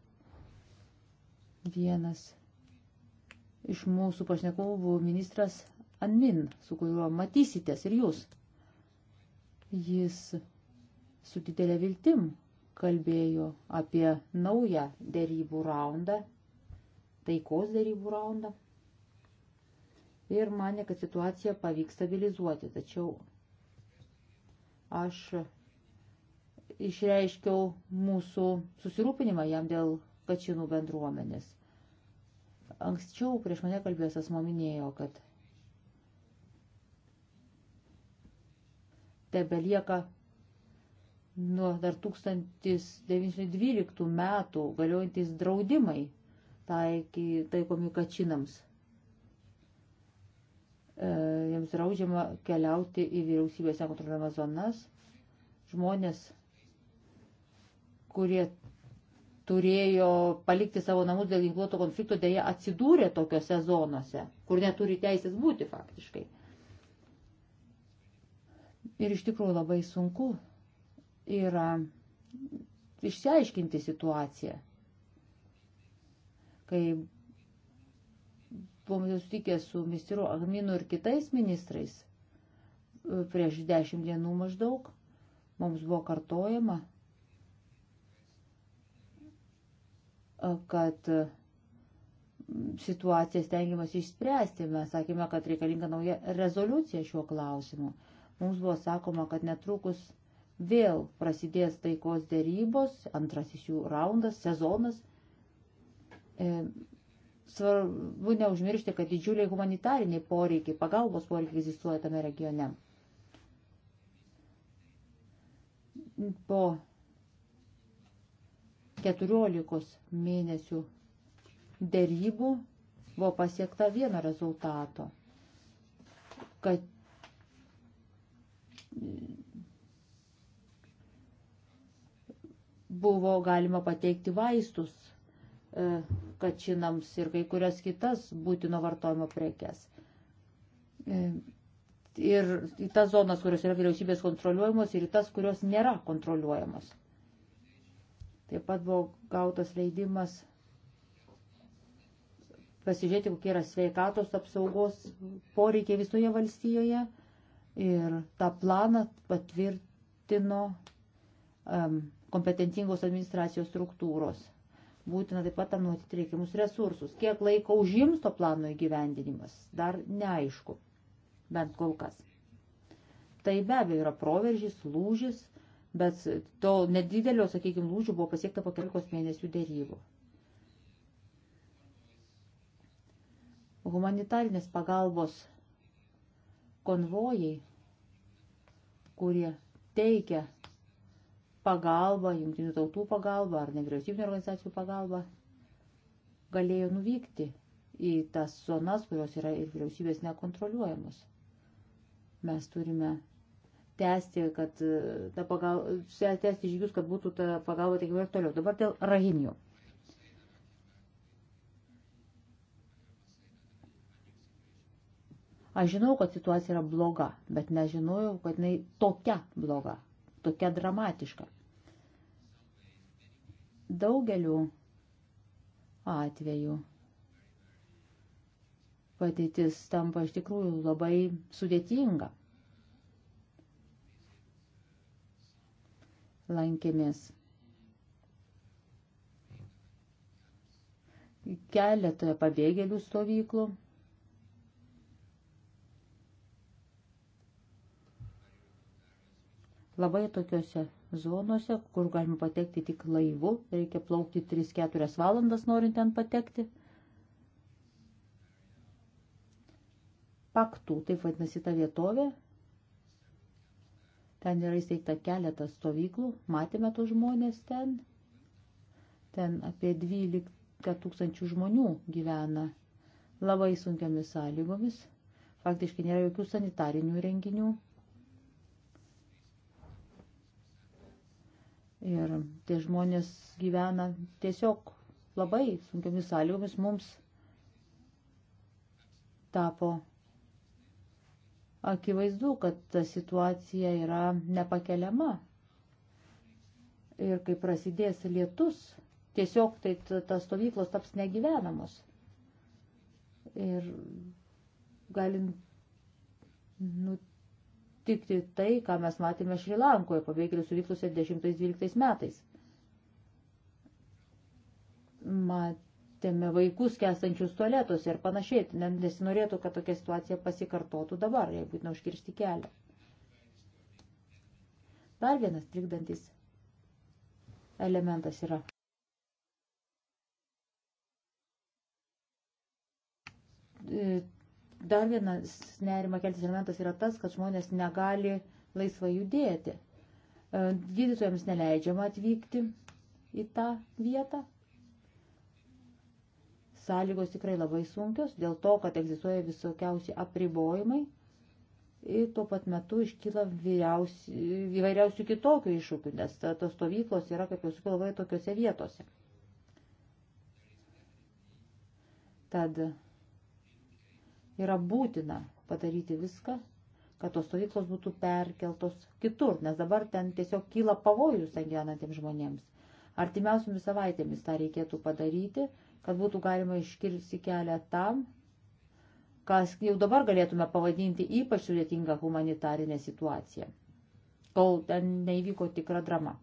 vienas iš mūsų pašnekovų buvo ministras Anmin, su kuriuo matysitės ir jūs. Jis su didelė viltim kalbėjo apie naują dėrybų raundą, taikos dėrybų raundą. Ir mane, kad situaciją pavyks stabilizuoti. Tačiau aš išreiškiau mūsų susirūpinimą jam dėl kačinų bendruomenės. Anksčiau prieš mane kalbėjęs asmo minėjo, kad tebe lieka nuo dar 1912 metų galiojantis draudimai taiki, taikomi kačinams. E, jiems draudžiama keliauti į vyriausybės nekontroliuojamas zonas. Žmonės, kurie turėjo palikti savo namus dėl ginkluoto konflikto, dėja atsidūrė tokiuose zonuose, kur neturi teisės būti faktiškai. Ir iš tikrųjų labai sunku yra išsiaiškinti situaciją. Kai buvome susitikę su ministru Agminu ir kitais ministrais e, prieš dešimt dienų maždaug, mums buvo kartojama – kad mm, situacijas tengiamas išspręsti. Mes sakėme, kad reikalinga nauja rezoliucija šiuo klausimu. Mums buvo sakoma, kad netrukus vėl prasidės taikos dėrybos, antrasis jų raundas, sezonas. E, svarbu neužmiršti, kad didžiuliai humanitariniai poreikiai, pagalbos poreikiai egzistuoja tame regione. Po 14 mėnesių dėrybų buvo pasiekta vieno rezultato, kad buvo galima pateikti vaistus e, kačinams ir kai kurias kitas būtino vartojimo prekes. E, ir į tas zonas, kurios yra vyriausybės kontroliuojamos, ir į tas, kurios nėra kontroliuojamos. Taip pat buvo gautas leidimas pasižiūrėti, kokie yra sveikatos apsaugos poreikiai visoje valstijoje. Ir tą planą patvirtino um, kompetentingos administracijos struktūros. Būtina taip pat tam nuotyti reikiamus resursus. Kiek laiko užims to plano įgyvendinimas, dar neaišku, bent kol kas. Tai be abejo yra proveržys, lūžis, bet to nedidelio, sakykime, lūžių buvo pasiekta po kelkos mėnesių dėrybų. Humanitarinės pagalbos konvojai, kurie teikia pagalbą, jungtinių tautų pagalbą ar nevyriausybinio organizacijų pagalbą, galėjo nuvykti į tas zonas, kurios yra ir vyriausybės nekontroliuojamos. Mes turime tęsti, kad e, ta pagalba, tęsti žygius, kad būtų ta pagalba teikiama ir toliau. Dabar dėl rahinių. Aš žinau, kad situacija yra bloga, bet nežinojau, kad jinai tokia bloga, tokia dramatiška. Daugeliu atveju padėtis tampa iš tikrųjų labai sudėtinga. lankėmės keletoje pabėgėlių stovyklų. Labai tokiuose zonuose, kur galima patekti tik laivu, reikia plaukti 3-4 valandas norint ten patekti. Paktų, taip vadinasi ta vietovė, Ten yra įsteigta keletas stovyklų, matėme tos žmonės ten. Ten apie 12 tūkstančių žmonių gyvena labai sunkiamis sąlygomis. Faktiškai nėra jokių sanitarinių renginių. Ir tie žmonės gyvena tiesiog labai sunkiamis sąlygomis. Mums tapo Akivaizdu, kad ta situacija yra nepakeliama. Ir kai prasidės lietus, tiesiog tai tas stovyklos taps negyvenamos. Ir galint nutikti tai, ką mes matėme Šrilankoje pabėgėlių stovyklose 10-12 metais. Mat, matėme vaikus kesančius tualetuose ir panašiai, nesinorėtų, kad tokia situacija pasikartotų dabar, jei būtina užkirsti kelią. Dar vienas trikdantis elementas yra. Dar vienas nerima keltis elementas yra tas, kad žmonės negali laisvai judėti. Gydytojams neleidžiama atvykti į tą vietą, sąlygos tikrai labai sunkios dėl to, kad egzistuoja visokiausi apribojimai ir tuo pat metu iškyla įvairiausių kitokių iššūkių, nes tos stovyklos yra, kaip jau sakiau, labai tokiuose vietose. Tad yra būtina padaryti viską, kad tos stovyklos būtų perkeltos kitur, nes dabar ten tiesiog kyla pavojus ten gyvenantiems žmonėms. Artimiausiamis savaitėmis tą reikėtų padaryti, kad būtų galima iškirsti kelią tam, kas jau dabar galėtume pavadinti ypač sudėtingą humanitarinę situaciją, kol ten neįvyko tikra drama.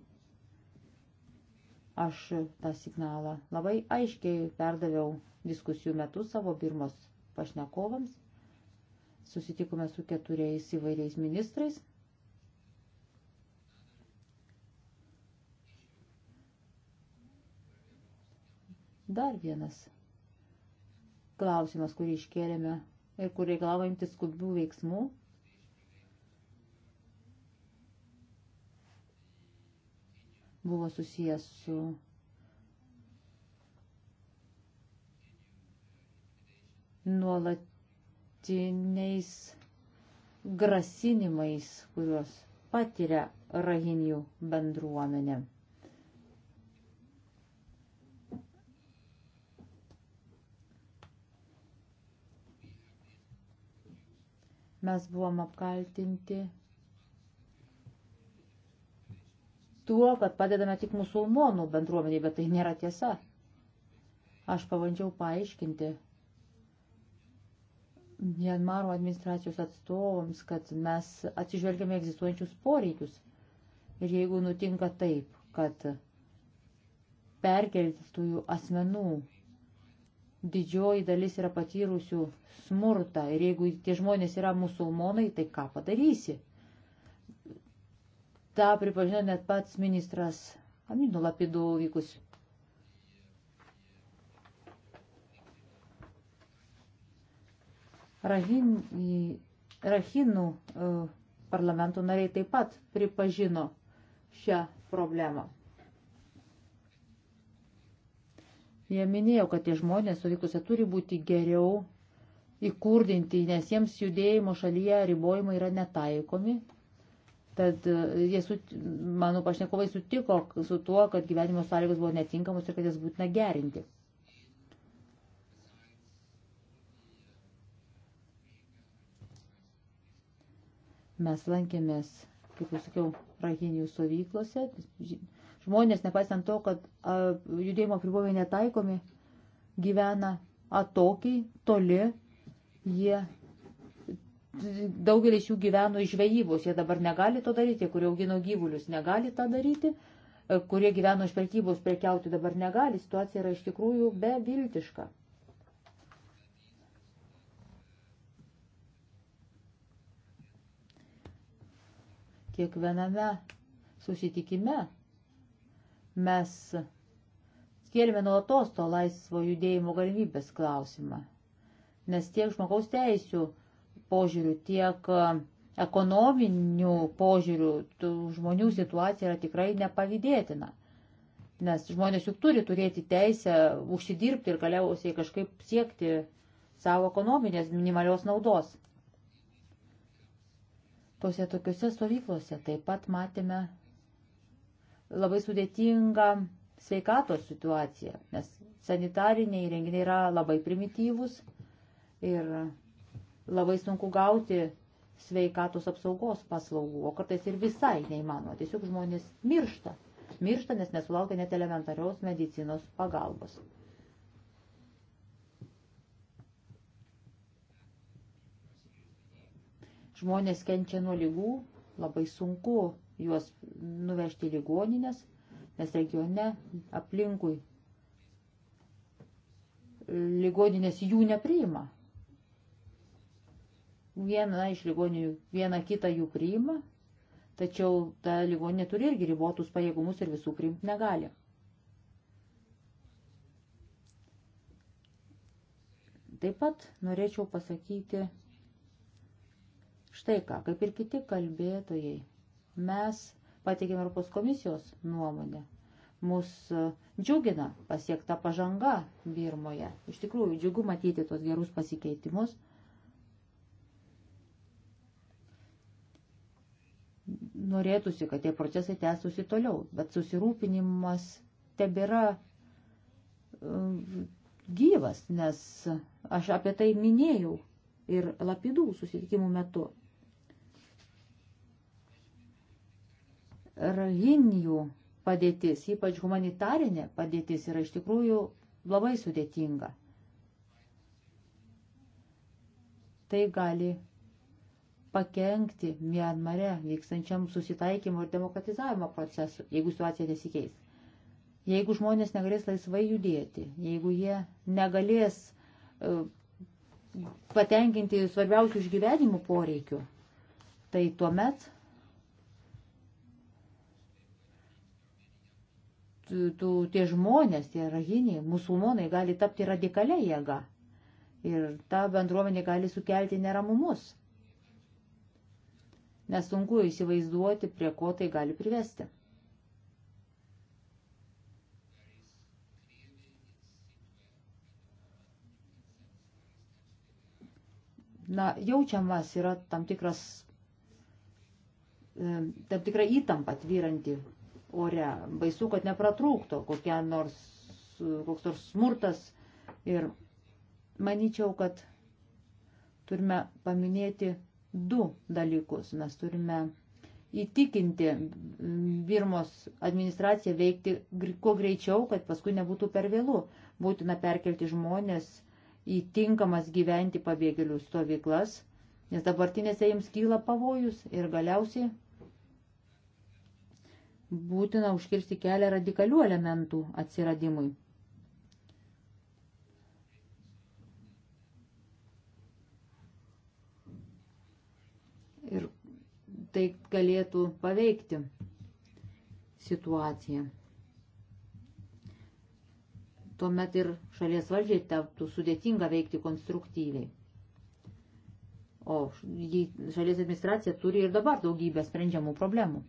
Aš tą signalą labai aiškiai perdaviau diskusijų metu savo pirmos pašnekovams. Susitikome su keturiais įvairiais ministrais Dar vienas klausimas, kurį iškėlėme ir kur reikalavo imtis skubių veiksmų. Buvo susijęs su nuolatiniais grasinimais, kuriuos patiria rahinių bendruomenė. Mes buvom apkaltinti tuo, kad padedame tik musulmonų bendruomeniai, bet tai nėra tiesa. Aš pabandžiau paaiškinti Mianmaro administracijos atstovams, kad mes atsižvelgiame egzistuojančius poreikius. Ir jeigu nutinka taip, kad perkeltųjų asmenų didžioji dalis yra patyrusių smurtą ir jeigu tie žmonės yra musulmonai, tai ką padarysi? Ta pripažino net pats ministras Aminu Lapidu vykus. Rahin, Rahinų e, parlamento nariai taip pat pripažino šią problemą. Jie minėjo, kad tie žmonės stovyklose turi būti geriau įkurdinti, nes jiems judėjimo šalyje ribojimai yra netaikomi. Tad e, jie, sut, mano pašnekovai, sutiko su tuo, kad gyvenimo sąlygos buvo netinkamos ir kad jas būtina gerinti. Mes lankėmės, kaip jau sakiau, rahinių stovyklose. Žmonės, nepaisant to, kad a, judėjimo apribojimai netaikomi, gyvena atokiai, toli, jie daugelis jų gyveno iš žvejybos, jie dabar negali to daryti, kurie augino gyvulius negali tą daryti, e, kurie gyveno iš prekybos prekiauti dabar negali, situacija yra iš tikrųjų beviltiška. Kiekviename susitikime Mes kėlėme nuolatos to laisvo judėjimo galimybės klausimą, nes tiek žmogaus teisų požiūrių, tiek e, ekonominių požiūrių tų žmonių situacija yra tikrai nepavydėtina. Nes žmonės juk turi turėti teisę užsidirbti ir galiausiai kažkaip siekti savo ekonominės minimalios naudos. Tuose tokiuose stovyklose taip pat matėme labai sudėtingą sveikatos situaciją, nes sanitariniai renginiai yra labai primityvus ir labai sunku gauti sveikatos apsaugos paslaugų, o kartais ir visai neįmanoma. Tiesiog žmonės miršta. Miršta, nes nesulaukia net elementarios medicinos pagalbos. Žmonės kenčia nuo lygų, labai sunku juos nuvežti į ligoninės, nes regione aplinkui ligoninės jų nepriima. Viena iš ligoninių, viena kita jų priima, tačiau ta ligoninė turi irgi ribotus pajėgumus ir visų priimti negali. Taip pat norėčiau pasakyti štai ką, kaip ir kiti kalbėtojai. Mes pateikėme Europos komisijos nuomonę. Mus e, džiugina pasiekta pažanga Birmoje. Iš tikrųjų, džiugu matyti tos gerus pasikeitimus. Norėtųsi, kad tie procesai tęstųsi toliau, bet susirūpinimas tebėra e, gyvas, nes aš apie tai minėjau ir lapidų susitikimų metu. Rohinjų padėtis, ypač humanitarinė padėtis, yra iš tikrųjų labai sudėtinga. Tai gali pakenkti Mianmare vykstančiam susitaikymo ir demokratizavimo procesui, jeigu situacija nesikeis. Jeigu žmonės negalės laisvai judėti, jeigu jie negalės uh, patenkinti svarbiausių išgyvenimų poreikių, tai tuomet tų, tie žmonės, tie rajiniai, musulmonai gali tapti radikalia jėga. Ir ta bendruomenė gali sukelti neramumus. Nesunku įsivaizduoti, prie ko tai gali privesti. Na, jaučiamas yra tam tikras, tam tikra įtampa tvyranti ore. Baisu, kad nepratrūktų kokia nors, koks nors smurtas. Ir manyčiau, kad turime paminėti du dalykus. Mes turime įtikinti Birmos administraciją veikti kuo greičiau, kad paskui nebūtų per vėlų. Būtina perkelti žmonės į tinkamas gyventi pabėgėlių stovyklas, nes dabartinėse jiems kyla pavojus ir galiausiai būtina užkirsti kelią radikalių elementų atsiradimui. Ir tai galėtų paveikti situaciją. Tuomet ir šalies valdžiai taptų sudėtinga veikti konstruktyviai. O šalies administracija turi ir dabar daugybę sprendžiamų problemų.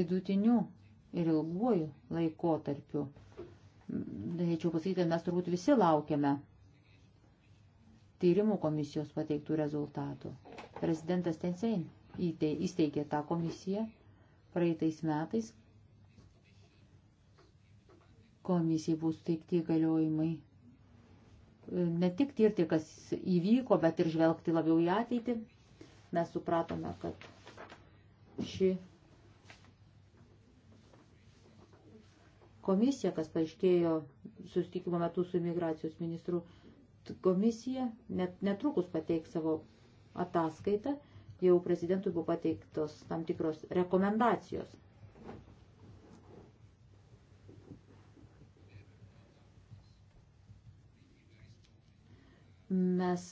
vidutiniu ir ilguoju laikotarpiu. Dėčiau pasakyti, mes turbūt visi laukiame tyrimų komisijos pateiktų rezultatų. Prezidentas Tensein įsteigė tą komisiją praeitais metais. Komisijai bus teikti galiojimai e, ne tik tirti, kas įvyko, bet ir žvelgti labiau į ateitį. Mes supratome, kad ši Komisija, kas paaiškėjo susitikimo metu su imigracijos ministru, komisija net, netrukus pateiks savo ataskaitą, jau prezidentui buvo pateiktos tam tikros rekomendacijos. Mes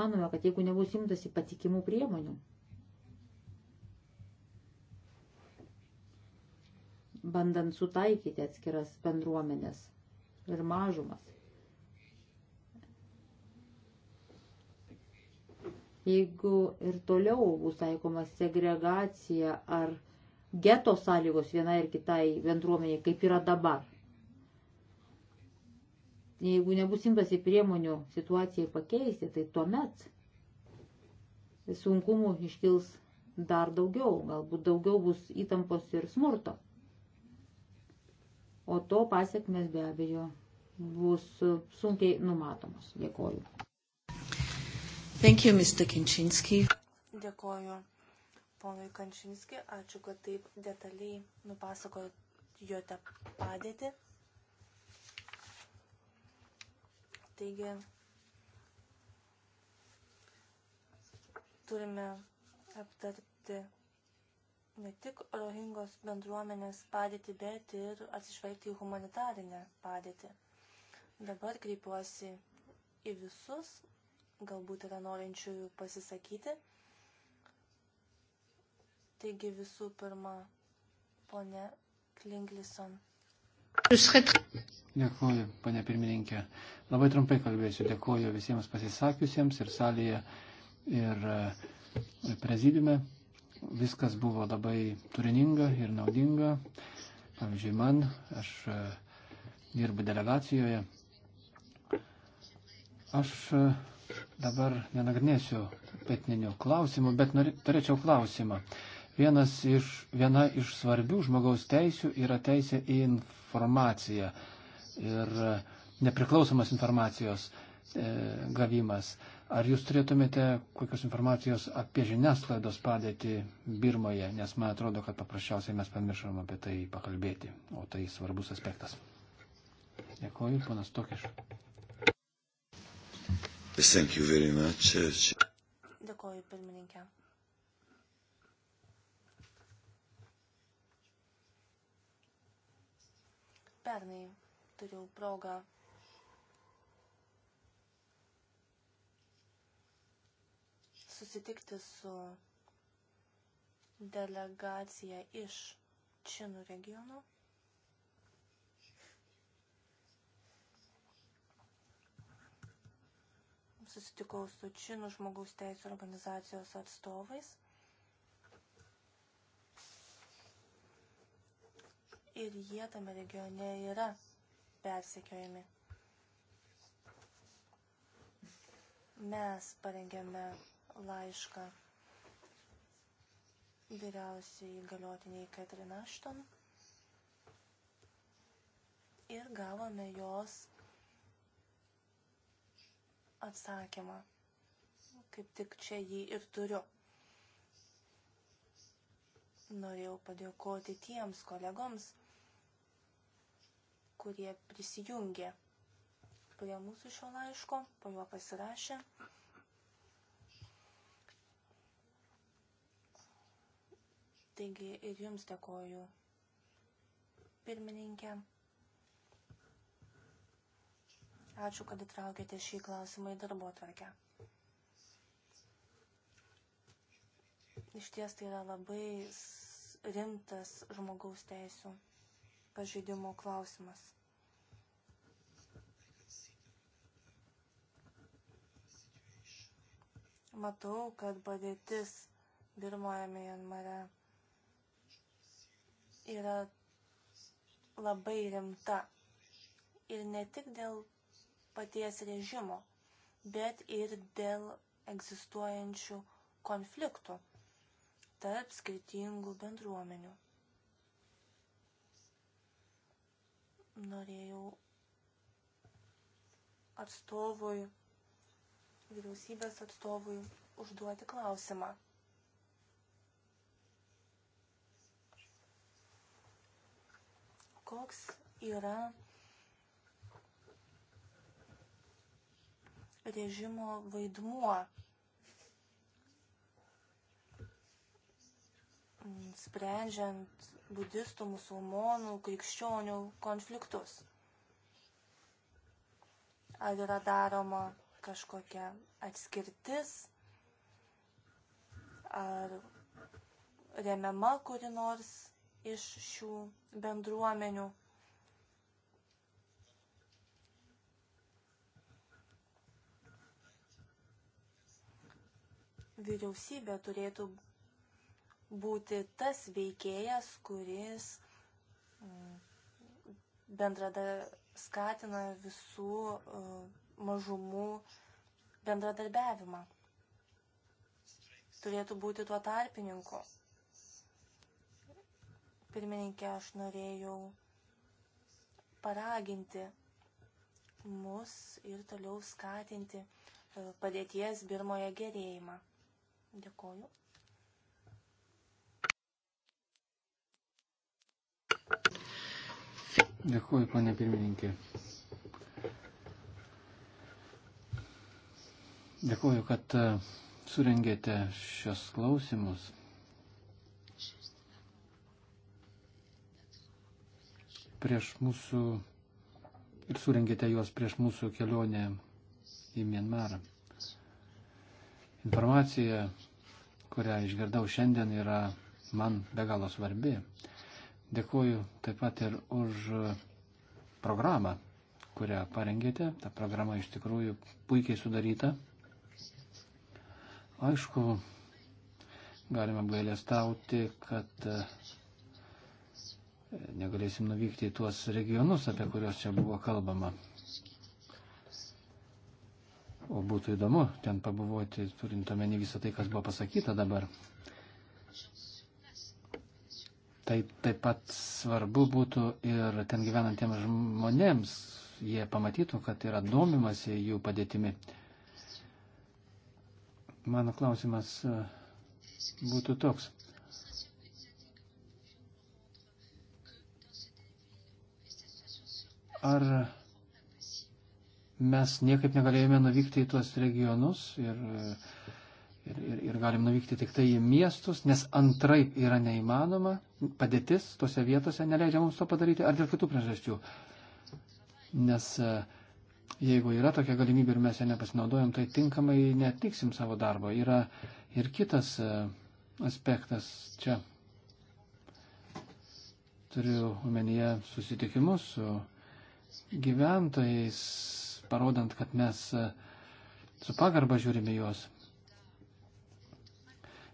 manome, kad jeigu nebus imtasi patikimų priemonių, bandant sutaikyti atskiras bendruomenės ir mažumas. Jeigu ir toliau bus taikoma segregacija ar geto sąlygos vienai ir kitai bendruomeniai, kaip yra dabar, jeigu nebus imtasi priemonių situacijai pakeisti, tai tuomet sunkumų iškils dar daugiau, galbūt daugiau bus įtampos ir smurto o to pasiekmes be abejo bus sunkiai numatomos. Dėkoju. Thank you, Mr. Kinčinski. Dėkoju, ponui Kančinski. Ačiū, kad taip detaliai nupasakojote padėtį. Taigi, turime aptarti ne tik rohingos bendruomenės padėtį, bet ir atsižvelgti į humanitarinę padėtį. Dabar kreipiuosi į visus, galbūt yra norinčiųjų pasisakyti. Taigi visų pirma, ponė Klinglison. Dėkuoju, ponė pirmininkė. Labai trumpai kalbėsiu. Dėkuoju visiems pasisakiusiems ir salėje, ir e, prezidiume. Viskas buvo labai turininga ir naudinga. Pavyzdžiui, man, aš e, dirbu delegacijoje. Aš e, dabar nenagrinėsiu petninių klausimų, bet turėčiau klausimą. Vienas iš, viena iš svarbių žmogaus teisių yra teisė į informaciją ir e, nepriklausomas informacijos e, gavimas. E, Ar jūs turėtumėte kokios informacijos apie žiniasklaidos padėtį Birmoje, nes man atrodo, kad paprasčiausiai mes pamiršom apie tai pakalbėti, o tai svarbus aspektas. Dėkuoju, ponas Tokiš. Uh, Dėkuoju, pirmininkė. Pernai turėjau progą susitikti su delegacija iš Činų regiono. Susitikau su Činų žmogaus teisų organizacijos atstovais. ir jie tame regione yra persekiojami. Mes parengėme laišką vyriausiai galiotiniai Katrin Ashton ir gavome jos atsakymą. Kaip tik čia jį ir turiu. Norėjau padėkoti tiems kolegoms, kurie prisijungė prie mūsų šio laiško, po jo pasirašė. Taigi ir jums dėkoju, pirmininkė. Ačiū, kad įtraukėte šį klausimą į darbo tvarkę. Iš ties tai yra labai rimtas žmogaus teisų pažeidimo klausimas. Matau, kad padėtis Birmoje Mianmare yra labai rimta. Ir ne tik dėl paties režimo, bet ir dėl egzistuojančių konfliktų tarp skirtingų bendruomenių. Norėjau atstovui, vyriausybės atstovui užduoti klausimą. koks yra režimo vaidmuo sprendžiant budistų, musulmonų, krikščionių konfliktus. Ar yra daroma kažkokia atskirtis, ar remiama kuri nors iš šių bendruomenių. Vyriausybė turėtų būti tas veikėjas, kuris mm, bendrada skatina visų mm, mažumų bendradarbiavimą. Turėtų būti tuo tarpininku. Pirmininkė, aš norėjau paraginti mus ir toliau skatinti e, padėties Birmoje gerėjimą. Dėkoju. Dėkuoju, panė pirmininkė. Dėkuoju, kad e, surengėte šios klausimus. prieš mūsų ir surengėte juos prieš mūsų kelionę į Mienmarą. Informacija, kurią išgirdau šiandien, yra man be galo svarbi. Dėkuoju taip pat ir už programą, kurią parengėte. Ta programa iš tikrųjų puikiai sudaryta. Aišku, galima gailestauti, kad negalėsim nuvykti į tuos regionus, apie kuriuos čia buvo kalbama. O būtų įdomu ten pabuvoti, turint omeny visą tai, kas buvo pasakyta dabar. Tai taip pat svarbu būtų ir ten gyvenantiems žmonėms, jie pamatytų, kad yra domimasi jų padėtimi. Mano klausimas e, būtų toks. Ar mes niekaip negalėjome nuvykti į tuos regionus ir, ir, ir, ir galim nuvykti tik tai į miestus, nes antraip yra neįmanoma, padėtis tose vietose neleidžia mums to padaryti, ar dėl kitų priežasčių. Nes e, jeigu yra tokia galimybė ir mes ją nepasinaudojam, tai tinkamai netiksim savo darbo. Yra ir kitas e, aspektas čia. Turiu omenyje susitikimus su gyventojais, parodant, kad mes e, su pagarba žiūrime juos.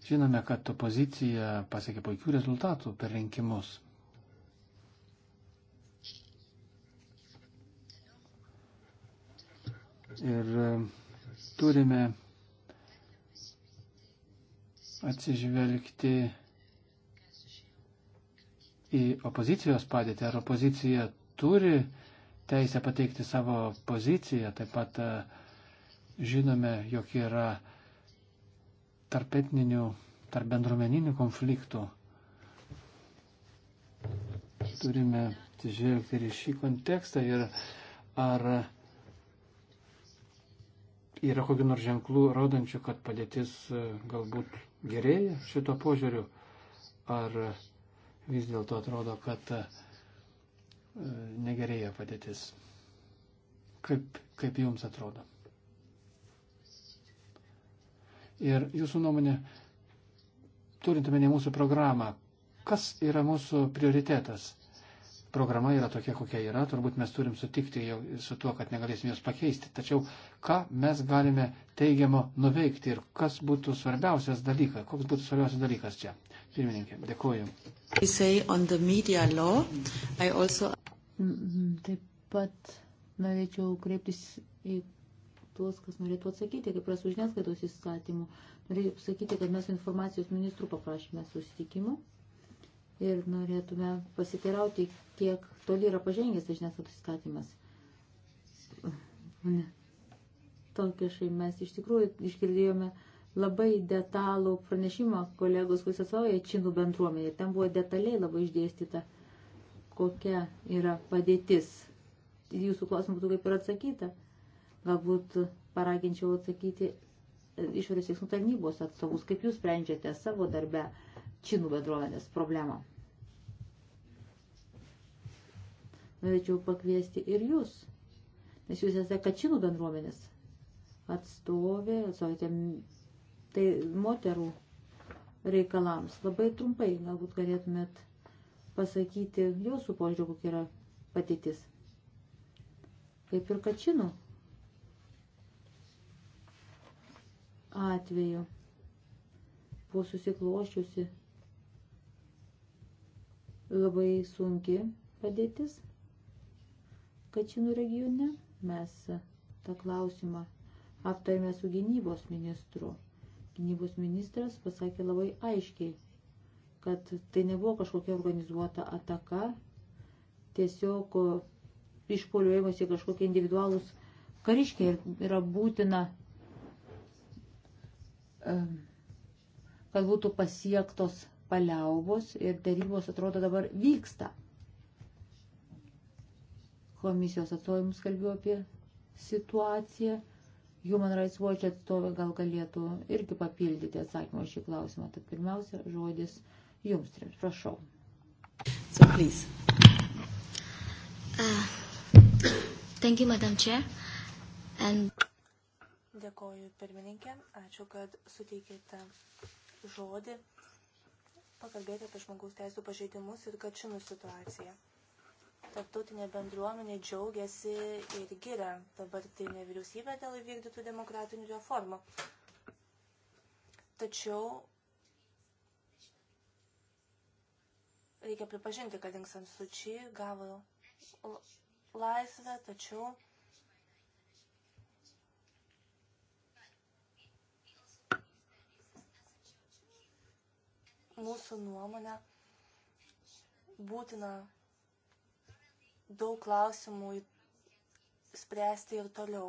Žinome, kad opozicija pasiekė puikių rezultatų per rinkimus. Ir e, turime atsižvelgti į opozicijos padėtį. Ar opozicija turi uh, teisę pateikti savo poziciją. Taip pat e, žinome, jog yra tarp etninių, tarp bendruomeninių konfliktų. Turime atsižvelgti ir į šį kontekstą ir ar yra kokių nors ženklų rodančių, kad padėtis e, galbūt gerėja šito požiūriu, ar vis dėlto atrodo, kad uh, negerėja padėtis. Kaip, kaip jums atrodo? Ir jūsų nuomonė, turintume ne mūsų programą, kas yra mūsų prioritetas? Programa yra tokia, kokia yra, turbūt mes turim sutikti jau su tuo, kad negalėsim jos pakeisti. Tačiau ką mes galime teigiamo nuveikti ir kas būtų svarbiausias dalykas, koks būtų svarbiausias dalykas čia? Pirmininkė, dėkuoju. Also... Taip pat norėčiau kreiptis į tuos, kas norėtų atsakyti, kaip yra su žiniasklaidos įstatymu. Norėčiau pasakyti, kad mes informacijos ministrų paprašėme susitikimo ir norėtume pasiteirauti, kiek toli yra pažengęs tai žiniasklaidos įstatymas. Tokiašai mes iš tikrųjų išgirdėjome labai detalų pranešimą kolegos, kuris atsovauja Činų bendruomenė. Ten buvo detaliai labai išdėstyta kokia yra padėtis. Jūsų klausimų būtų kaip ir atsakyta. Galbūt paraginčiau atsakyti išorės veiksmų tarnybos atstovus, kaip jūs sprendžiate savo darbę činų bendruomenės problemą. Norėčiau pakviesti ir jūs, nes jūs esate kačinų bendruomenės atstovė, atstovėte tai moterų reikalams. Labai trumpai galbūt galėtumėt pasakyti jūsų požiūrį, kokia yra patytis. Kaip ir kačinų atveju buvo susikloščiusi labai sunki padėtis kačinų regione. Mes tą klausimą aptarėme su gynybos ministru. Gynybos ministras pasakė labai aiškiai, kad tai nebuvo kažkokia organizuota ataka, tiesiog išpoliuojamasi kažkokie individualūs kariškiai ir yra būtina, kad būtų pasiektos paliaubos ir darybos atrodo dabar vyksta. Komisijos atstovai mums kalbėjo apie situaciją. Human Rights Watch atstovai gal galėtų irgi papildyti atsakymą šį klausimą. Tad pirmiausia, žodis Jungström, prašau. So please. Uh, thank you, Madam Chair. And... Dėkoju pirmininkė, ačiū, kad suteikėte žodį pakalbėti apie žmogaus teisų pažeidimus ir kačinų situaciją. Tarptautinė bendruomenė džiaugiasi ir giria dabartinę vyriausybę dėl įvykdytų demokratinių reformų. Tačiau reikia pripažinti, kad Deng San Suu Kyi gavo laisvę, tačiau mūsų nuomonę būtina daug klausimų spręsti ir toliau.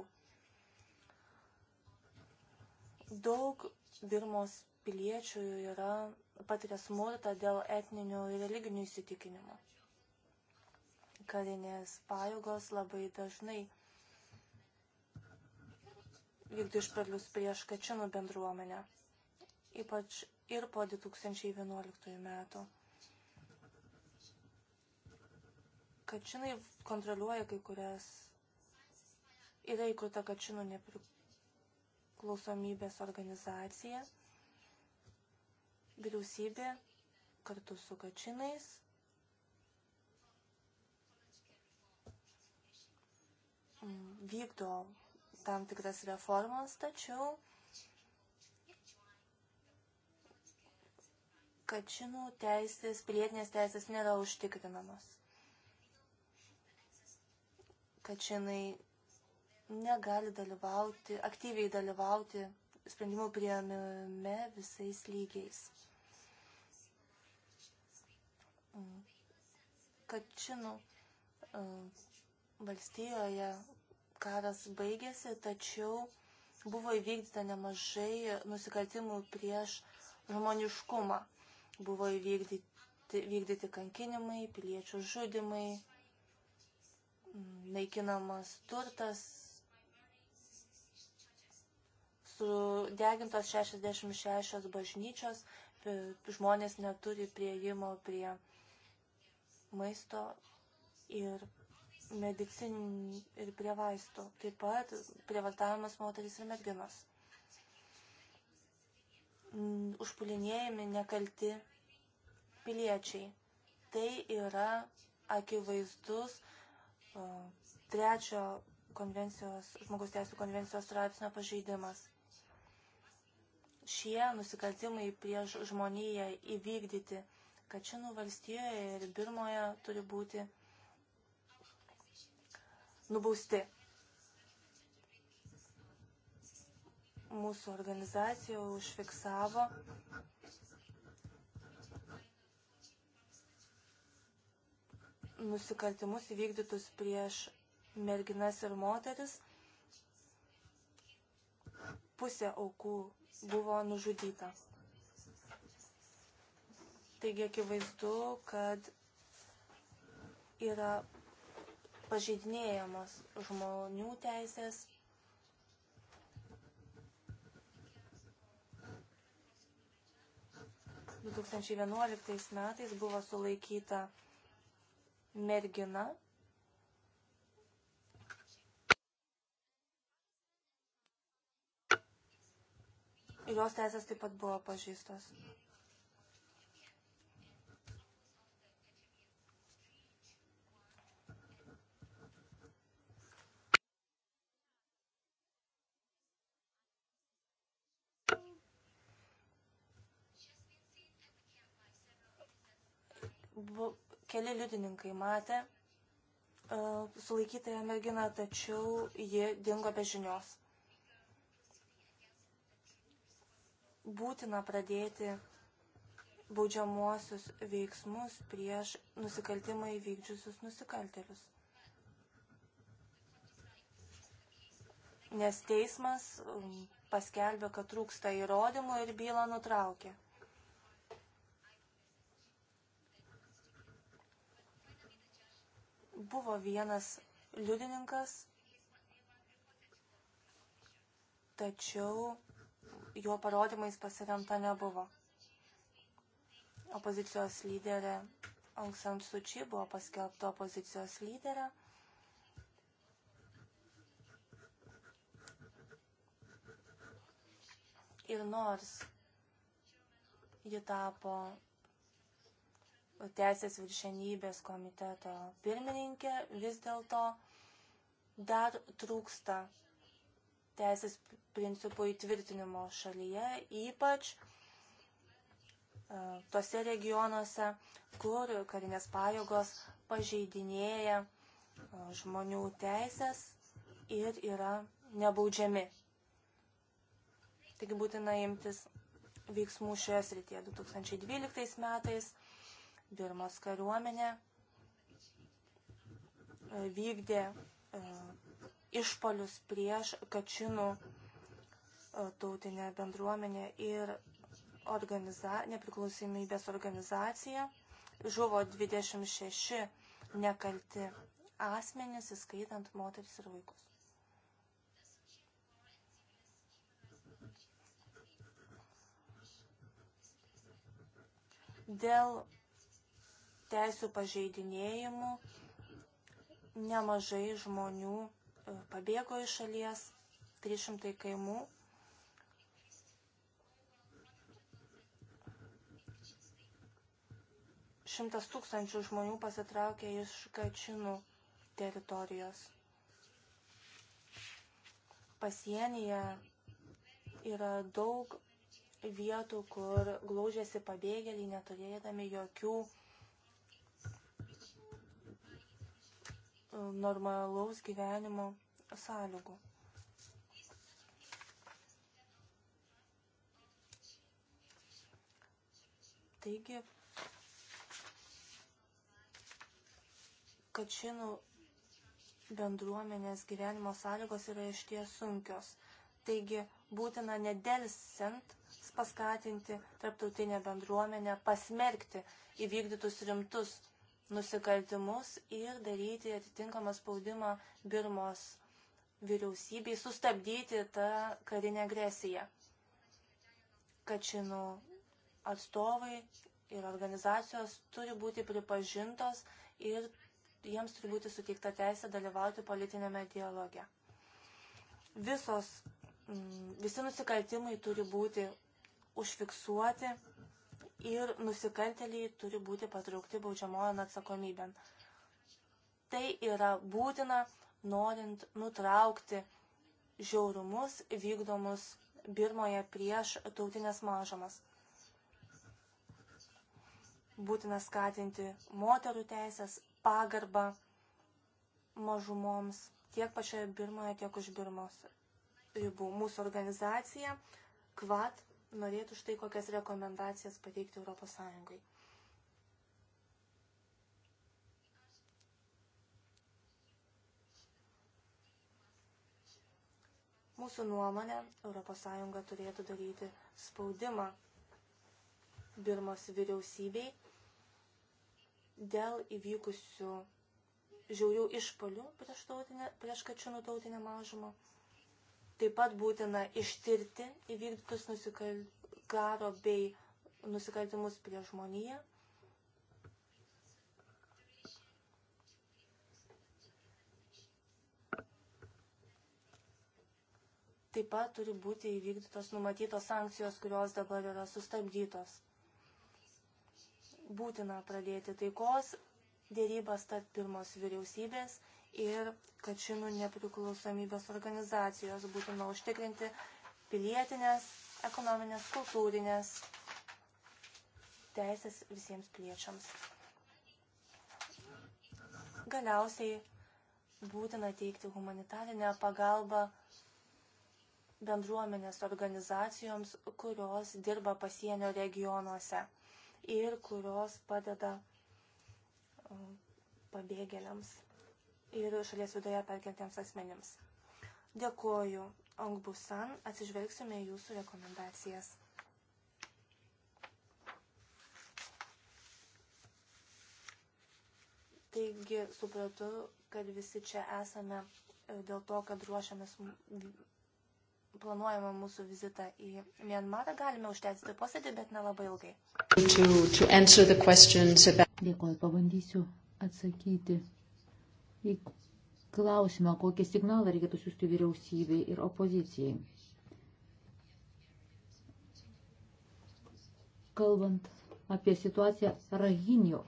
Daug Birmos piliečių yra patiria smurtą dėl etninių ir religinių įsitikinimų. Karinės pajėgos labai dažnai vykdo išperlius prieš kačinų bendruomenę, ypač ir po 2011 metų. Kačinai kontroliuoja kai kurias, yra įkurta Kačinų nepriklausomybės organizacija – Vyriausybė kartu su kačinais vykdo tam tikras reformas, tačiau kačinų teisės, pilietinės teisės nėra užtikrinamos. Kačinai negali dalyvauti, aktyviai dalyvauti sprendimų prieimime visais lygiais. Kačinų e, valstijoje karas baigėsi, tačiau buvo įvykdyta nemažai nusikaltimų prieš žmoniškumą. Buvo įvykdyti vykdyti kankinimai, piliečių žudimai, naikinamas turtas, sudegintos 66 bažnyčios, žmonės neturi prieimo prie maisto ir medicininių ir prie vaistų, taip pat prievartavimas moteris ir merginos. Mm, užpulinėjami nekalti piliečiai. Tai yra akivaizdus trečio konvencijos, žmogus teisų konvencijos straipsnio pažeidimas. Šie nusikaltimai prieš žmoniją įvykdyti Kačinų valstijoje ir Birmoje turi būti nubausti. Mūsų organizacija užfiksavo nusikaltimus įvykdytus prieš merginas ir moteris. Pusė aukų buvo nužudyta. Taigi akivaizdu, kad yra pažeidinėjamos žmonių teisės. Du 2011 metais buvo sulaikyta mergina, ir jos teisės taip pat buvo pažįstos. keli liudininkai matė uh, sulaikytąją merginą, tačiau ji dingo be žinios. Būtina pradėti baudžiamuosius veiksmus prieš nusikaltimą įvykdžiusius nusikaltelius. Nes teismas um, paskelbė, kad trūksta įrodymų ir bylą nutraukė. Buvo vienas liudininkas, tačiau jo parodymais pasiremta nebuvo. Opozicijos lyderė Aung San Suu Kyi buvo paskelbta opozicijos lyderė. Ir nors ji tapo Teisės viršenybės komiteto pirmininkė, vis dėlto dar trūksta teisės principų įtvirtinimo šalyje, ypač e, tose regionuose, kur karinės pajėgos pažeidinėja e, žmonių teisės ir yra nebaudžiami. Taigi būtina imtis veiksmų šioje srityje 2012 metais Birmos kariuomenė e, vykdė e, išpolius prieš kačinų e, tautinę bendruomenę ir organiza nepriklausomybės organizaciją. Žuvo 26 nekalti asmenys, įskaitant moteris ir vaikus. Dėl teisų pažeidinėjimų. Nemažai žmonių e, pabėgo iš šalies, 300 kaimų. Šimtas tūkstančių žmonių pasitraukė iš Kačinų teritorijos. Pasienyje yra daug vietų, kur glaužėsi pabėgėliai, neturėdami jokių normalaus gyvenimo sąlygų. Taigi, kačinų bendruomenės gyvenimo sąlygos yra iš ties sunkios. Taigi, būtina nedelsiant paskatinti tarptautinę bendruomenę pasmerkti įvykdytus rimtus nusikaltimus ir daryti atitinkamą spaudimą Birmos vyriausybei, sustabdyti tą karinę agresiją. Kačinų atstovai ir organizacijos turi būti pripažintos ir jiems turi būti suteikta teisė dalyvauti politinėme dialoge. Visos, mm, visi nusikaltimai turi būti užfiksuoti ir nusikalteliai turi būti patraukti baudžiamojon atsakomybėn. Tai yra būtina, norint nutraukti žiaurumus vykdomus Birmoje prieš tautinės mažamas. Būtina skatinti moterų teisės, pagarbą mažumoms tiek pačioje Birmoje, tiek už Birmos ribų. Mūsų organizacija KVAT norėtų štai kokias rekomendacijas pateikti Europos Sąjungai. Mūsų nuomonė, ES turėtų daryti spaudimą Birmos vyriausybei dėl įvykusių žiaurių išpolių prieš, tautinę, prieš kačinų tautinę mažumą. Taip pat būtina ištirti įvykdytus nusikal... karo bei nusikaltimus prie žmoniją. Taip pat turi būti įvykdytos numatytos sankcijos, kurios dabar yra sustabdytos. Būtina pradėti taikos dėrybas tarp pirmos vyriausybės ir kad šinų nu, nepriklausomybės organizacijos būtina užtikrinti pilietinės, ekonominės, kultūrinės teisės visiems piliečiams. Galiausiai būtina teikti humanitarinę pagalbą bendruomenės organizacijoms, kurios dirba pasienio regionuose ir kurios padeda um, pabėgėliams ir šalies viduje perkeltiems asmenims. Dėkoju, Ongbusan, atsižvelgsime jūsų rekomendacijas. Taigi supratau, kad visi čia esame e, dėl to, kad ruošiamės planuojamą mūsų vizitą į Mianmarą, galime užtęsti posėdį, bet nelabai ilgai. To, to about... Dėkuoju, pabandysiu atsakyti į klausimą, kokį signalą reikėtų siūsti vyriausybei ir opozicijai. Kalbant apie situaciją Rahinio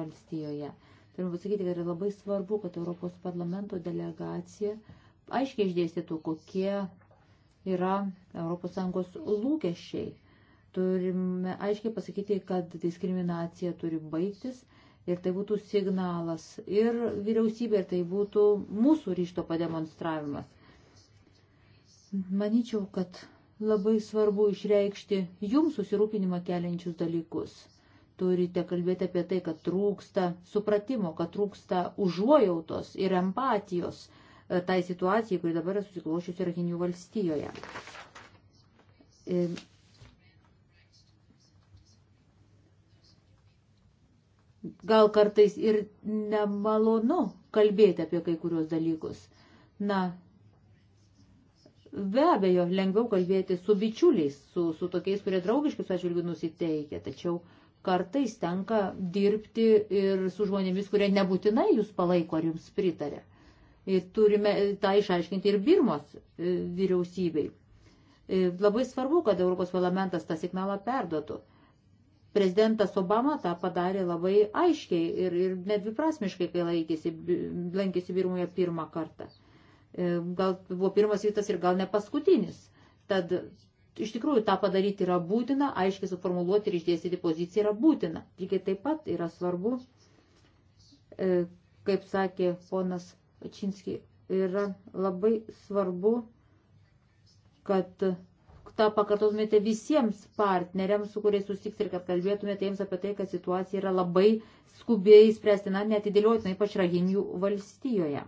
valstijoje, turime pasakyti, kad yra labai svarbu, kad Europos parlamento delegacija aiškiai išdėstytų, kokie yra ES lūkesčiai. Turime aiškiai pasakyti, kad diskriminacija turi baigtis ir tai būtų signalas ir vyriausybė, ir tai būtų mūsų ryšto pademonstravimas. Manyčiau, kad labai svarbu išreikšti jums susirūpinimą keliančius dalykus. Turite kalbėti apie tai, kad trūksta supratimo, kad trūksta užuojautos ir empatijos e, tai situacijai, kuri dabar yra susiklošiusi Arginių valstijoje. E, gal kartais ir nemalonu kalbėti apie kai kurios dalykus. Na, be abejo, lengviau kalbėti su bičiuliais, su, su tokiais, kurie draugiškius atžvilgių nusiteikia, tačiau kartais tenka dirbti ir su žmonėmis, kurie nebūtinai jūs palaiko ar jums pritarė. Ir turime tą išaiškinti ir Birmos e, vyriausybei. E, labai svarbu, kad Europos parlamentas tą signalą perduotų. Prezidentas Obama tą padarė labai aiškiai ir, ir nedviprasmiškai, kai laikėsi, lankėsi Birmoje pirmą kartą. E, gal buvo pirmas rytas ir gal ne paskutinis. Tad iš tikrųjų tą padaryti yra būtina, aiškiai suformuluoti ir išdėstyti poziciją yra būtina. Lygiai taip pat yra svarbu, e, kaip sakė ponas Činski, yra labai svarbu, kad tą pakartotumėte visiems partneriams, su kuriais sustiks ir kad kalbėtumėte jiems apie tai, kad situacija yra labai skubiai spręstina, netidėliotina, ypač Rahinijų valstijoje.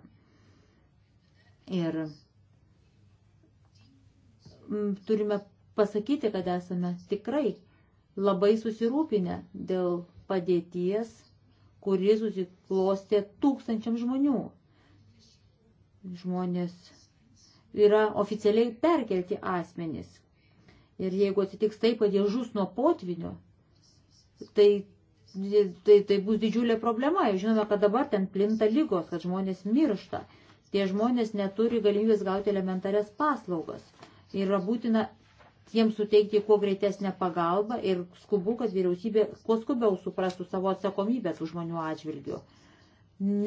Ir mm, turime pasakyti, kad esame tikrai labai susirūpinę dėl padėties, kuri susiklostė tūkstančiam žmonių. Žmonės yra oficialiai perkelti asmenys, Ir jeigu atsitiks taip, kad jie žus nuo potvinio, tai, tai, tai bus didžiulė problema. Ir žinome, kad dabar ten plinta lygos, kad žmonės miršta. Tie žmonės neturi galimybės gauti elementarias paslaugas. Yra būtina jiems suteikti kuo greitesnę pagalbą ir skubu, kad vyriausybė kuo skubiau suprastų savo atsakomybę tų žmonių atžvilgių.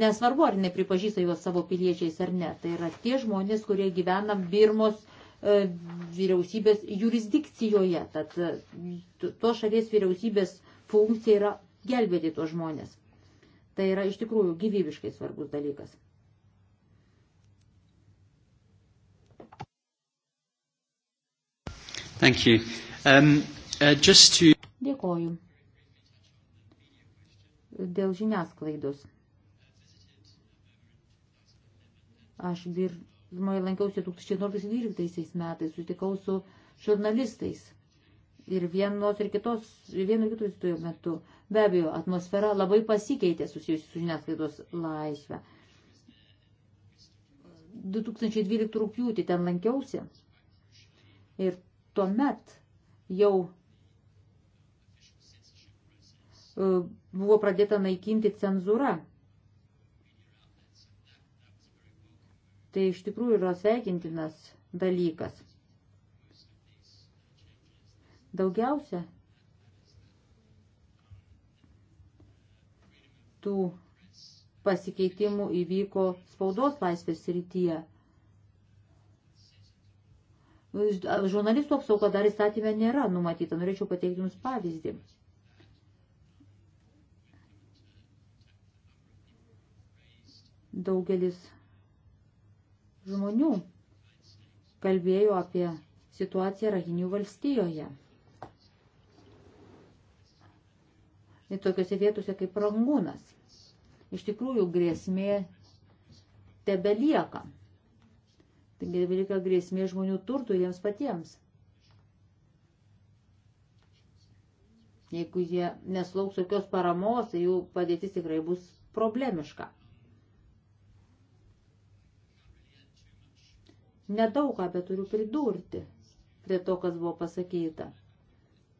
Nesvarbu, ar nepripažįsta juos savo piliečiais ar ne. Tai yra tie žmonės, kurie gyvena Birmos E, vyriausybės jurisdikcijoje. Tad e, to šalies vyriausybės funkcija yra gelbėti tuos žmonės. Tai yra iš tikrųjų gyvybiškai svarbus dalykas. Thank you. Um, uh, just to... Dėkoju. Dėl žiniasklaidos. Aš dir, lankiausi 2011-2012 metais, sutikau su žurnalistais ir vienos ir kitos, vieno ir kitų studijų metu. Be abejo, atmosfera labai pasikeitė susijusi su žiniasklaidos laisvė. 2012 rūpjūtį ten lankiausi ir tuomet jau e, buvo pradėta naikinti cenzūra Tai iš tikrųjų yra sveikintinas dalykas. Daugiausia tų pasikeitimų įvyko spaudos laisvės srityje. Žurnalistų apsauga dar įstatymė nėra numatyta. Norėčiau pateikti Jums pavyzdį. Daugelis žmonių kalbėjo apie situaciją Rahinių valstijoje. Ir tokiuose vietose kaip Rangūnas. Iš tikrųjų grėsmė tebelieka. Taigi lieka grėsmė žmonių turtų jiems patiems. Jeigu jie neslauks jokios paramos, tai jų padėtis tikrai bus problemiška. Nedaug ką beturiu pridurti prie to, kas buvo pasakyta,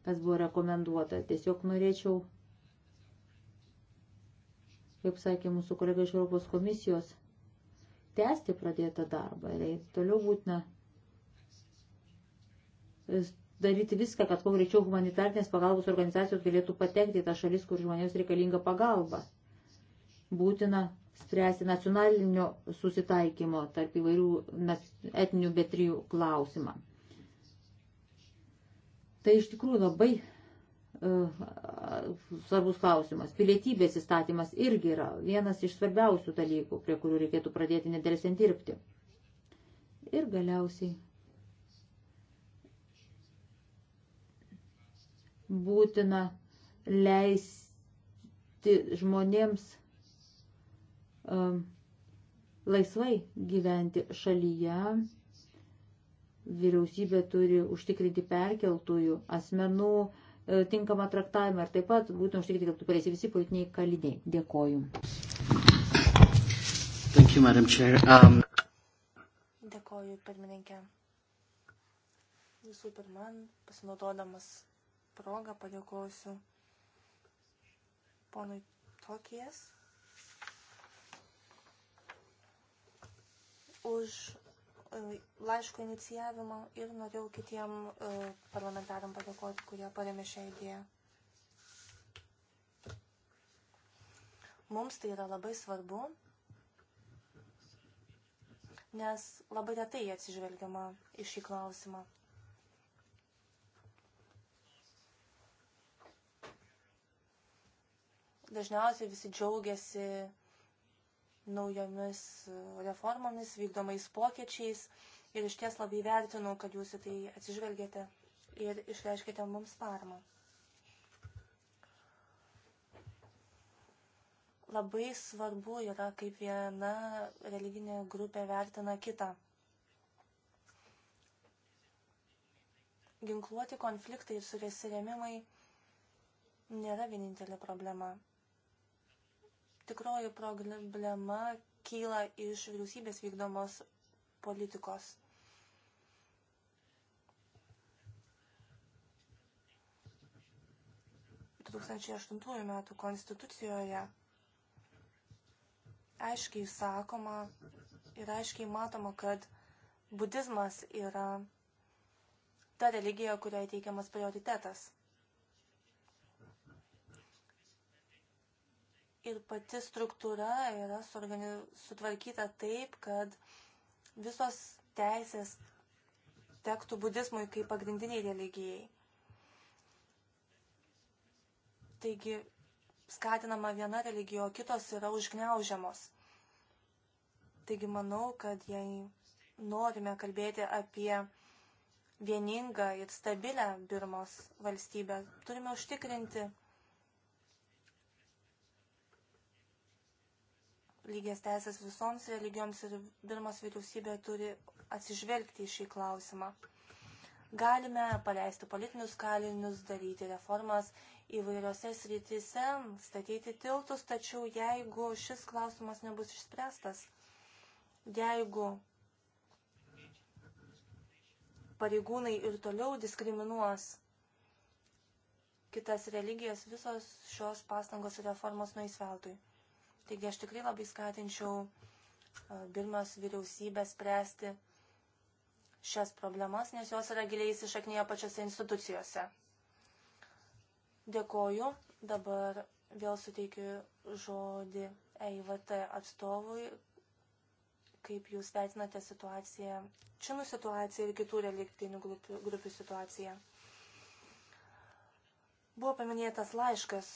kas buvo rekomenduota. Tiesiog norėčiau, kaip sakė mūsų kolega iš Europos komisijos, tęsti pradėtą darbą ir toliau būtina daryti viską, kad kuo greičiau humanitarnės pagalbos organizacijos galėtų patekti į tą šalis, kur žmonėms reikalinga pagalba. Būtina spręsti nacionalinio susitaikymo tarp įvairių etinių betrijų klausimą. Tai iš tikrųjų labai e, svarbus klausimas. Pilietybės įstatymas irgi yra vienas iš svarbiausių dalykų, prie kurių reikėtų pradėti nedėlsiant dirbti. Ir galiausiai būtina leisti žmonėms Um, laisvai gyventi šalyje. Vyriausybė turi užtikrinti perkeltųjų asmenų e, tinkamą traktavimą ir taip pat būtent užtikrinti, kad turėsi visi politiniai kaliniai. Dėkoju. Thank you, Madam Chair. Um... Dėkoju, pirmininkė. Visų pirma, pasinaudodamas progą padėkosiu ponui Tokijas už e, laiško inicijavimą ir norėjau kitiem e, parlamentaram padėkoti, kurie paremė šią idėją. Mums tai yra labai svarbu, nes labai retai atsižvelgiama į šį klausimą. Dažniausiai visi džiaugiasi naujomis e, reformomis, vykdomais pokėčiais ir iš ties labai vertinu, kad jūs į tai atsižvelgėte ir išreiškite mums paramą. Labai svarbu yra, kaip viena religinė grupė vertina kitą. Ginkluoti konfliktai ir surėsirėmimai nėra vienintelė problema tikroji problema kyla iš vyriausybės vykdomos politikos. Ir 2008 metų konstitucijoje aiškiai sakoma ir aiškiai matoma, kad budizmas yra ta religija, kuriai teikiamas prioritetas. ir pati struktūra yra sutvarkyta taip, kad visos teisės tektų budizmui kaip pagrindiniai religijai. Taigi skatinama viena religija, o kitos yra užgneužiamos. Taigi manau, kad jei norime kalbėti apie vieningą ir stabilę Birmos valstybę, turime užtikrinti lygias teisės visoms religijoms ir Birmos vyriausybė turi atsižvelgti į šį klausimą. Galime paleisti politinius kalinius, daryti reformas įvairiose srityse, statyti tiltus, tačiau jeigu šis klausimas nebus išspręstas, jeigu pareigūnai ir toliau diskriminuos kitas religijas, visos šios pastangos ir reformos nueis veltui. Taigi aš tikrai labai skatinčiau Birmos vyriausybę spręsti šias problemas, nes jos yra giliai įsišaknyje pačiose institucijose. Dėkoju. Dabar vėl suteikiu žodį EIVT atstovui, kaip jūs vertinate situaciją, činų situaciją ir kitų reliktinių grupių, grupių situaciją. Buvo paminėtas laiškas,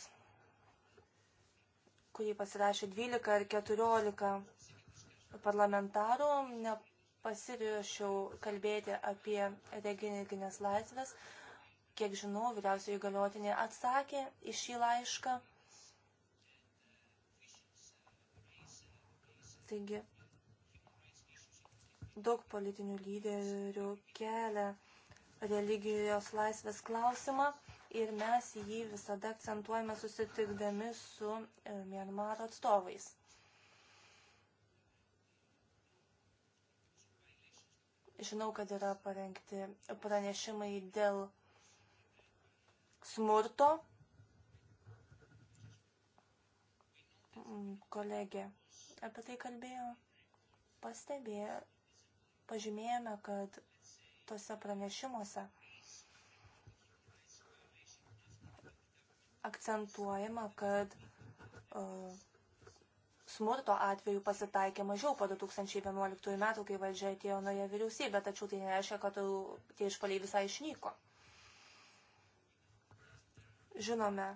kurį pasirašė 12 ar 14 parlamentarų, nepasirišiau kalbėti apie religinės laisvės. Kiek žinau, vyriausiai įgaliotinė atsakė į šį laišką. Taigi, daug politinių lyderių kelia religijos laisvės klausimą ir mes jį visada akcentuojame susitikdami su e, Mianmaro atstovais. Žinau, kad yra parengti pranešimai dėl smurto. Kolegė apie tai kalbėjo. Pastebėjo, pažymėjome, kad tose pranešimuose akcentuojama, kad uh, smurto atveju pasitaikė mažiau po 2011 metų, kai valdžia atėjo nauja vyriausybė, tačiau tai nereiškia, kad tie išpaliai visai išnyko. Žinome,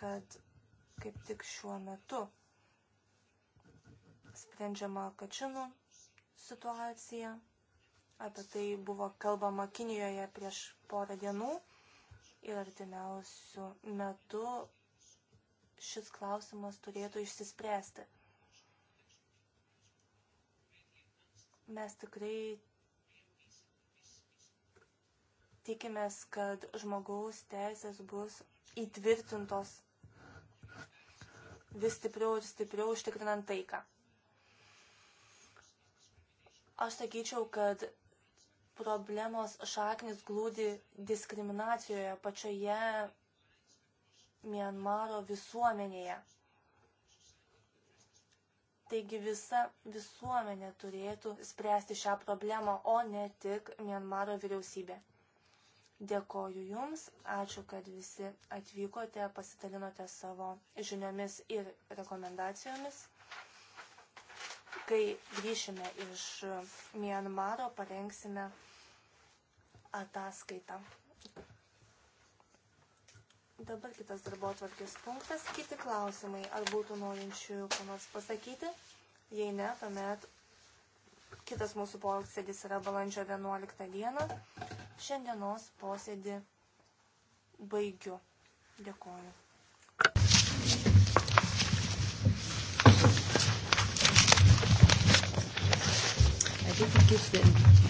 kad kaip tik šiuo metu sprendžiama kačinų situacija. Apie tai buvo kalbama Kinijoje prieš porą dienų ir artimiausių metų šis klausimas turėtų išsispręsti. Mes tikrai tikimės, kad žmogaus teisės bus įtvirtintos vis stipriau ir stipriau užtikrinant taiką. Aš sakyčiau, kad problemos šaknis glūdi diskriminacijoje pačioje Mianmaro visuomenėje. Taigi visa visuomenė turėtų spręsti šią problemą, o ne tik Mianmaro vyriausybė. Dėkoju Jums, ačiū, kad visi atvykote, pasidalinote savo žiniomis ir rekomendacijomis kai grįšime iš Mianmaro, parengsime ataskaitą. Dabar kitas darbo atvarkės punktas, kiti klausimai, ar būtų norinčių ką nors pasakyti. Jei ne, tuomet kitas mūsų posėdis yra balandžio 11 dieną. Šiandienos posėdį baigiu. Dėkuoju. if it gives them